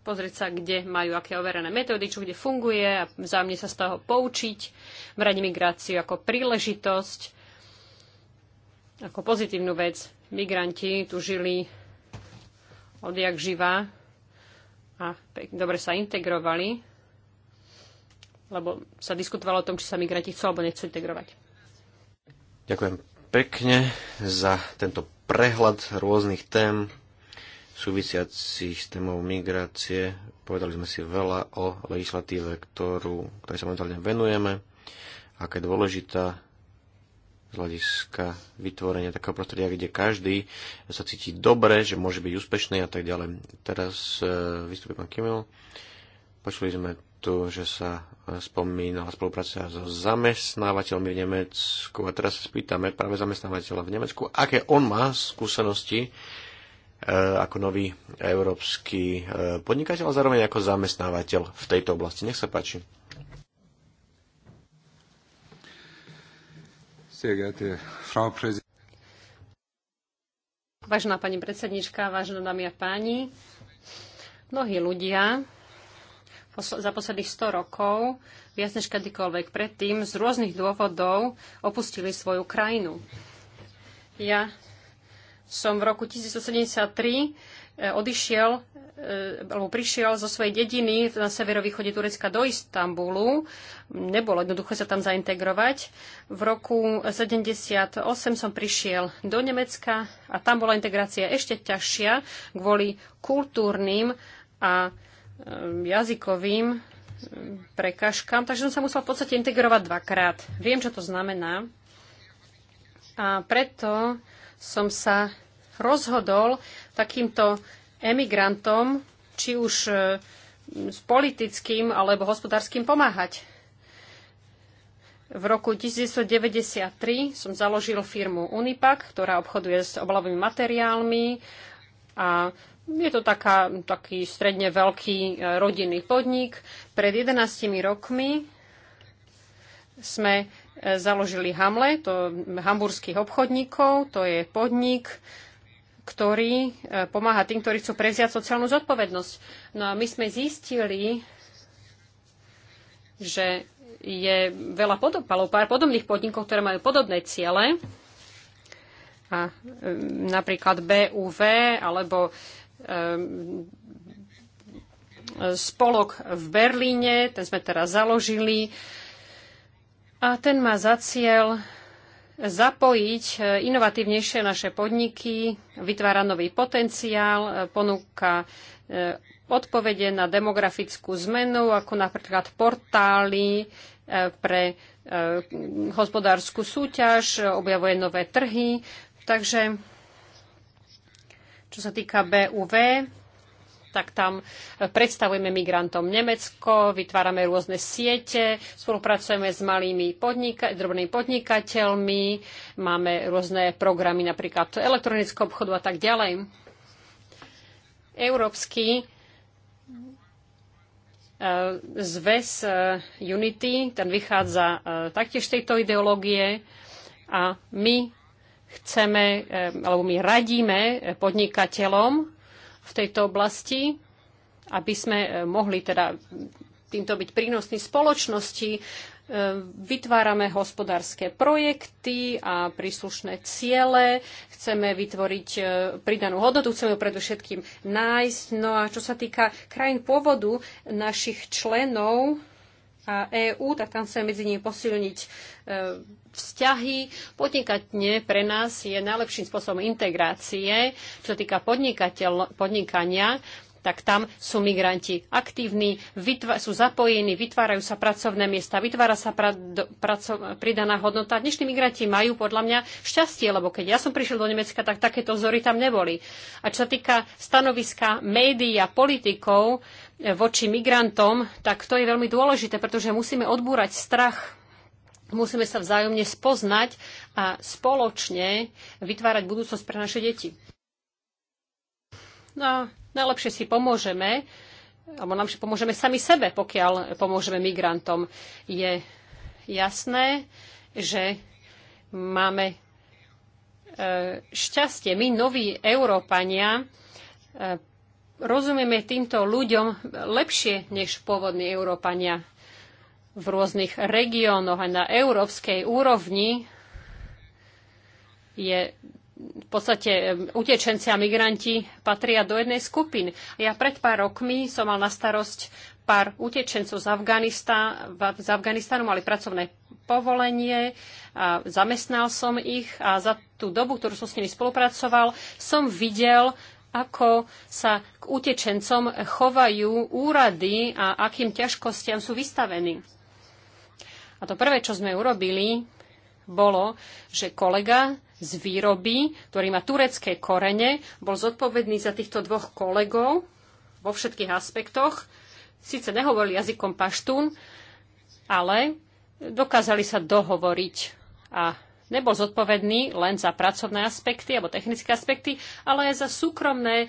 pozrieť sa, kde majú aké overené metódy, čo kde funguje a vzájomne sa z toho poučiť, brať migráciu ako príležitosť, ako pozitívnu vec. Migranti tu žili odjak živá a dobre sa integrovali lebo sa diskutovalo o tom, či sa migranti chcú alebo nechcú integrovať. Ďakujem pekne za tento prehľad rôznych tém súvisiacich s témou migrácie. Povedali sme si veľa o legislatíve, ktorú, ktorej sa momentálne venujeme, aká je dôležitá z hľadiska vytvorenia takého prostredia, kde každý sa cíti dobre, že môže byť úspešný a tak ďalej. Teraz e, pán Kimil. Počuli sme tu, že sa e, spomínala spolupráca so zamestnávateľmi v Nemecku. A teraz sa spýtame práve zamestnávateľa v Nemecku, aké on má skúsenosti e, ako nový európsky e, podnikateľ a zároveň ako zamestnávateľ v tejto oblasti. Nech sa páči. Vážená pani predsednička, vážená dámy a páni, mnohí ľudia za posledných 100 rokov, viac než kedykoľvek predtým, z rôznych dôvodov opustili svoju krajinu. Ja som v roku 1973 e, odišiel, e, alebo prišiel zo svojej dediny na severovýchode Turecka do Istanbulu. Nebolo jednoduché sa tam zaintegrovať. V roku 78 som prišiel do Nemecka a tam bola integrácia ešte ťažšia kvôli kultúrnym a Eh, jazykovým eh, prekažkám, takže som sa musela v podstate integrovať dvakrát. Viem, čo to znamená. A preto som sa rozhodol takýmto emigrantom, či už eh, s politickým alebo hospodárským pomáhať. V roku 1993 som založil firmu Unipak, ktorá obchoduje s obalovými materiálmi a je to taká, taký stredne veľký e, rodinný podnik. Pred 11 rokmi sme e, založili Hamle, to hamburských obchodníkov, to je podnik, ktorý e, pomáha tým, ktorí chcú prevziať sociálnu zodpovednosť. No a my sme zistili, že je veľa podob, pár podobných podnikov, ktoré majú podobné ciele. A, napríklad BUV alebo Ehm, spolok v Berlíne, ten sme teraz založili a ten má za cieľ zapojiť e, inovatívnejšie naše podniky, vytvára nový potenciál, e, ponúka e, odpovede na demografickú zmenu, ako napríklad portály pre hospodárskú súťaž, objavuje nové trhy. Takže čo sa týka BUV, tak tam eh, predstavujeme migrantom Nemecko, vytvárame rôzne siete, spolupracujeme s malými podnika- drobnými podnikateľmi, máme rôzne programy napríklad elektronického obchodu a tak ďalej. Európsky eh, zväz eh, Unity, ten vychádza taktiež z tejto ideológie a my chceme, alebo my radíme podnikateľom v tejto oblasti, aby sme mohli teda týmto byť prínosní spoločnosti. Vytvárame hospodárske projekty a príslušné ciele. Chceme vytvoriť pridanú hodnotu, chceme ju predovšetkým nájsť. No a čo sa týka krajín pôvodu našich členov, a EÚ, tak tam chceme medzi nimi posilniť e, vzťahy. Podnikanie pre nás je najlepším spôsobom integrácie. Čo týka podnikania, tak tam sú migranti aktívni, sú zapojení, vytvárajú sa pracovné miesta, vytvára sa pra- do, praco- pridaná hodnota. Dnešní migranti majú podľa mňa šťastie, lebo keď ja som prišiel do Nemecka, tak takéto vzory tam neboli. A čo sa týka stanoviska médií a politikov, voči migrantom, tak to je veľmi dôležité, pretože musíme odbúrať strach, musíme sa vzájomne spoznať a spoločne vytvárať budúcnosť pre naše deti. No, najlepšie si pomôžeme, alebo najlepšie pomôžeme sami sebe, pokiaľ pomôžeme migrantom. Je jasné, že máme e, šťastie. My, noví Európania, e, rozumieme týmto ľuďom lepšie než pôvodní Európania v rôznych regiónoch a na európskej úrovni je v podstate utečenci a migranti patria do jednej skupiny. Ja pred pár rokmi som mal na starosť pár utečencov z, Afganistánu. z Afganistánu, mali pracovné povolenie, a zamestnal som ich a za tú dobu, ktorú som s nimi spolupracoval, som videl, ako sa k utečencom chovajú úrady a akým ťažkostiam sú vystavení. A to prvé, čo sme urobili, bolo, že kolega z výroby, ktorý má turecké korene, bol zodpovedný za týchto dvoch kolegov vo všetkých aspektoch. Sice nehovorili jazykom paštún, ale dokázali sa dohovoriť a nebol zodpovedný len za pracovné aspekty alebo technické aspekty, ale aj za súkromné e,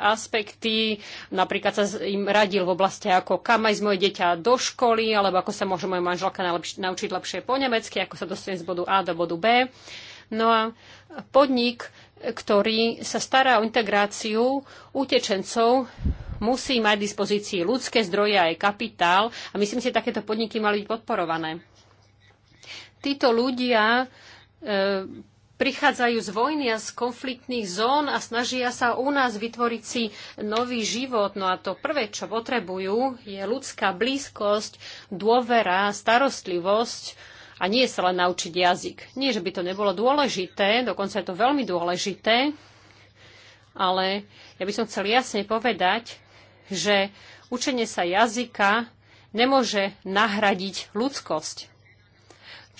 aspekty. Napríklad sa im radil v oblasti, ako kam aj z moje dieťa do školy, alebo ako sa môže moja manželka naučiť lepšie po nemecky, ako sa dostane z bodu A do bodu B. No a podnik, ktorý sa stará o integráciu utečencov, musí mať dispozícii ľudské zdroje aj kapitál a myslím si, že takéto podniky mali byť podporované títo ľudia e, prichádzajú z vojny a z konfliktných zón a snažia sa u nás vytvoriť si nový život. No a to prvé, čo potrebujú, je ľudská blízkosť, dôvera, starostlivosť a nie sa len naučiť jazyk. Nie, že by to nebolo dôležité, dokonca je to veľmi dôležité, ale ja by som chcel jasne povedať, že učenie sa jazyka nemôže nahradiť ľudskosť.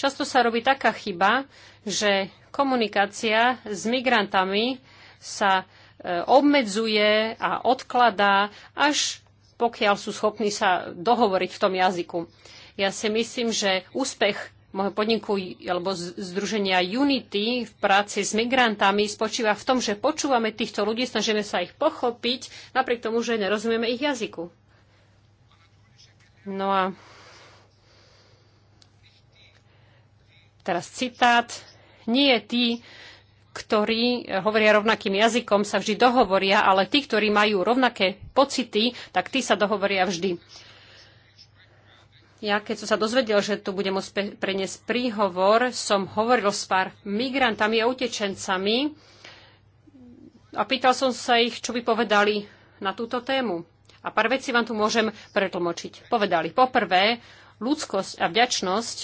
Často sa robí taká chyba, že komunikácia s migrantami sa e, obmedzuje a odkladá, až pokiaľ sú schopní sa dohovoriť v tom jazyku. Ja si myslím, že úspech môjho podniku alebo združenia Unity v práci s migrantami spočíva v tom, že počúvame týchto ľudí, snažíme sa ich pochopiť, napriek tomu, že nerozumieme ich jazyku. No a Teraz citát. Nie tí, ktorí hovoria rovnakým jazykom, sa vždy dohovoria, ale tí, ktorí majú rovnaké pocity, tak tí sa dohovoria vždy. Ja keď som sa dozvedel, že tu budem môcť preniesť príhovor, som hovoril s pár migrantami a utečencami a pýtal som sa ich, čo by povedali na túto tému. A pár vecí vám tu môžem pretlmočiť. Povedali, poprvé, ľudskosť a vďačnosť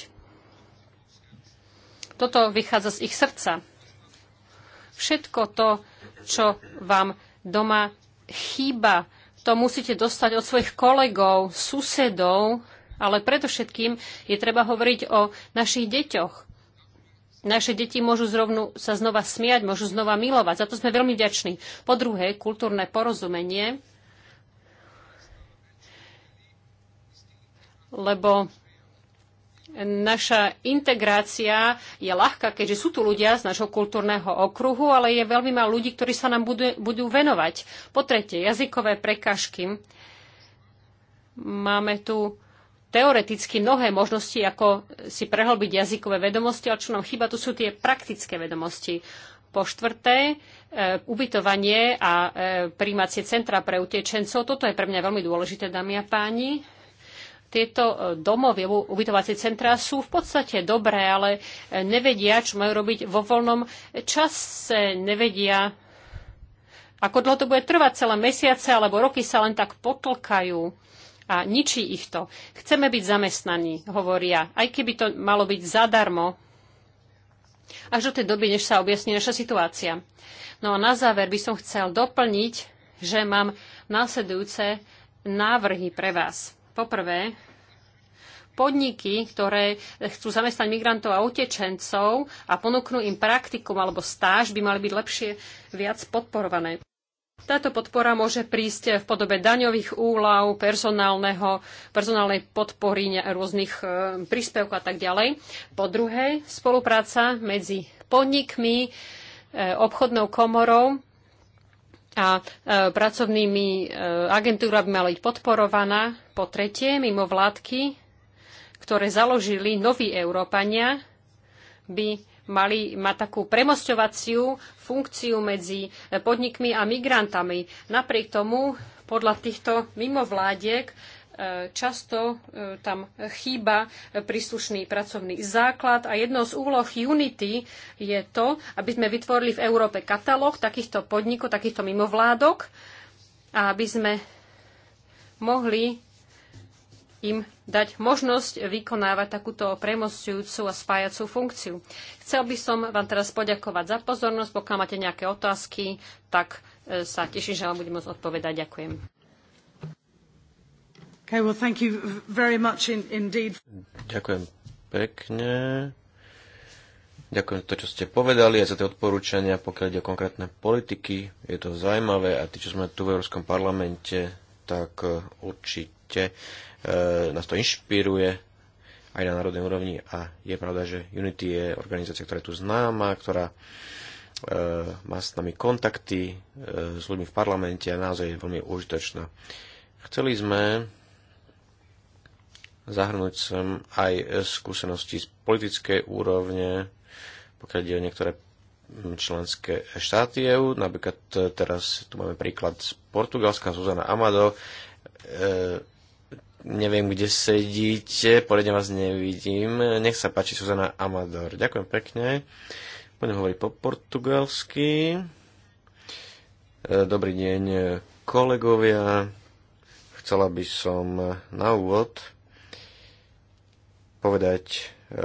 toto vychádza z ich srdca. Všetko to, čo vám doma chýba, to musíte dostať od svojich kolegov, susedov, ale predovšetkým je treba hovoriť o našich deťoch. Naše deti môžu zrovnu sa znova smiať, môžu znova milovať. Za to sme veľmi vďační. Po druhé, kultúrne porozumenie, lebo naša integrácia je ľahká, keďže sú tu ľudia z našho kultúrneho okruhu, ale je veľmi málo ľudí, ktorí sa nám budú, budú venovať. Po tretie, jazykové prekažky. Máme tu teoreticky mnohé možnosti, ako si prehlbiť jazykové vedomosti, ale čo nám chýba, tu sú tie praktické vedomosti. Po štvrté, e, ubytovanie a e, príjmacie centra pre utečencov. Toto je pre mňa veľmi dôležité, dámy a páni tieto e, domovy, ubytovacie centrá sú v podstate dobré, ale e, nevedia, čo majú robiť vo voľnom čase, nevedia, ako dlho to bude trvať, celé mesiace alebo roky sa len tak potlkajú a ničí ich to. Chceme byť zamestnaní, hovoria, aj keby to malo byť zadarmo, až do tej doby, než sa objasní naša situácia. No a na záver by som chcel doplniť, že mám následujúce návrhy pre vás. Poprvé, podniky, ktoré chcú zamestnať migrantov a utečencov a ponúknú im praktikum alebo stáž, by mali byť lepšie viac podporované. Táto podpora môže prísť v podobe daňových úľav, personálneho, personálnej podpory rôznych e, príspevkov a tak ďalej. Po druhé, spolupráca medzi podnikmi, e, obchodnou komorou a e, pracovnými e, agentúrami by mala byť podporovaná. Po tretie, mimo vládky, ktoré založili noví Európania, by mali mať takú premostovaciu funkciu medzi podnikmi a migrantami. Napriek tomu, podľa týchto mimovládiek často e, tam chýba príslušný pracovný základ a jednou z úloh Unity je to, aby sme vytvorili v Európe katalóg takýchto podnikov, takýchto mimovládok a aby sme mohli im dať možnosť vykonávať takúto premostujúcu a spájacú funkciu. Chcel by som vám teraz poďakovať za pozornosť. Pokiaľ máte nejaké otázky, tak e, sa teším, že vám budem môcť odpovedať. Ďakujem. Okay, well, thank you very much in, indeed. Ďakujem pekne. Ďakujem za to, čo ste povedali a za tie odporúčania, pokiaľ ide o konkrétne politiky. Je to zaujímavé a tí, čo sme tu v Európskom parlamente, tak e, určite e, nás to inšpiruje aj na národnej úrovni a je pravda, že Unity je organizácia, ktorá je tu známa, ktorá e, má s nami kontakty e, s ľuďmi v parlamente a naozaj je veľmi užitočná. Chceli sme zahrnúť sem aj skúsenosti z politickej úrovne, pokiaľ ide o niektoré mm, členské štáty EU. Napríklad e, teraz tu máme príklad z Portugalska, Zuzana Amado. E, neviem, kde sedíte, poriadne vás nevidím. Nech sa páči, Suzana Amador. Ďakujem pekne. Budem hovoriť po portugalsky. E, dobrý deň, kolegovia. Chcela by som na úvod povedať, e, e,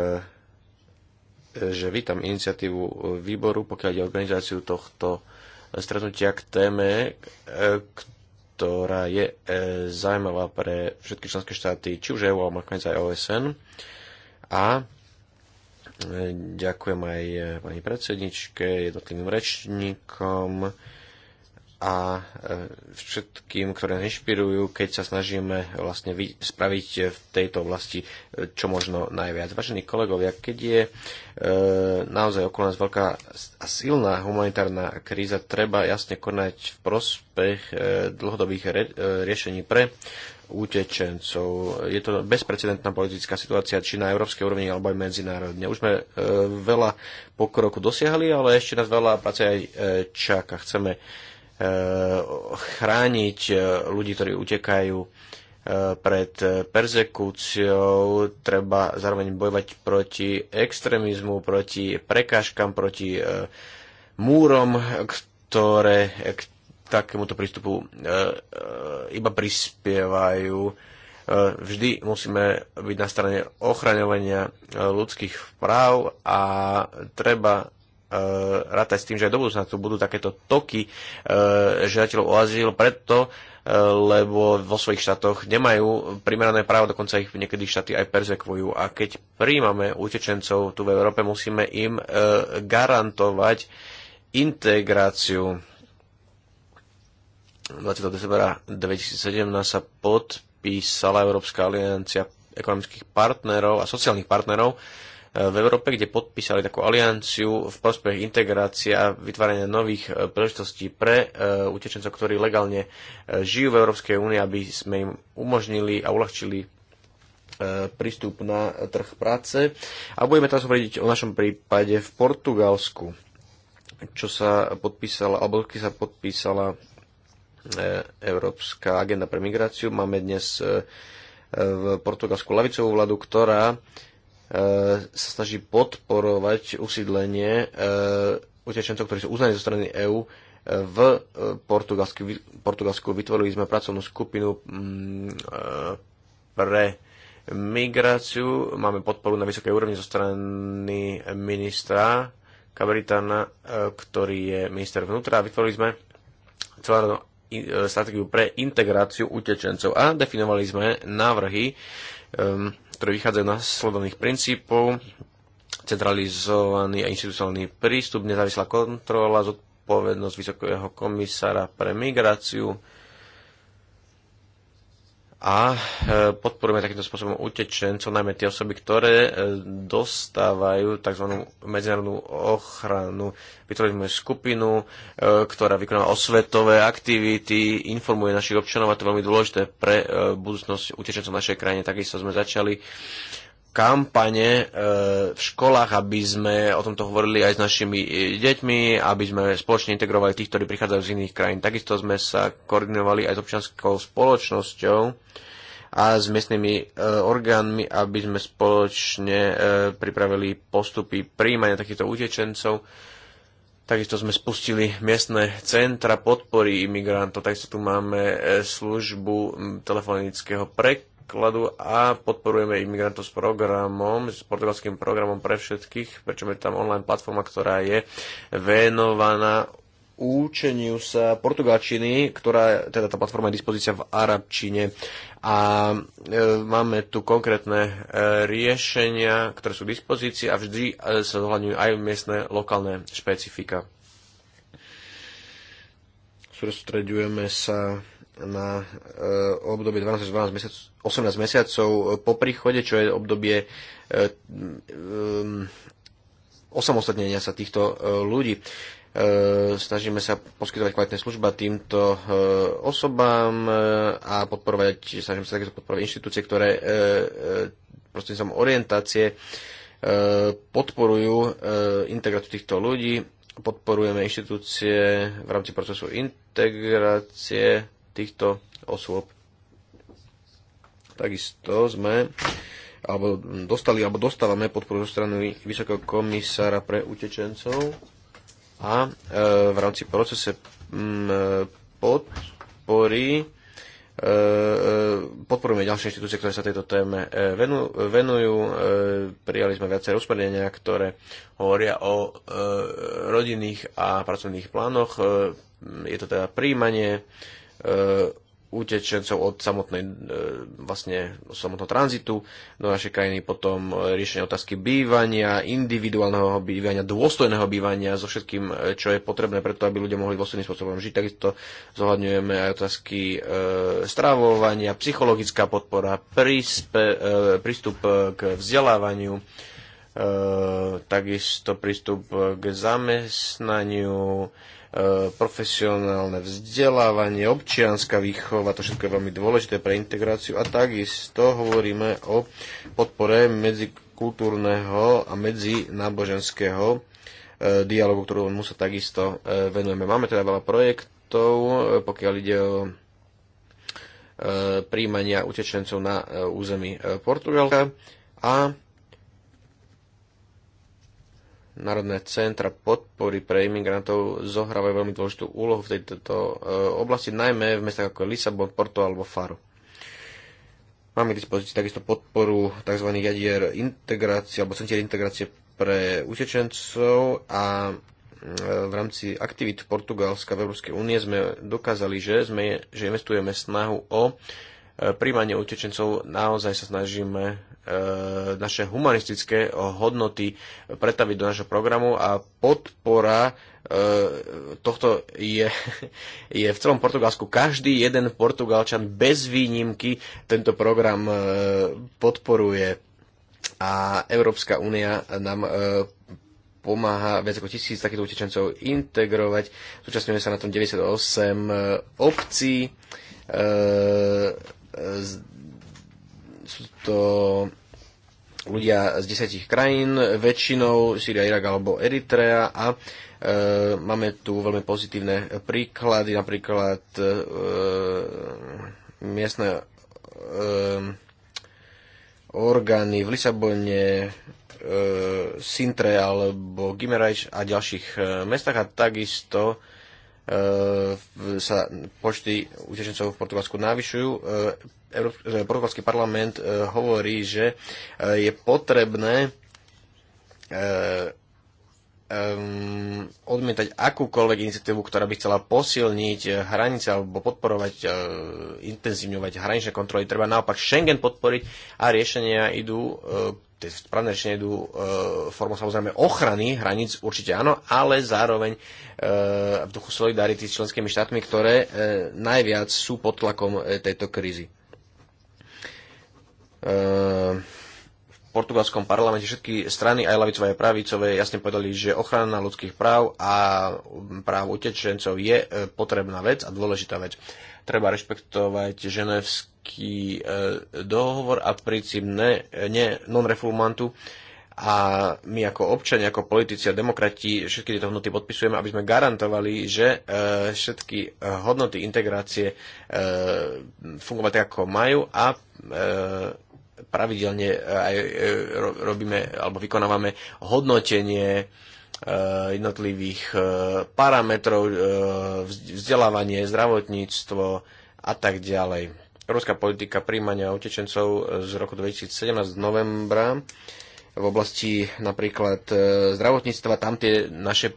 že vítam iniciatívu výboru, pokiaľ ide organizáciu tohto stretnutia k téme, e, ktorá je zaujímavá pre všetky členské štáty, či už EU, alebo nakoniec aj OSN. A ďakujem aj pani predsedničke, jednotlivým rečníkom, a e, všetkým, ktoré inšpirujú, keď sa snažíme vlastne spraviť e, v tejto oblasti e, čo možno najviac. Vážení kolegovia, keď je naozaj okolo nás veľká a silná humanitárna kríza, treba jasne konať v prospech dlhodobých riešení pre utečencov. Je to bezprecedentná politická situácia, či na európskej úrovni, alebo aj medzinárodne. Už sme e, veľa pokroku dosiahli, ale ešte nás veľa práce aj e, čaká. Chceme Eh, chrániť eh, ľudí, ktorí utekajú eh, pred persekúciou, treba zároveň bojovať proti extrémizmu, proti prekážkam, proti múrom, ktoré k takémuto prístupu iba prispievajú. Vždy musíme byť na strane ochraňovania ľudských práv a treba E, rátať s tým, že aj do budúcna tu budú takéto toky e, žiadateľov o azyl, preto e, lebo vo svojich štátoch nemajú primerané právo, dokonca ich niekedy štáty aj perzekvujú. A keď príjmame utečencov tu v Európe, musíme im garantovať integráciu. 20. decembra 2017 sa podpísala Európska aliancia ekonomických partnerov a sociálnych partnerov v Európe, kde podpísali takú alianciu v prospech integrácie a vytvárania nových e, príležitostí pre e, utečencov, ktorí legálne e, žijú v Európskej únii, aby sme im umožnili a uľahčili prístup na trh práce. A budeme teraz hovoriť o našom prípade v Portugalsku, čo sa podpísala, alebo keď sa podpísala Európska agenda pre migráciu. Máme dnes v Portugalsku lavicovú vládu, ktorá E, sa snaží podporovať usídlenie e, utečencov, ktorí sú uznaní zo strany EÚ e, v Portugalsku. Portugalsku vytvorili sme pracovnú skupinu mm, pre migráciu. Máme podporu na vysokej úrovni zo strany ministra Kabritana, ktorý je minister vnútra. Vytvorili sme celú stratégiu pre integráciu utečencov a definovali sme návrhy Um, ktoré vychádzajú na slobodných princípov, centralizovaný a institucionálny prístup, nezávislá kontrola, zodpovednosť vysokého komisára pre migráciu, a e, podporujeme takýmto spôsobom utečencov, najmä tie osoby, ktoré e, dostávajú tzv. medzinárodnú ochranu. Vytvorili sme skupinu, e, ktorá vykonáva osvetové aktivity, informuje našich občanov a to je veľmi dôležité pre budúcnosť utečencov v našej krajine. Takisto sme začali kampane e, v školách, aby sme o tomto hovorili aj s našimi e, deťmi, aby sme spoločne integrovali tých, ktorí prichádzajú z iných krajín. Takisto sme sa koordinovali aj s občianskou spoločnosťou a s miestnymi e, orgánmi, aby sme spoločne pripravili postupy príjmania takýchto utečencov. Takisto sme spustili miestne centra podpory imigrantov, takisto tu máme službu telefonického prekladu prekladu a podporujeme imigrantov s programom, s portugalským programom pre všetkých, prečo je tam online platforma, ktorá je venovaná účeniu sa portugalčiny, ktorá, teda tá platforma je dispozícia v arabčine a e, máme tu konkrétne e, riešenia, ktoré sú v dispozícii a vždy e, sa zohľadňujú aj miestne lokálne špecifika. Sústredujeme sa na eh, obdobie 12 12 mesiacov, 18 eh, mesiacov po príchode, čo je obdobie eh, mm, osamostatnenia sa týchto ľudí snažíme sa poskytovať kvalitné služba týmto osobám a podporovať, snažíme sa takéto podporovať inštitúcie, ktoré prostredníctvom orientácie podporujú integráciu týchto ľudí, podporujeme inštitúcie v rámci procesu integrácie, týchto osôb. Takisto sme alebo dostali, alebo dostávame podporu zo strany Vysokého komisára pre utečencov a e, v rámci procese m, mm, e, podpory e, e, podporujeme ďalšie inštitúcie, ktoré sa tejto téme venujú. Prijali sme viaceré rozpadenia, ktoré hovoria o rodinných a pracovných plánoch. Je to teda príjmanie, E, utečencov od samotnej e, vlastne samotného tranzitu do no našej krajiny, potom e, riešenie otázky bývania, individuálneho bývania, dôstojného bývania so všetkým, čo je potrebné preto, aby ľudia mohli dôstojným spôsobom žiť. Takisto zohľadňujeme aj otázky e, stravovania, psychologická podpora, príspe, e, prístup k vzdelávaniu, e, takisto prístup k zamestnaniu, e, Eh, profesionálne vzdelávanie, občianská výchova, to všetko je veľmi dôležité pre integráciu a takisto hovoríme o podpore medzikultúrneho a medzináboženského eh, dialogu, ktorú mu sa takisto eh, venujeme. Máme teda veľa projektov, pokiaľ ide o príjmania utečencov na území Portugalska a národné centra podpory pre imigrantov zohrávajú veľmi dôležitú úlohu v tejto e, oblasti, najmä v mestách ako Lisabon, Porto alebo Faro. Máme k dispozícii takisto podporu tzv. jadier integrácie alebo centier integrácie pre utečencov a e, v rámci aktivít Portugalska v Európskej únie sme dokázali, že, sme, že investujeme snahu o e, príjmanie utečencov. Naozaj sa snažíme E, naše humanistické hodnoty pretaviť do našho programu a podpora e, tohto je, je v celom Portugalsku. Každý jeden Portugalčan bez výnimky tento program e, podporuje a Európska únia nám pomáha viac ako tisíc takýchto utečencov integrovať. Súčasňuje sa na tom 98 obcí. e, sú to ľudia z desiatich krajín, väčšinou Syria, Irak alebo Eritrea a e, máme tu veľmi pozitívne príklady, napríklad e, miestne e, orgány v Lisabone, e, Sintre alebo Gimerajš a ďalších e, mestách a takisto e, E, sa počty utečencov v Portugalsku navyšujú. E, e, portugalský parlament hovorí, že je potrebné e, odmietať akúkoľvek iniciatívu, ktorá by chcela posilniť hranice alebo podporovať, intenzívňovať hraničné kontroly. Treba naopak Schengen podporiť a riešenia idú tie správne riešenia idú e, formou samozrejme ochrany hraníc, určite áno, ale zároveň e, v duchu solidarity s členskými štátmi, ktoré e, najviac sú pod tlakom e, tejto krízy. E, portugalskom parlamente všetky strany, aj lavicové, aj pravicové, jasne povedali, že ochrana ľudských práv a práv utečencov je e, potrebná vec a dôležitá vec treba rešpektovať ženevský e, dohovor a princíp ne, ne, non-refulmantu a my ako občania, ako politici a demokrati všetky tieto hodnoty podpisujeme, aby sme garantovali, že e, všetky e, hodnoty integrácie fungovať tak, ako majú a pravidelne aj robíme alebo vykonávame hodnotenie E, jednotlivých e, parametrov, e, vzdelávanie, zdravotníctvo a tak ďalej. Európska politika príjmania utečencov z roku 2017 z novembra v oblasti napríklad zdravotníctva, tam tie naše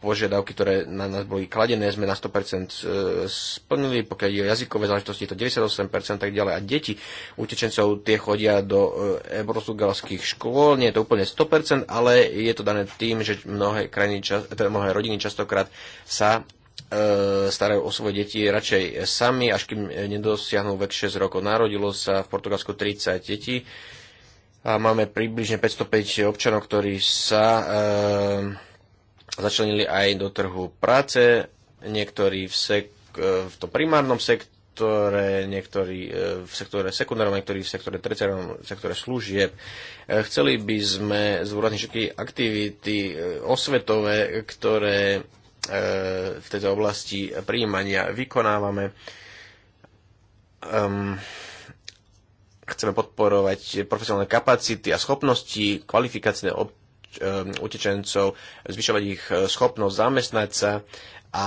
požiadavky, ktoré na nás boli kladené, sme na 100% e, splnili, pokiaľ ide o jazykové záležitosti, to 98% tak ďalej. A deti utečencov tie chodia do e, portugalských škôl, nie je to úplne 100%, ale je to dané tým, že mnohé, krajiny, teda mnohé rodiny častokrát sa e, starajú o svoje deti radšej sami, až kým nedosiahnu vek 6 rokov. Narodilo sa v Portugalsku 30 detí a máme približne 505 občanov, ktorí sa uh, začlenili aj do trhu práce, niektorí v, sek- e, v tom primárnom sektore, niektorí e, v sektore sekundárnom, niektorí v sektore terciárnom, v sektore služieb. E, chceli by sme zdôrazniť všetky aktivity osvetové, ktoré v tejto oblasti príjmania vykonávame. Um, chceme podporovať profesionálne kapacity a schopnosti, kvalifikácie Um, utečencov, zvyšovať ich eh, schopnosť zamestnať sa a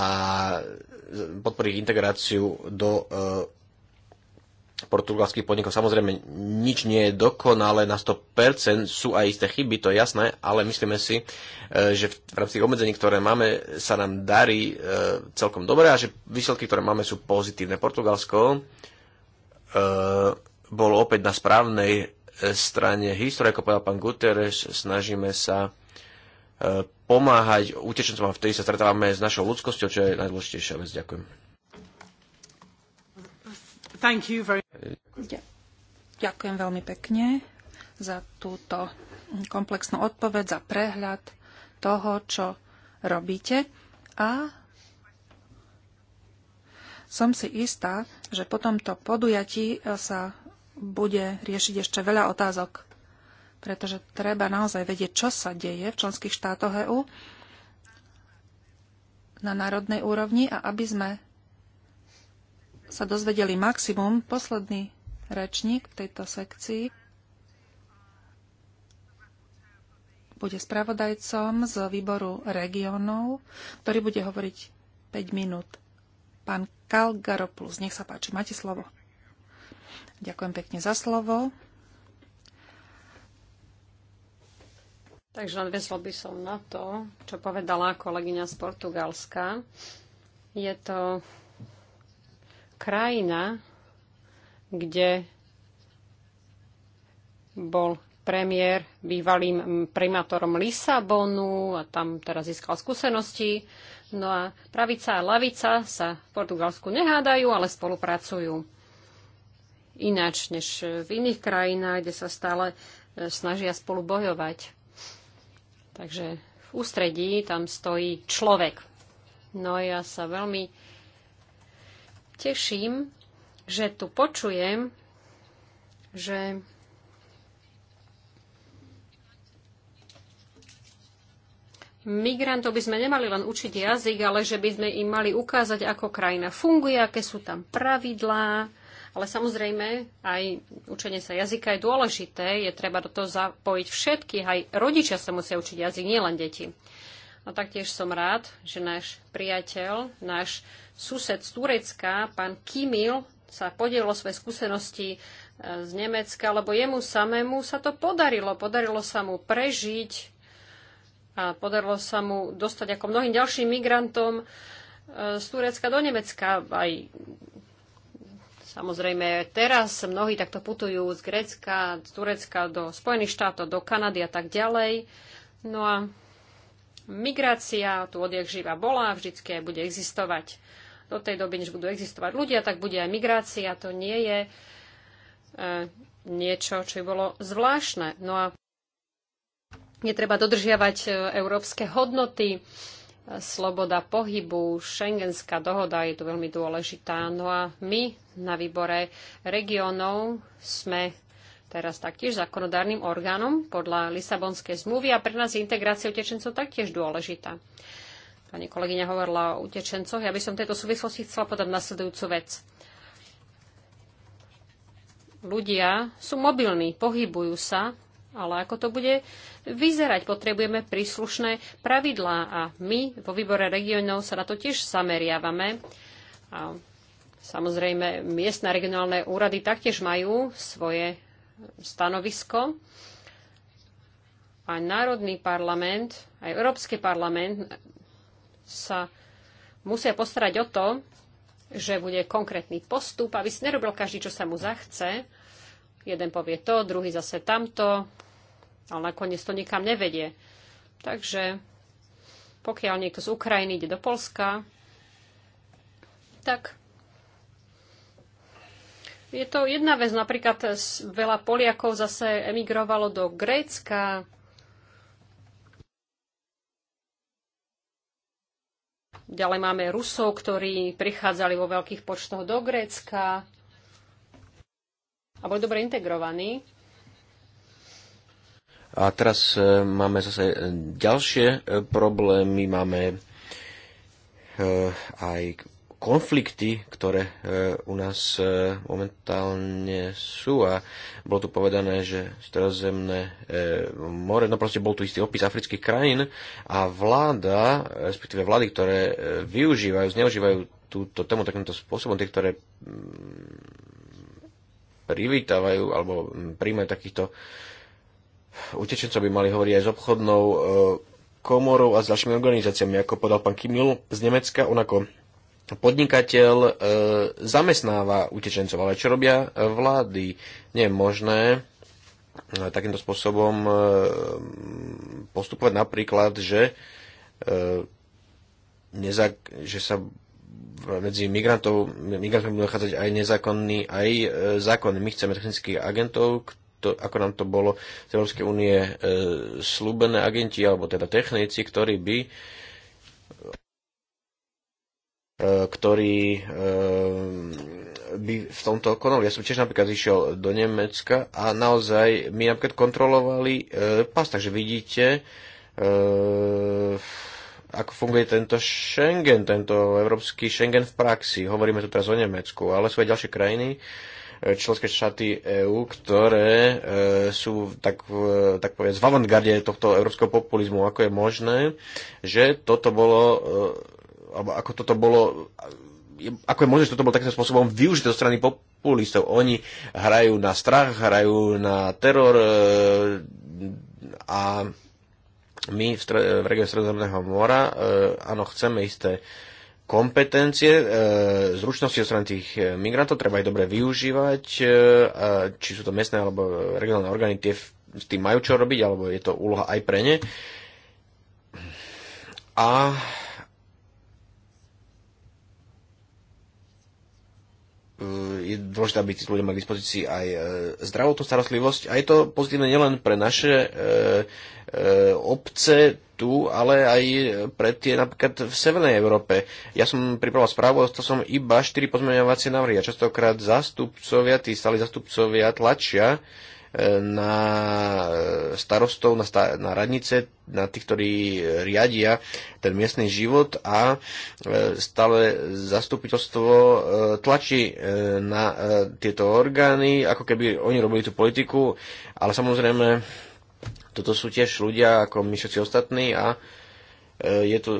podporiť integráciu do eh, portugalských podnikov. Samozrejme, nič nie je dokonalé na 100%, sú aj isté chyby, to je jasné, ale myslíme si, eh, že v rámci obmedzení, ktoré máme, sa nám darí celkom dobre a že výsledky, ktoré máme, sú pozitívne. Portugalsko bolo opäť na správnej strane histórie, ako povedal pán Guterres, snažíme sa e, pomáhať utečencom a vtedy sa stretávame s našou ľudskosťou, čo je najdôležitejšia vec. Ďakujem. Thank you very... Ďakujem veľmi pekne za túto komplexnú odpoveď, za prehľad toho, čo robíte. A som si istá, že po tomto podujatí sa bude riešiť ešte veľa otázok, pretože treba naozaj vedieť, čo sa deje v členských štátoch EÚ na národnej úrovni a aby sme sa dozvedeli maximum, posledný rečník v tejto sekcii bude spravodajcom z výboru regionov, ktorý bude hovoriť 5 minút. Pán Kalgaroplus, nech sa páči, máte slovo. Ďakujem pekne za slovo. Takže nadviesla by som na to, čo povedala kolegyňa z Portugalska. Je to krajina, kde bol premiér bývalým primátorom Lisabonu a tam teraz získal skúsenosti. No a pravica a lavica sa v Portugalsku nehádajú, ale spolupracujú ináč než v iných krajinách, kde sa stále e, snažia spolu bojovať. Takže v ústredí tam stojí človek. No ja sa veľmi teším, že tu počujem, že migrantov by sme nemali len učiť jazyk, ale že by sme im mali ukázať, ako krajina funguje, aké sú tam pravidlá, ale samozrejme, aj učenie sa jazyka je dôležité, je treba do toho zapojiť všetkých, aj rodičia sa musia učiť jazyk, nielen deti. A taktiež som rád, že náš priateľ, náš sused z Turecka, pán Kimil, sa podielil o svoje skúsenosti e, z Nemecka, lebo jemu samému sa to podarilo. Podarilo sa mu prežiť a podarilo sa mu dostať ako mnohým ďalším migrantom e, z Turecka do Nemecka. Aj Samozrejme, teraz mnohí takto putujú z Grécka, z Turecka do Spojených štátov, do Kanady a tak ďalej. No a migrácia tu odjak živa bola, vždycky aj bude existovať. Do tej doby, než budú existovať ľudia, tak bude aj migrácia. To nie je e, niečo, čo by bolo zvláštne. No a netreba dodržiavať e, európske hodnoty. E, sloboda pohybu, šengenská dohoda je tu veľmi dôležitá. No a my na výbore regionov sme teraz taktiež zákonodárnym orgánom podľa Lisabonskej zmluvy a pre nás je integrácia utečencov taktiež dôležitá. Pani kolegyňa hovorila o utečencoch. Ja by som v tejto súvislosti chcela podať nasledujúcu vec. Ľudia sú mobilní, pohybujú sa, ale ako to bude vyzerať, potrebujeme príslušné pravidlá a my vo výbore regionov sa na to tiež zameriavame. A Samozrejme, miestne regionálne úrady taktiež majú svoje stanovisko. A Národný parlament, aj Európsky parlament sa musia postarať o to, že bude konkrétny postup, aby si nerobil každý, čo sa mu zachce. Jeden povie to, druhý zase tamto, ale nakoniec to nikam nevedie. Takže pokiaľ niekto z Ukrajiny ide do Polska, tak je to jedna vec. Napríklad veľa Poliakov zase emigrovalo do Grécka. Ďalej máme Rusov, ktorí prichádzali vo veľkých počtoch do Grécka a boli dobre integrovaní. A teraz e, máme zase e, ďalšie e, problémy. Máme aj konflikty, ktoré e, u nás e, momentálne sú a bolo tu povedané, že stredozemné e, more, no proste bol tu istý opis afrických krajín a vláda, respektíve vlády, ktoré využívajú, zneužívajú túto tému takýmto spôsobom, tie, ktoré mm, privítavajú alebo mm, príjmajú takýchto utečencov by mali hovoriť aj s obchodnou komorou a s ďalšími organizáciami, ako podal pán Kimil z Nemecka, onako podnikateľ e, zamestnáva utečencov, ale čo robia e, vlády? Nie je možné e, takýmto spôsobom e, postupovať napríklad, že, e, nezak- že sa medzi migrantov, migrantov budú nachádzať aj nezákonní, aj e, zákonní. My chceme technických agentov, kto, ako nám to bolo z Európskej únie e, slúbené agenti, alebo teda technici, ktorí by E, ktorí e, by v tomto konali. Ja som tiež napríklad išiel do Nemecka a naozaj mi napríklad kontrolovali e, pas, takže vidíte, ako funguje tento Schengen, tento európsky Schengen v praxi. Hovoríme tu teraz o Nemecku, ale sú aj ďalšie krajiny, členské štáty EÚ, ktoré sú tak, tak povedať, v avantgarde tohto európskeho populizmu. Ako je možné, že toto bolo alebo ako toto bolo, ako je možné, že toto bolo takým spôsobom využité zo strany populistov. Oni hrajú na strach, hrajú na teror e, a my v, stre, v regióne Stredozemného mora, e, áno, chceme isté kompetencie, e, zručnosti zo strany tých migrantov, treba ich dobre využívať, či sú to miestne alebo regionálne orgány, tie s tým majú čo robiť, alebo je to úloha aj pre ne. A Eh, je dôležité, aby tí ľudia mali k dispozícii aj eh, zdravotnú starostlivosť. A je to pozitívne nielen pre naše eh, obce tu, ale aj pre tie napríklad v Severnej Európe. Ja som pripravil správu, to som iba 4 pozmeňovacie návrhy a častokrát zástupcovia, tí stali zástupcovia tlačia, na e, starostov, na, sta- na radnice, na tých, ktorí e, riadia ten miestny život a e, stále zastupiteľstvo tlačí na tieto orgány, ako keby oni robili tú politiku, ale samozrejme toto sú tiež ľudia ako my všetci ostatní a e, E, je tu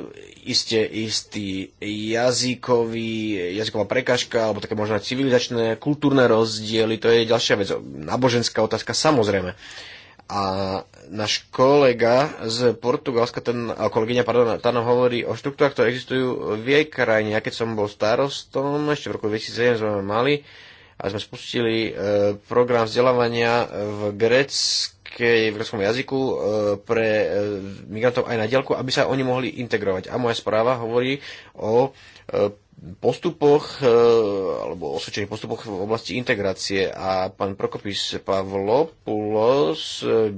iste istý jazykový, jazyková prekažka, alebo také možno civilizačné, kultúrne rozdiely, to je ďalšia vec, náboženská otázka samozrejme. A náš kolega z Portugalska, ten, kolegyňa, pardon, tá nám hovorí o štruktúrach, ktoré existujú v jej krajine. Ja keď som bol starostom, ešte v roku 2007 sme mali a sme spustili e, program vzdelávania v Grécku európskom jazyku e, pre e, migrantov aj na diaľku, aby sa oni mohli integrovať. A moja správa hovorí o e, postupoch e, alebo osvedčených postupoch v oblasti integrácie a pán Prokopis Pavlopoulos, e,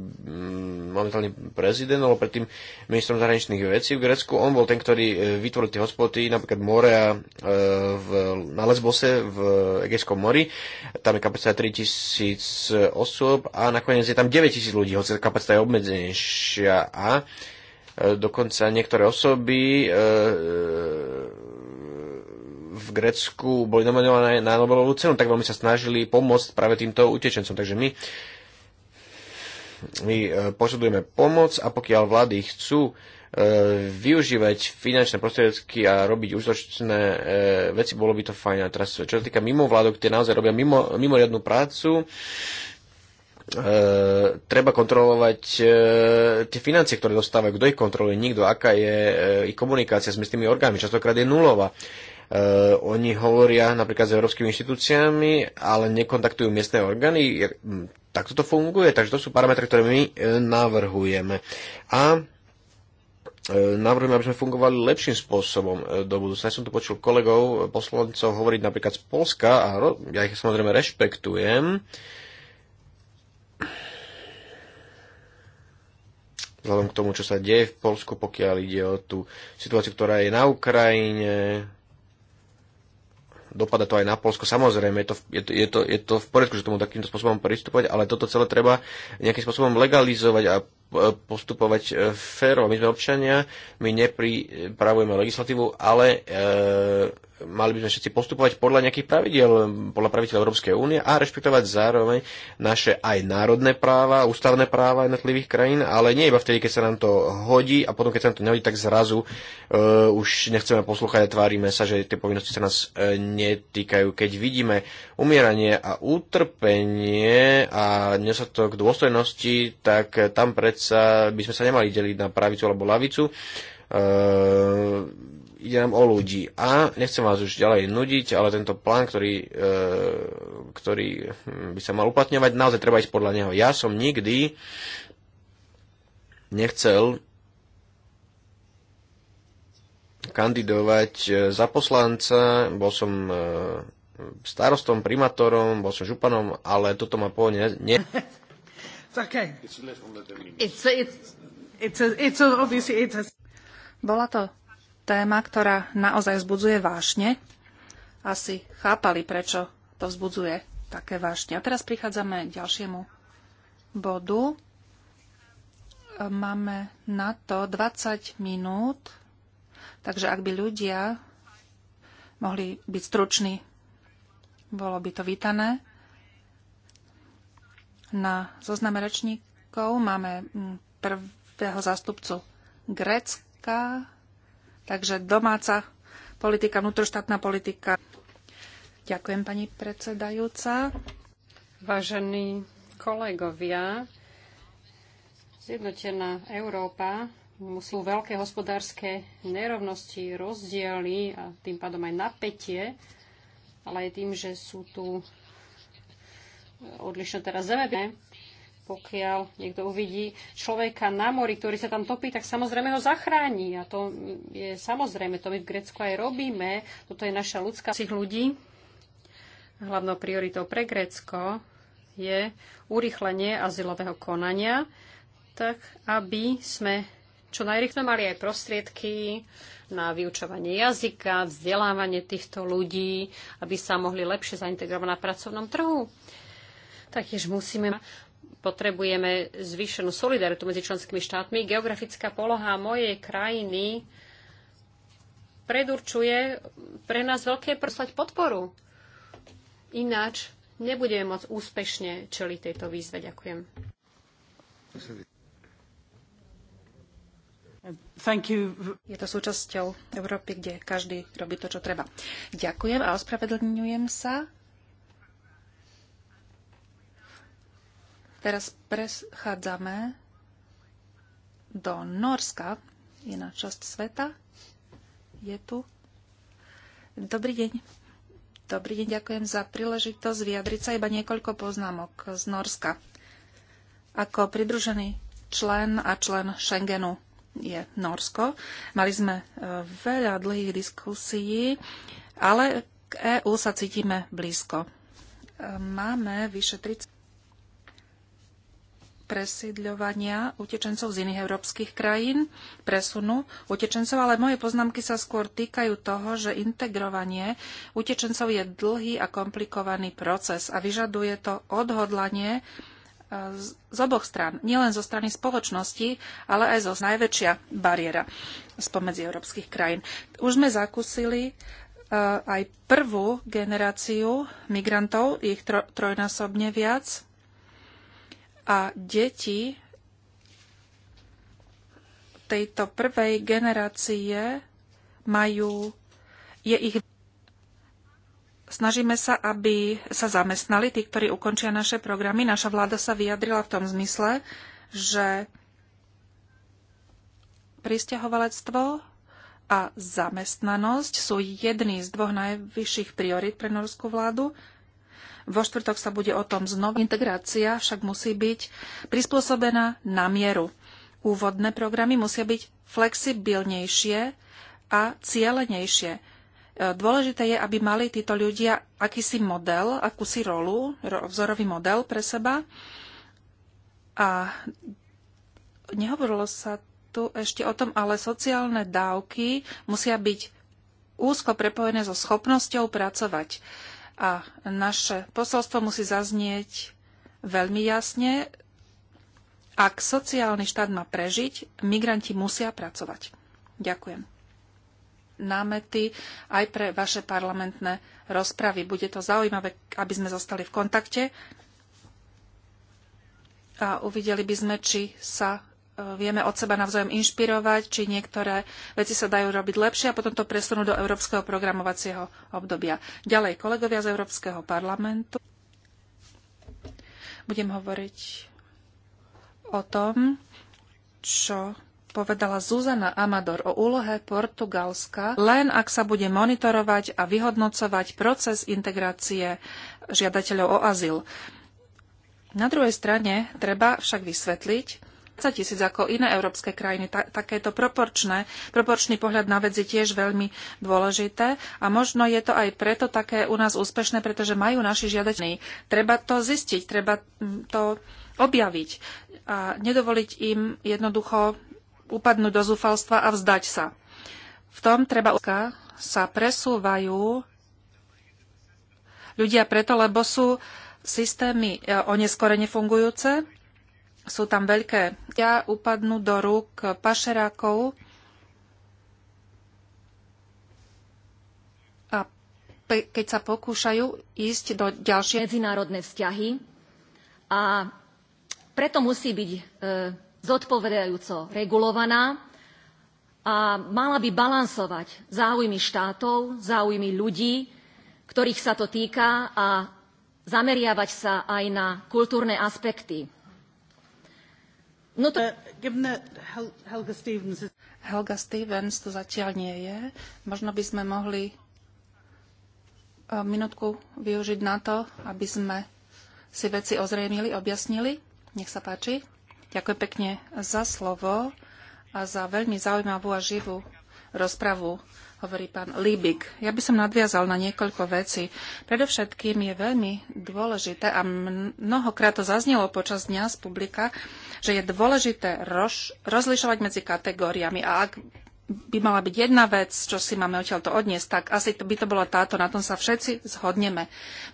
momentálny prezident, alebo predtým ministrom zahraničných vecí v Grécku, on bol ten, ktorý e, vytvoril tie hospody, napríklad Morea v, na Lesbose v Egejskom mori, tam je kapacita 3000 osôb a nakoniec je tam 9000 ľudí, hoci kapacita je obmedzenejšia a dokonca niektoré osoby e, v Grécku boli nominované na Nobelovú cenu, tak veľmi sa snažili pomôcť práve týmto utečencom. Takže my, my e, požadujeme pomoc a pokiaľ vlády chcú e, využívať finančné prostriedky a robiť užitočné e, veci, bolo by to fajn. A teraz, čo sa týka mimo vládok, tie naozaj robia mimo, mimoriadnú prácu, E, treba kontrolovať e, tie financie, ktoré dostávajú, kto ich kontroluje, nikto, aká je e, ich komunikácia s tými orgánmi, častokrát je nulová. E, Eh, oni hovoria napríklad s európskymi inštitúciami, ale nekontaktujú miestne orgány. Hm, takto to funguje, takže to sú parametre, ktoré my eh, navrhujeme. A eh, navrhujeme, aby sme fungovali lepším spôsobom do budúcna. Ja som tu počul kolegov, poslancov hovoriť napríklad z Polska a ja ich samozrejme rešpektujem. Vzhľadom k tomu, čo sa deje v Polsku, pokiaľ ide o tú situáciu, ktorá je na Ukrajine, dopada to aj na Polsko. Samozrejme, je to, je, to, je, to, je to v poriadku, že tomu takýmto spôsobom pristupovať, ale toto celé treba nejakým spôsobom legalizovať a postupovať e, férovo. My sme občania, my nepripravujeme legislatívu, ale e, mali by sme všetci postupovať podľa nejakých pravidiel, podľa pravidel Európskej únie a rešpektovať zároveň naše aj národné práva, ústavné práva jednotlivých krajín, ale nie iba vtedy, keď sa nám to hodí a potom, keď sa nám to nehodí, tak zrazu e, už nechceme poslúchať a tvárime sa, že tie povinnosti sa nás e, netýkajú. Keď vidíme umieranie a utrpenie a k dôstojnosti, tak tam pred predsa by sme sa nemali deliť na pravicu alebo lavicu. Uh, ide nám o ľudí. A nechcem vás už ďalej nudiť, ale tento plán, ktorý, uh, ktorý by sa mal uplatňovať, naozaj treba ísť podľa neho. Ja som nikdy nechcel kandidovať e, za poslanca, bol som starostom, primátorom, bol som županom, ale toto ma pôvodne ne... okay. It's the it's, it's, it's a, obviously Bola to téma, ktorá naozaj vzbudzuje vášne. Asi chápali, prečo to vzbudzuje také vášne. A teraz prichádzame k ďalšiemu bodu. Máme na to 20 minút, takže ak by ľudia mohli byť struční, bolo by to vítané. Na zozname rečníkov máme mm, prvého zástupcu Grécka, takže domáca politika, vnútroštátna politika. Ďakujem, pani predsedajúca. Vážení kolegovia, zjednotená Európa sú veľké hospodárske nerovnosti, rozdiely a tým pádom aj napätie, ale aj tým, že sú tu odlišné teraz zeme. Pokiaľ niekto uvidí človeka na mori, ktorý sa tam topí, tak samozrejme ho zachráni. A to je samozrejme, to my v Grécku aj robíme. Toto je naša ľudská ľudí. Hlavnou prioritou pre Grécko je urýchlenie azylového konania, tak aby sme čo najrychle mali aj prostriedky na vyučovanie jazyka, vzdelávanie týchto ľudí, aby sa mohli lepšie zaintegrovať na pracovnom trhu. Taktiež musíme potrebujeme zvýšenú solidaritu medzi členskými štátmi. Geografická poloha mojej krajiny predurčuje pre nás veľké proslať podporu. Ináč nebudeme môcť úspešne čeliť tejto výzve. Ďakujem. Je to súčasťou Európy, kde každý robí to, čo treba. Ďakujem a ospravedlňujem sa Teraz prechádzame do Norska. Je na časť sveta. Je tu. Dobrý deň. Dobrý deň, ďakujem za príležitosť vyjadriť sa iba niekoľko poznámok z Norska. Ako pridružený člen a člen Schengenu je Norsko. Mali sme e, veľa dlhých diskusí, ale k EÚ sa cítime blízko. E, máme vyše 30 presídľovania utečencov z iných európskych krajín, presunu utečencov, ale moje poznámky sa skôr týkajú toho, že integrovanie utečencov je dlhý a komplikovaný proces a vyžaduje to odhodlanie e, z oboch strán, nielen zo strany spoločnosti, ale aj zo najväčšia bariéra spomedzi európskych krajín. Už sme zakúsili e, aj prvú generáciu migrantov, ich trojnásobne viac, a deti tejto prvej generácie majú, je ich Snažíme sa, aby sa zamestnali tí, ktorí ukončia naše programy. Naša vláda sa vyjadrila v tom zmysle, že pristahovalectvo a zamestnanosť sú jedný z dvoch najvyšších priorit pre norskú vládu vo štvrtok sa bude o tom znova. Integrácia však musí byť prispôsobená na mieru. Úvodné programy musia byť flexibilnejšie a cielenejšie. E, dôležité je, aby mali títo ľudia akýsi model, akúsi rolu, vzorový model pre seba. A nehovorilo sa tu ešte o tom, ale sociálne dávky musia byť úzko prepojené so schopnosťou pracovať. A naše posolstvo musí zaznieť veľmi jasne. Ak sociálny štát má prežiť, migranti musia pracovať. Ďakujem. Námety aj pre vaše parlamentné rozpravy. Bude to zaujímavé, aby sme zostali v kontakte a uvideli by sme, či sa vieme od seba navzájom inšpirovať, či niektoré veci sa dajú robiť lepšie a potom to presunú do európskeho programovacieho obdobia. Ďalej, kolegovia z Európskeho parlamentu. Budem hovoriť o tom, čo povedala Zuzana Amador o úlohe Portugalska, len ak sa bude monitorovať a vyhodnocovať proces integrácie žiadateľov o azyl. Na druhej strane treba však vysvetliť, tisíc ako iné európske krajiny. Ta, takéto proporčné, proporčný pohľad na vec je tiež veľmi dôležité a možno je to aj preto také u nás úspešné, pretože majú naši žiadateľní. Treba to zistiť, treba to objaviť a nedovoliť im jednoducho upadnúť do zúfalstva a vzdať sa. V tom treba sa presúvajú ľudia preto, lebo sú systémy e, oneskorene fungujúce sú tam veľké. Ja upadnú do rúk pašerákov a keď sa pokúšajú ísť do ďalšie medzinárodné vzťahy a preto musí byť e, zodpovedajúco regulovaná a mala by balansovať záujmy štátov, záujmy ľudí, ktorých sa to týka a zameriavať sa aj na kultúrne aspekty. No to... E, Helga Stevens. Helga Stevens zatiaľ nie je. Možno by sme mohli e, minútku využiť na to, aby sme si veci ozrejmili, objasnili. Nech sa páči. Ďakujem pekne za slovo a za veľmi zaujímavú a živú rozpravu hovorí pán Líbik. Ja by som nadviazal na niekoľko vecí. Predovšetkým je veľmi dôležité, a mnohokrát to zaznelo počas dňa z publika, že je dôležité roz, rozlišovať medzi kategóriami. A ak by mala byť jedna vec, čo si máme odtiaľto odniesť, tak asi to by to bola táto, na tom sa všetci zhodneme.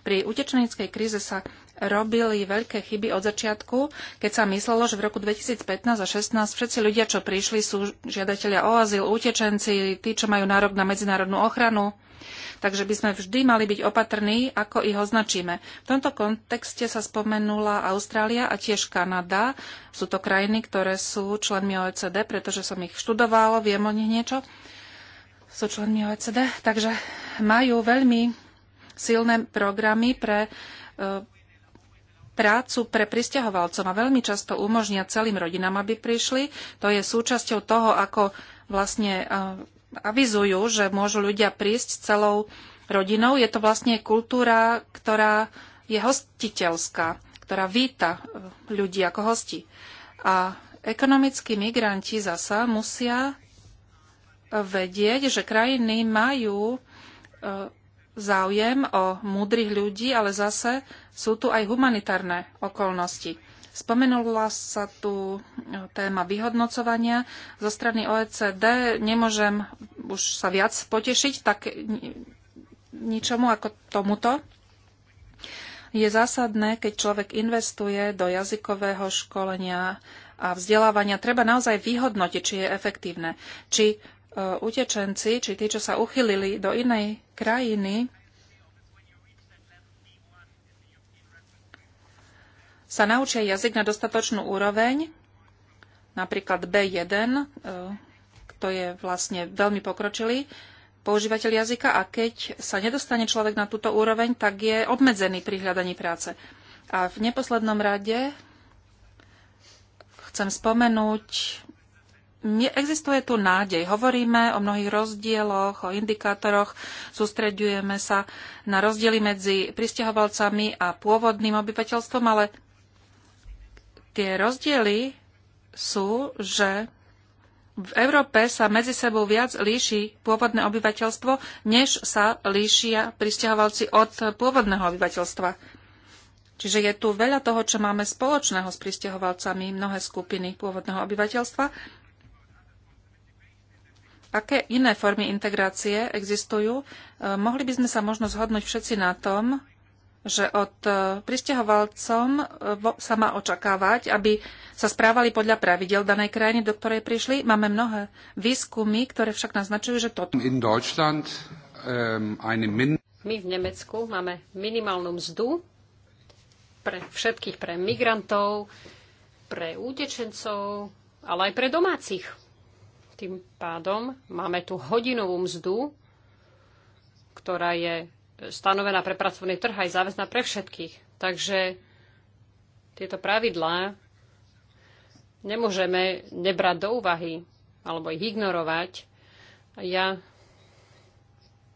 Pri utečeneckej kríze sa robili veľké chyby od začiatku, keď sa myslelo, že v roku 2015 a 16 všetci ľudia, čo prišli, sú žiadatelia o azyl, utečenci, tí, čo majú nárok na medzinárodnú ochranu, Takže by sme vždy mali byť opatrní, ako ich označíme. V tomto kontexte sa spomenula Austrália a tiež Kanada. Sú to krajiny, ktoré sú členmi OECD, pretože som ich študovala, viem o nich niečo. Sú členmi OECD, takže majú veľmi silné programy pre e, prácu pre pristahovalcov a veľmi často umožnia celým rodinám, aby prišli. To je súčasťou toho, ako vlastne e, avizujú, že môžu ľudia prísť s celou rodinou. Je to vlastne kultúra, ktorá je hostiteľská, ktorá víta e, ľudí ako hosti. A ekonomickí migranti zasa musia vedieť, že krajiny majú e, záujem o múdrych ľudí, ale zase sú tu aj humanitárne okolnosti. Spomenula sa tu e, téma vyhodnocovania zo strany OECD. Nemôžem už sa viac potešiť tak ničomu ako tomuto. Je zásadné, keď človek investuje do jazykového školenia a vzdelávania, treba naozaj vyhodnotiť, či je efektívne. Či e, utečenci, či tí, čo sa uchylili do inej krajiny, sa naučia jazyk na dostatočnú úroveň, napríklad B1, e, to je vlastne veľmi pokročilý používateľ jazyka a keď sa nedostane človek na túto úroveň, tak je obmedzený pri hľadaní práce. A v neposlednom rade chcem spomenúť, existuje tu nádej. Hovoríme o mnohých rozdieloch, o indikátoroch, sústreďujeme sa na rozdiely medzi pristahovalcami a pôvodným obyvateľstvom, ale Tie rozdiely sú, že v Európe sa medzi sebou viac líši pôvodné obyvateľstvo, než sa líšia pristahovalci od pôvodného obyvateľstva. Čiže je tu veľa toho, čo máme spoločného s pristahovalcami mnohé skupiny pôvodného obyvateľstva. Aké iné formy integrácie existujú? Eh, mohli by sme sa možno zhodnúť všetci na tom, že od e, pristahovalcom e, sa má očakávať, aby sa správali podľa pravidel danej krajiny, do ktorej prišli. Máme mnohé výskumy, ktoré však naznačujú, že toto... In Deutschland, um, eine min... My v Nemecku máme minimálnu mzdu pre všetkých, pre migrantov, pre útečencov, ale aj pre domácich. Tým pádom máme tu hodinovú mzdu, ktorá je stanovená pre pracovný trh aj záväzná pre všetkých. Takže tieto pravidlá nemôžeme nebrať do úvahy alebo ich ignorovať. Ja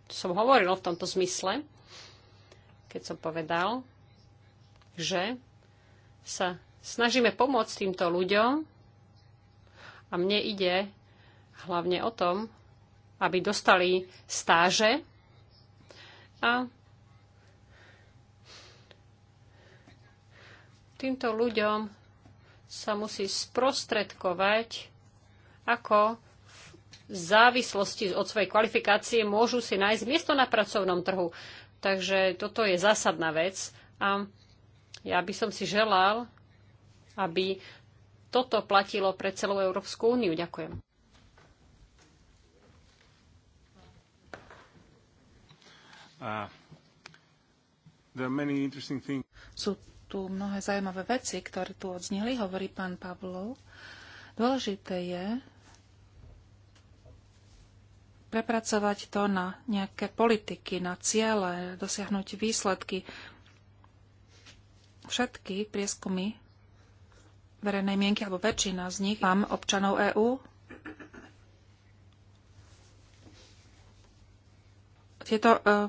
som hovoril v tomto zmysle, keď som povedal, že sa snažíme pomôcť týmto ľuďom a mne ide hlavne o tom, aby dostali stáže a týmto ľuďom sa musí sprostredkovať, ako v závislosti od svojej kvalifikácie môžu si nájsť miesto na pracovnom trhu. Takže toto je zásadná vec a ja by som si želal, aby toto platilo pre celú Európsku úniu. Ďakujem. Sú tu mnohé zaujímavé veci, ktoré tu odzneli, hovorí pán Pavlov. Dôležité je prepracovať to na nejaké politiky, na ciele, dosiahnuť výsledky. Všetky prieskumy verejnej mienky, alebo väčšina z nich, mám občanov EÚ. Tieto uh,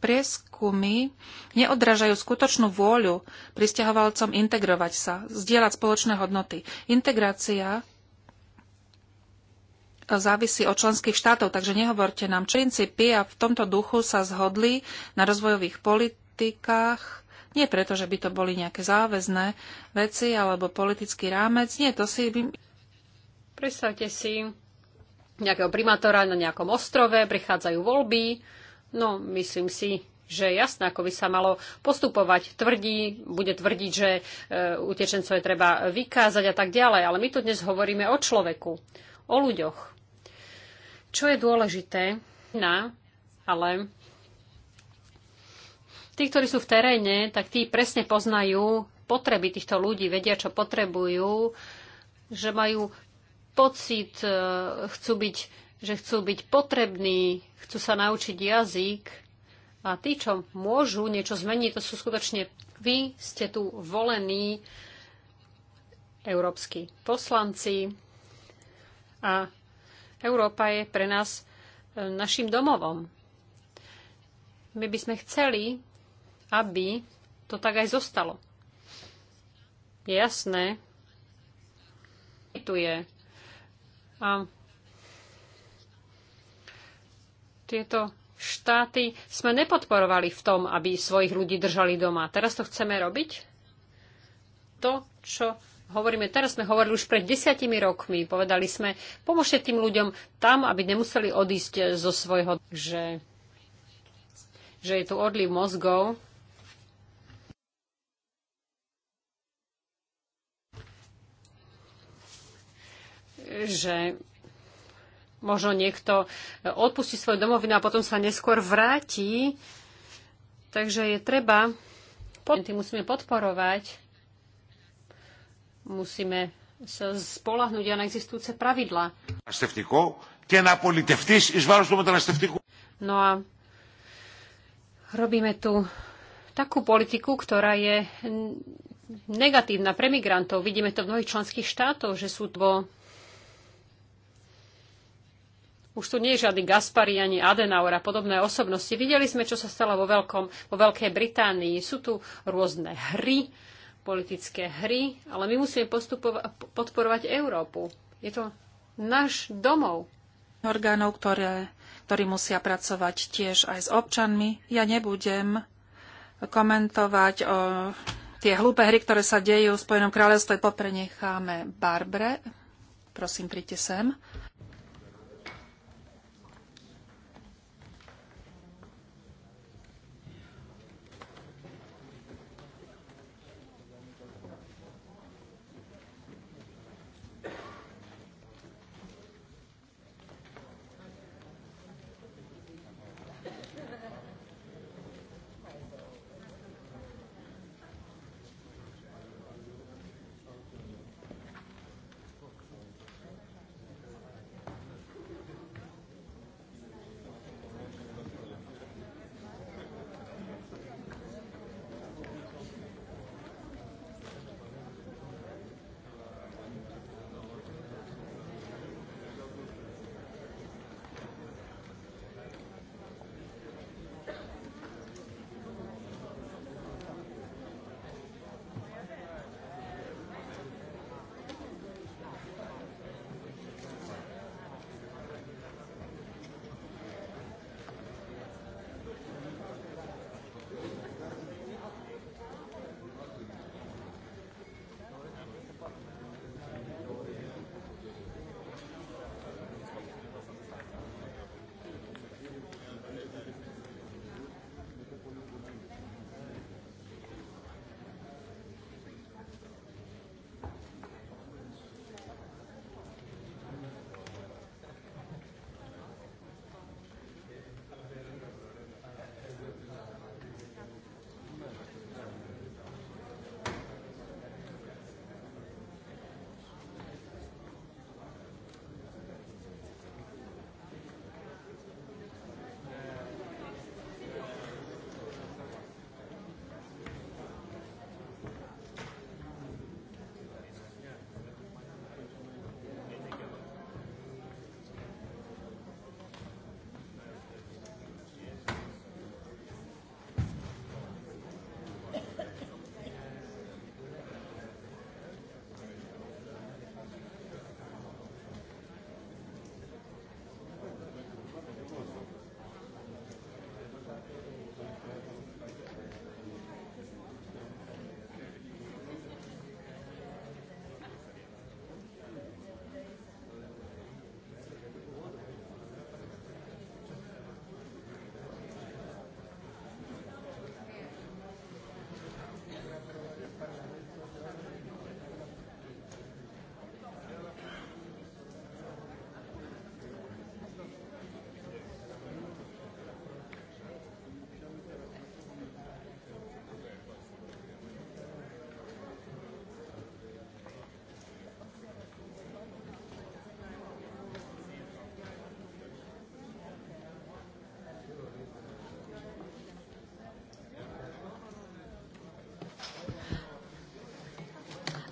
prieskumy neodrážajú skutočnú vôľu pristahovalcom integrovať sa, zdieľať spoločné hodnoty. Integrácia závisí od členských štátov, takže nehovorte nám princípy a v tomto duchu sa zhodli na rozvojových politikách. Nie preto, že by to boli nejaké záväzné veci alebo politický rámec. Nie, to si... Predstavte si nejakého primátora na nejakom ostrove, prichádzajú voľby, No, myslím si, že jasné, ako by sa malo postupovať. Tvrdí, bude tvrdiť, že e, utečencov je treba vykázať a tak ďalej. Ale my tu dnes hovoríme o človeku, o ľuďoch. Čo je dôležité, na, ale tí, ktorí sú v teréne, tak tí presne poznajú potreby týchto ľudí, vedia, čo potrebujú, že majú pocit, e, chcú byť že chcú byť potrební, chcú sa naučiť jazyk a tí, čo môžu niečo zmeniť, to sú skutočne vy, ste tu volení európsky poslanci a Európa je pre nás e, našim domovom. My by sme chceli, aby to tak aj zostalo. Je jasné, tu je. A tieto štáty sme nepodporovali v tom, aby svojich ľudí držali doma. Teraz to chceme robiť? To, čo hovoríme teraz, sme hovorili už pred desiatimi rokmi. Povedali sme, pomôžte tým ľuďom tam, aby nemuseli odísť zo svojho, že, že je tu odliv mozgov. že Možno niekto e, odpustí svoju domovinu a potom sa neskôr vráti. Takže je treba, tým musíme podporovať, musíme sa spolahnúť na existujúce pravidla. Teda no a robíme tu takú politiku, ktorá je negatívna pre migrantov. Vidíme to v mnohých členských štátoch, že sú to už tu nie je žiadny Gaspari ani Adenauer a podobné osobnosti. Videli sme, čo sa stalo vo, veľkom, vo Veľkej Británii. Sú tu rôzne hry, politické hry, ale my musíme podporovať Európu. Je to náš domov. Orgánov, ktoré, ktorí musia pracovať tiež aj s občanmi. Ja nebudem komentovať o tie hlúpe hry, ktoré sa dejú v Spojenom kráľovstve, poprenecháme Barbre. Prosím, príďte sem.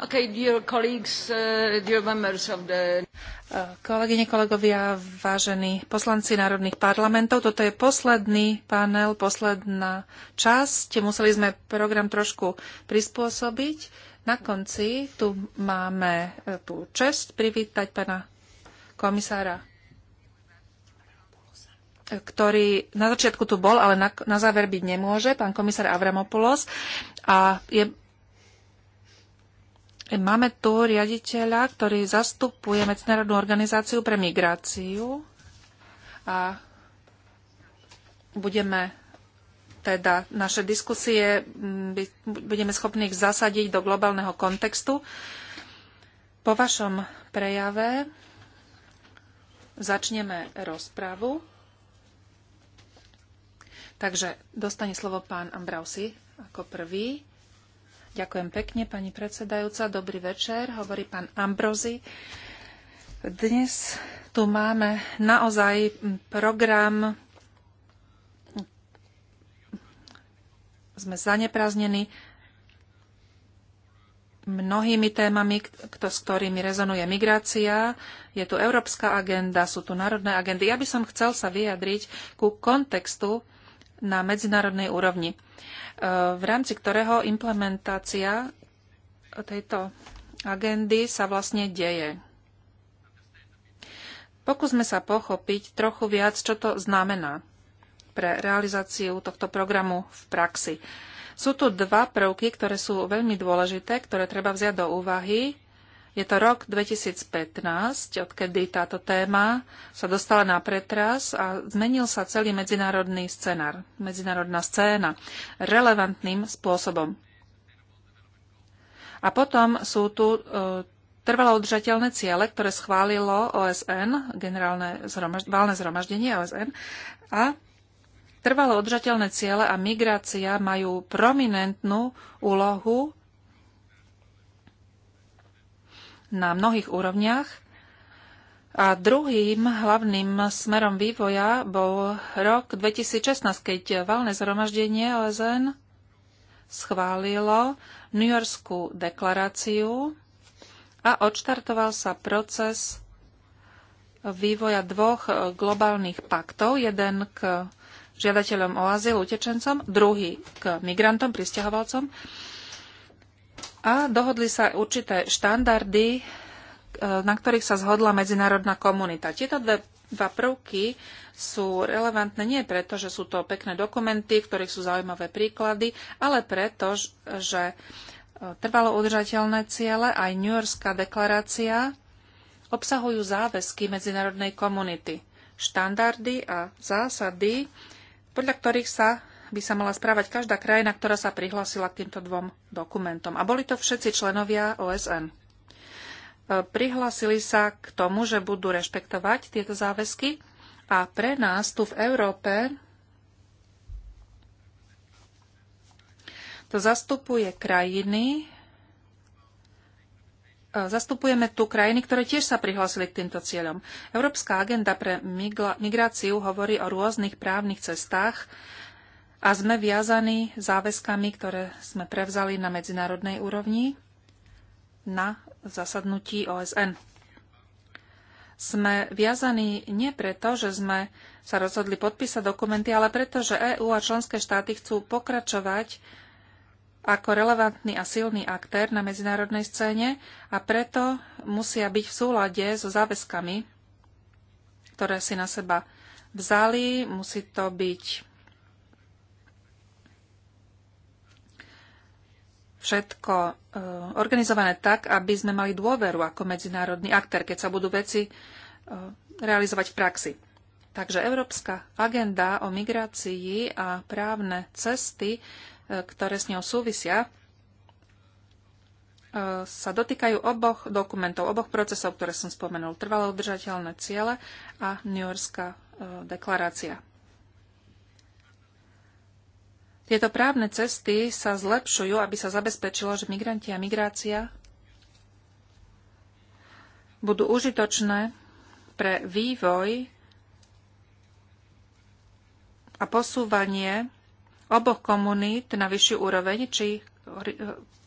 Okay, dear colleagues, uh, dear members of the... Uh, kolegyne, kolegovia, vážení poslanci národných parlamentov, toto je posledný panel, posledná časť. Museli sme program trošku prispôsobiť. Na konci tu máme uh, tú čest privítať pana komisára ktorý na začiatku tu bol, ale na, na záver byť nemôže, pán komisár Avramopoulos. A je Máme tu riaditeľa, ktorý zastupuje Medzinárodnú organizáciu pre migráciu a budeme teda naše diskusie mm, budeme schopní ich zasadiť do globálneho kontextu. Po vašom prejave začneme rozpravu. Takže dostane slovo pán Ambrausi ako prvý. Ďakujem pekne, pani predsedajúca. Dobrý večer, hovorí pán Ambrozy. Dnes tu máme naozaj program sme zanepráznení mnohými témami, kto, s ktorými rezonuje migrácia. Je tu európska agenda, sú tu národné agendy. Ja by som chcel sa vyjadriť ku kontextu na medzinárodnej úrovni, e, v rámci ktorého implementácia tejto agendy sa vlastne deje. Pokúsme sa pochopiť trochu viac, čo to znamená pre realizáciu tohto programu v praxi. Sú tu dva prvky, ktoré sú veľmi dôležité, ktoré treba vziať do úvahy je to rok 2015, odkedy táto téma sa dostala na pretras a zmenil sa celý medzinárodný scenár, medzinárodná scéna relevantným spôsobom. A potom sú tu e, trvalo udržateľné ciele, ktoré schválilo OSN, generálne zhromaž- válne zhromaždenie OSN a trvalo udržateľné ciele a migrácia majú prominentnú úlohu na mnohých úrovniach. A druhým hlavným smerom vývoja bol rok 2016, keď valné zhromaždenie OSN schválilo New Yorkskú deklaráciu a odštartoval sa proces vývoja dvoch globálnych paktov. Jeden k žiadateľom o azyl, utečencom, druhý k migrantom, pristahovalcom a dohodli sa určité štandardy, e, na ktorých sa zhodla medzinárodná komunita. Tieto dve dva prvky sú relevantné nie preto, že sú to pekné dokumenty, v ktorých sú zaujímavé príklady, ale preto, že e, trvalo udržateľné ciele aj New Yorkská deklarácia obsahujú záväzky medzinárodnej komunity, štandardy a zásady, podľa ktorých sa by sa mala správať každá krajina, ktorá sa prihlásila k týmto dvom dokumentom. A boli to všetci členovia OSN. E, prihlásili sa k tomu, že budú rešpektovať tieto záväzky a pre nás tu v Európe to zastupuje krajiny, e, zastupujeme tu krajiny, ktoré tiež sa prihlásili k týmto cieľom. Európska agenda pre migráciu hovorí o rôznych právnych cestách, a sme viazaní záväzkami, ktoré sme prevzali na medzinárodnej úrovni na zasadnutí OSN. Sme viazaní nie preto, že sme sa rozhodli podpísať dokumenty, ale preto, že EÚ a členské štáty chcú pokračovať ako relevantný a silný aktér na medzinárodnej scéne a preto musia byť v súlade so záväzkami, ktoré si na seba vzali. Musí to byť všetko e, organizované tak, aby sme mali dôveru ako medzinárodný aktér, keď sa budú veci e, realizovať v praxi. Takže Európska agenda o migrácii a právne cesty, e, ktoré s ňou súvisia, sa dotýkajú oboch dokumentov, oboch procesov, ktoré som spomenul. Trvalo udržateľné ciele a New Yorkská deklarácia. Tieto právne cesty sa zlepšujú, aby sa zabezpečilo, že migranti a migrácia budú užitočné pre vývoj a posúvanie oboch komunít na vyššiu úroveň, či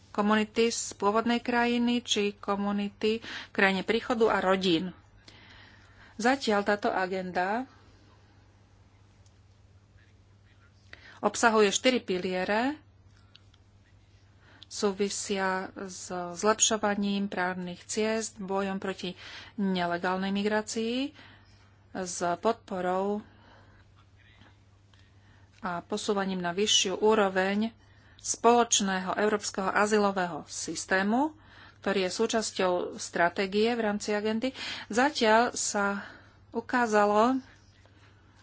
komunity z pôvodnej krajiny, či komunity krajine príchodu a rodín. Zatiaľ táto agenda obsahuje štyri piliere, súvisia s zlepšovaním právnych ciest, bojom proti nelegálnej migrácii, s podporou a posúvaním na vyššiu úroveň spoločného európskeho azylového systému, ktorý je súčasťou stratégie v rámci agendy. Zatiaľ sa ukázalo,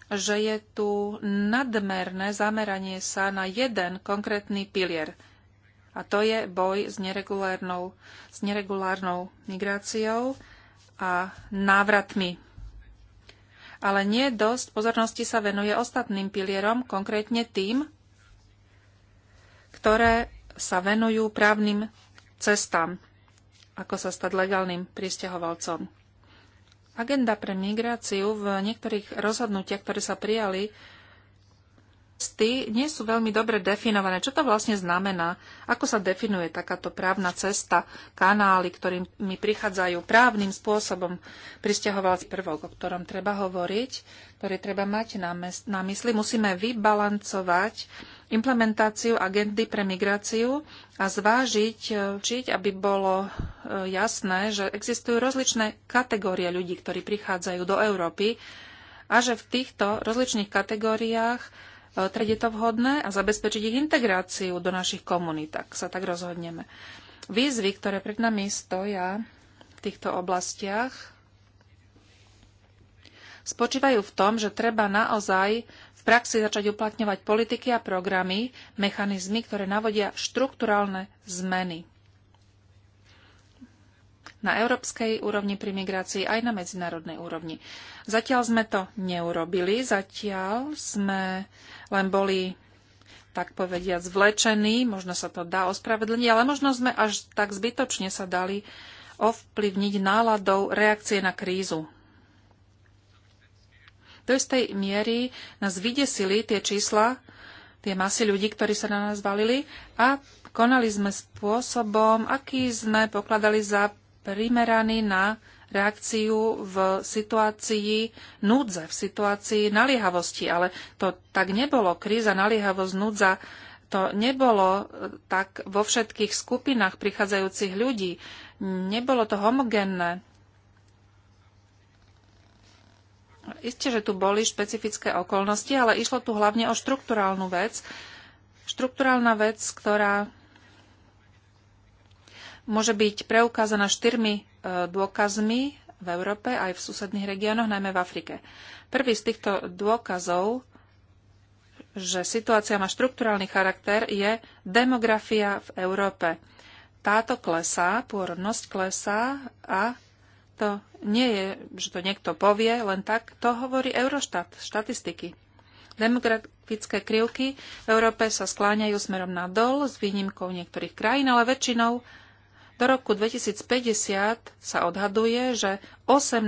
že je tu nadmerné zameranie sa na jeden konkrétny pilier. A to je boj s neregulárnou, s neregulárnou migráciou a návratmi. Ale nie dosť pozornosti sa venuje ostatným pilierom, konkrétne tým, ktoré sa venujú právnym cestám, ako sa stať legálnym pristahovalcom. Agenda pre migráciu v niektorých rozhodnutiach, ktoré sa prijali cesty nie sú veľmi dobre definované. Čo to vlastne znamená? Ako sa definuje takáto právna cesta, kanály, ktorými prichádzajú právnym spôsobom pristahovací prvok, o ktorom treba hovoriť, ktorý treba mať na mysli? Musíme vybalancovať implementáciu agendy pre migráciu a zvážiť, e, čiť, aby bolo e, jasné, že existujú rozličné kategórie ľudí, ktorí prichádzajú do Európy a že v týchto rozličných kategóriách E, trade je to vhodné a zabezpečiť ich integráciu do našich komunít, tak sa tak rozhodneme. Výzvy, ktoré pred nami stoja v týchto oblastiach, spočívajú v tom, že treba naozaj v praxi začať uplatňovať politiky a programy, mechanizmy, ktoré navodia štrukturálne zmeny na európskej úrovni pri migrácii aj na medzinárodnej úrovni. Zatiaľ sme to neurobili, zatiaľ sme len boli tak povediať zvlečení, možno sa to dá ospravedlniť, ale možno sme až tak zbytočne sa dali ovplyvniť náladou reakcie na krízu. Do istej miery nás vydesili tie čísla, tie masy ľudí, ktorí sa na nás valili a konali sme spôsobom, aký sme pokladali za primeraný na reakciu v situácii núdze, v situácii naliehavosti. Ale to tak nebolo. Kríza, naliehavosť, núdza, to nebolo eh, tak vo všetkých skupinách prichádzajúcich ľudí. Nebolo to homogénne. Isté, že tu boli špecifické okolnosti, ale išlo tu hlavne o štruktúrálnu vec. Štruktúrálna vec, ktorá môže byť preukázaná štyrmi e, dôkazmi v Európe aj v susedných regiónoch, najmä v Afrike. Prvý z týchto dôkazov, že situácia má štrukturálny charakter, je demografia v Európe. Táto klesá, pôrodnosť klesá a to nie je, že to niekto povie, len tak to hovorí Eurostat, štatistiky. Demografické krivky v Európe sa skláňajú smerom nadol s výnimkou niektorých krajín, ale väčšinou do roku 2050 sa odhaduje, že 18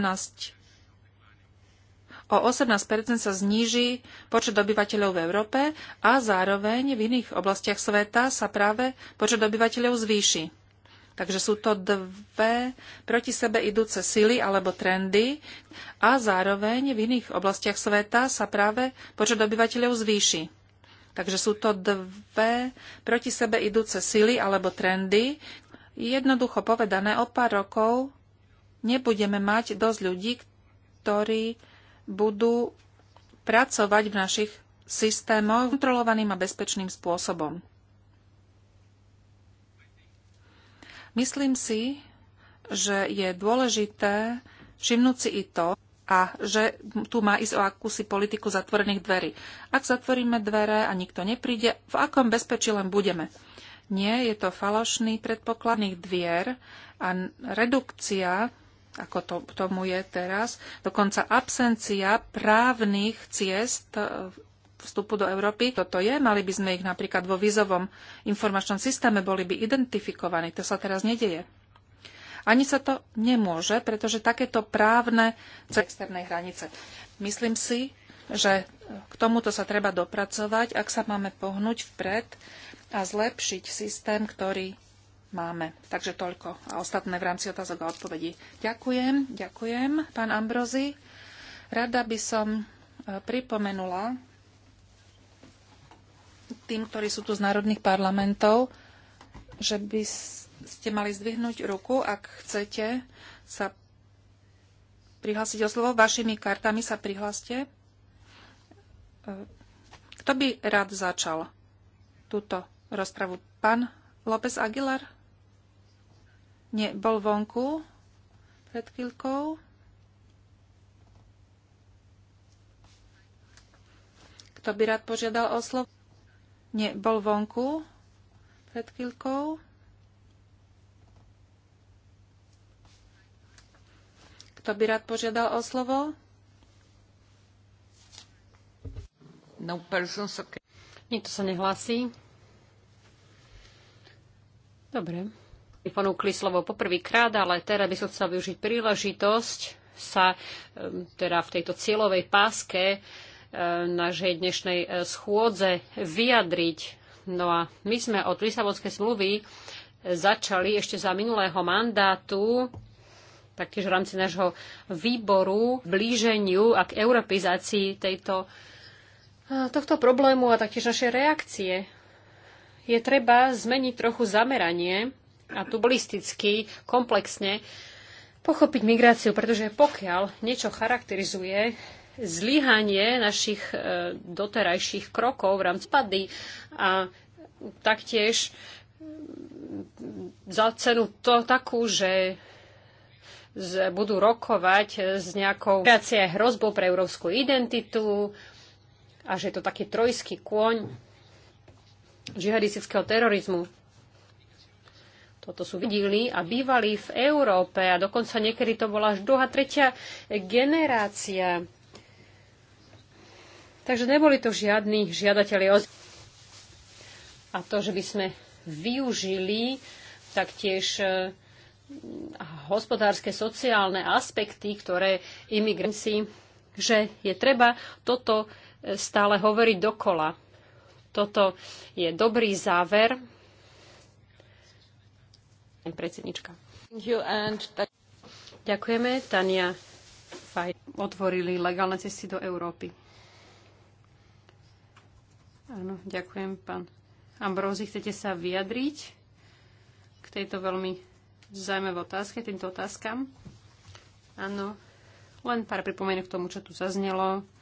o 18 sa zníži počet obyvateľov v Európe a zároveň v iných oblastiach sveta sa práve počet obyvateľov zvýši. Takže sú to dve proti sebe idúce sily alebo trendy a zároveň v iných oblastiach sveta sa práve počet obyvateľov zvýši. Takže sú to dve proti sebe idúce sily alebo trendy Jednoducho povedané, o pár rokov nebudeme mať dosť ľudí, ktorí budú pracovať v našich systémoch kontrolovaným a bezpečným spôsobom. Myslím si, že je dôležité všimnúť si i to, a že tu má ísť o akúsi politiku zatvorených dverí. Ak zatvoríme dvere a nikto nepríde, v akom bezpečí len budeme? Nie, je to falošný predpokladných dvier a redukcia, ako to, tomu je teraz, dokonca absencia právnych ciest e, vstupu do Európy. Toto je, mali by sme ich napríklad vo vizovom informačnom systéme, boli by identifikovaní. To sa teraz nedieje. Ani sa to nemôže, pretože takéto právne cez externej hranice. Myslím si, že k tomuto sa treba dopracovať, ak sa máme pohnúť vpred a zlepšiť systém, ktorý máme. Takže toľko. A ostatné v rámci otázok a odpovedí. Ďakujem, ďakujem, pán Ambrozi. Rada by som e, pripomenula tým, ktorí sú tu z národných parlamentov, že by ste mali zdvihnúť ruku, ak chcete sa prihlásiť o slovo. Vašimi kartami sa prihláste. E, kto by rád začal túto rozpravu. Pán López Aguilar? Nie, bol vonku pred chvíľkou. Kto by rád požiadal o slovo? Nie, bol vonku pred chvíľkou. Kto by rád požiadal o slovo? No person, okay. Nikto sa nehlási. Dobre. Ponúkli slovo poprvýkrát, ale teraz by som chcel využiť príležitosť sa teda v tejto cieľovej páske našej dnešnej e, schôdze vyjadriť. No a my sme od Lisabonskej zmluvy e, začali ešte za minulého mandátu taktiež v rámci nášho výboru blíženiu a k europizácii tejto, tohto problému a taktiež naše reakcie je treba zmeniť trochu zameranie a tu bolisticky, komplexne pochopiť migráciu, pretože pokiaľ niečo charakterizuje zlyhanie našich e, doterajších krokov v rámci pady a taktiež mm, za cenu to takú, že budú rokovať e, s nejakou migráciou hrozbou pre európsku identitu a že je to taký trojský kôň džihadistického terorizmu. Toto sú videli a bývali v Európe a dokonca niekedy to bola až druhá, tretia generácia. Takže neboli to žiadni žiadatelia. A to, že by sme využili taktiež e, hospodárske, sociálne aspekty, ktoré imigranci, že je treba toto e, stále hovoriť dokola. Toto je dobrý záver. Predsednička. Ďakujeme. Tania Faj otvorili legálne cesty do Európy. Áno, ďakujem, pán Ambrózy. Chcete sa vyjadriť k tejto veľmi zaujímavé otázke, týmto otázkam? Áno, len pár pripomienok k tomu, čo tu zaznelo.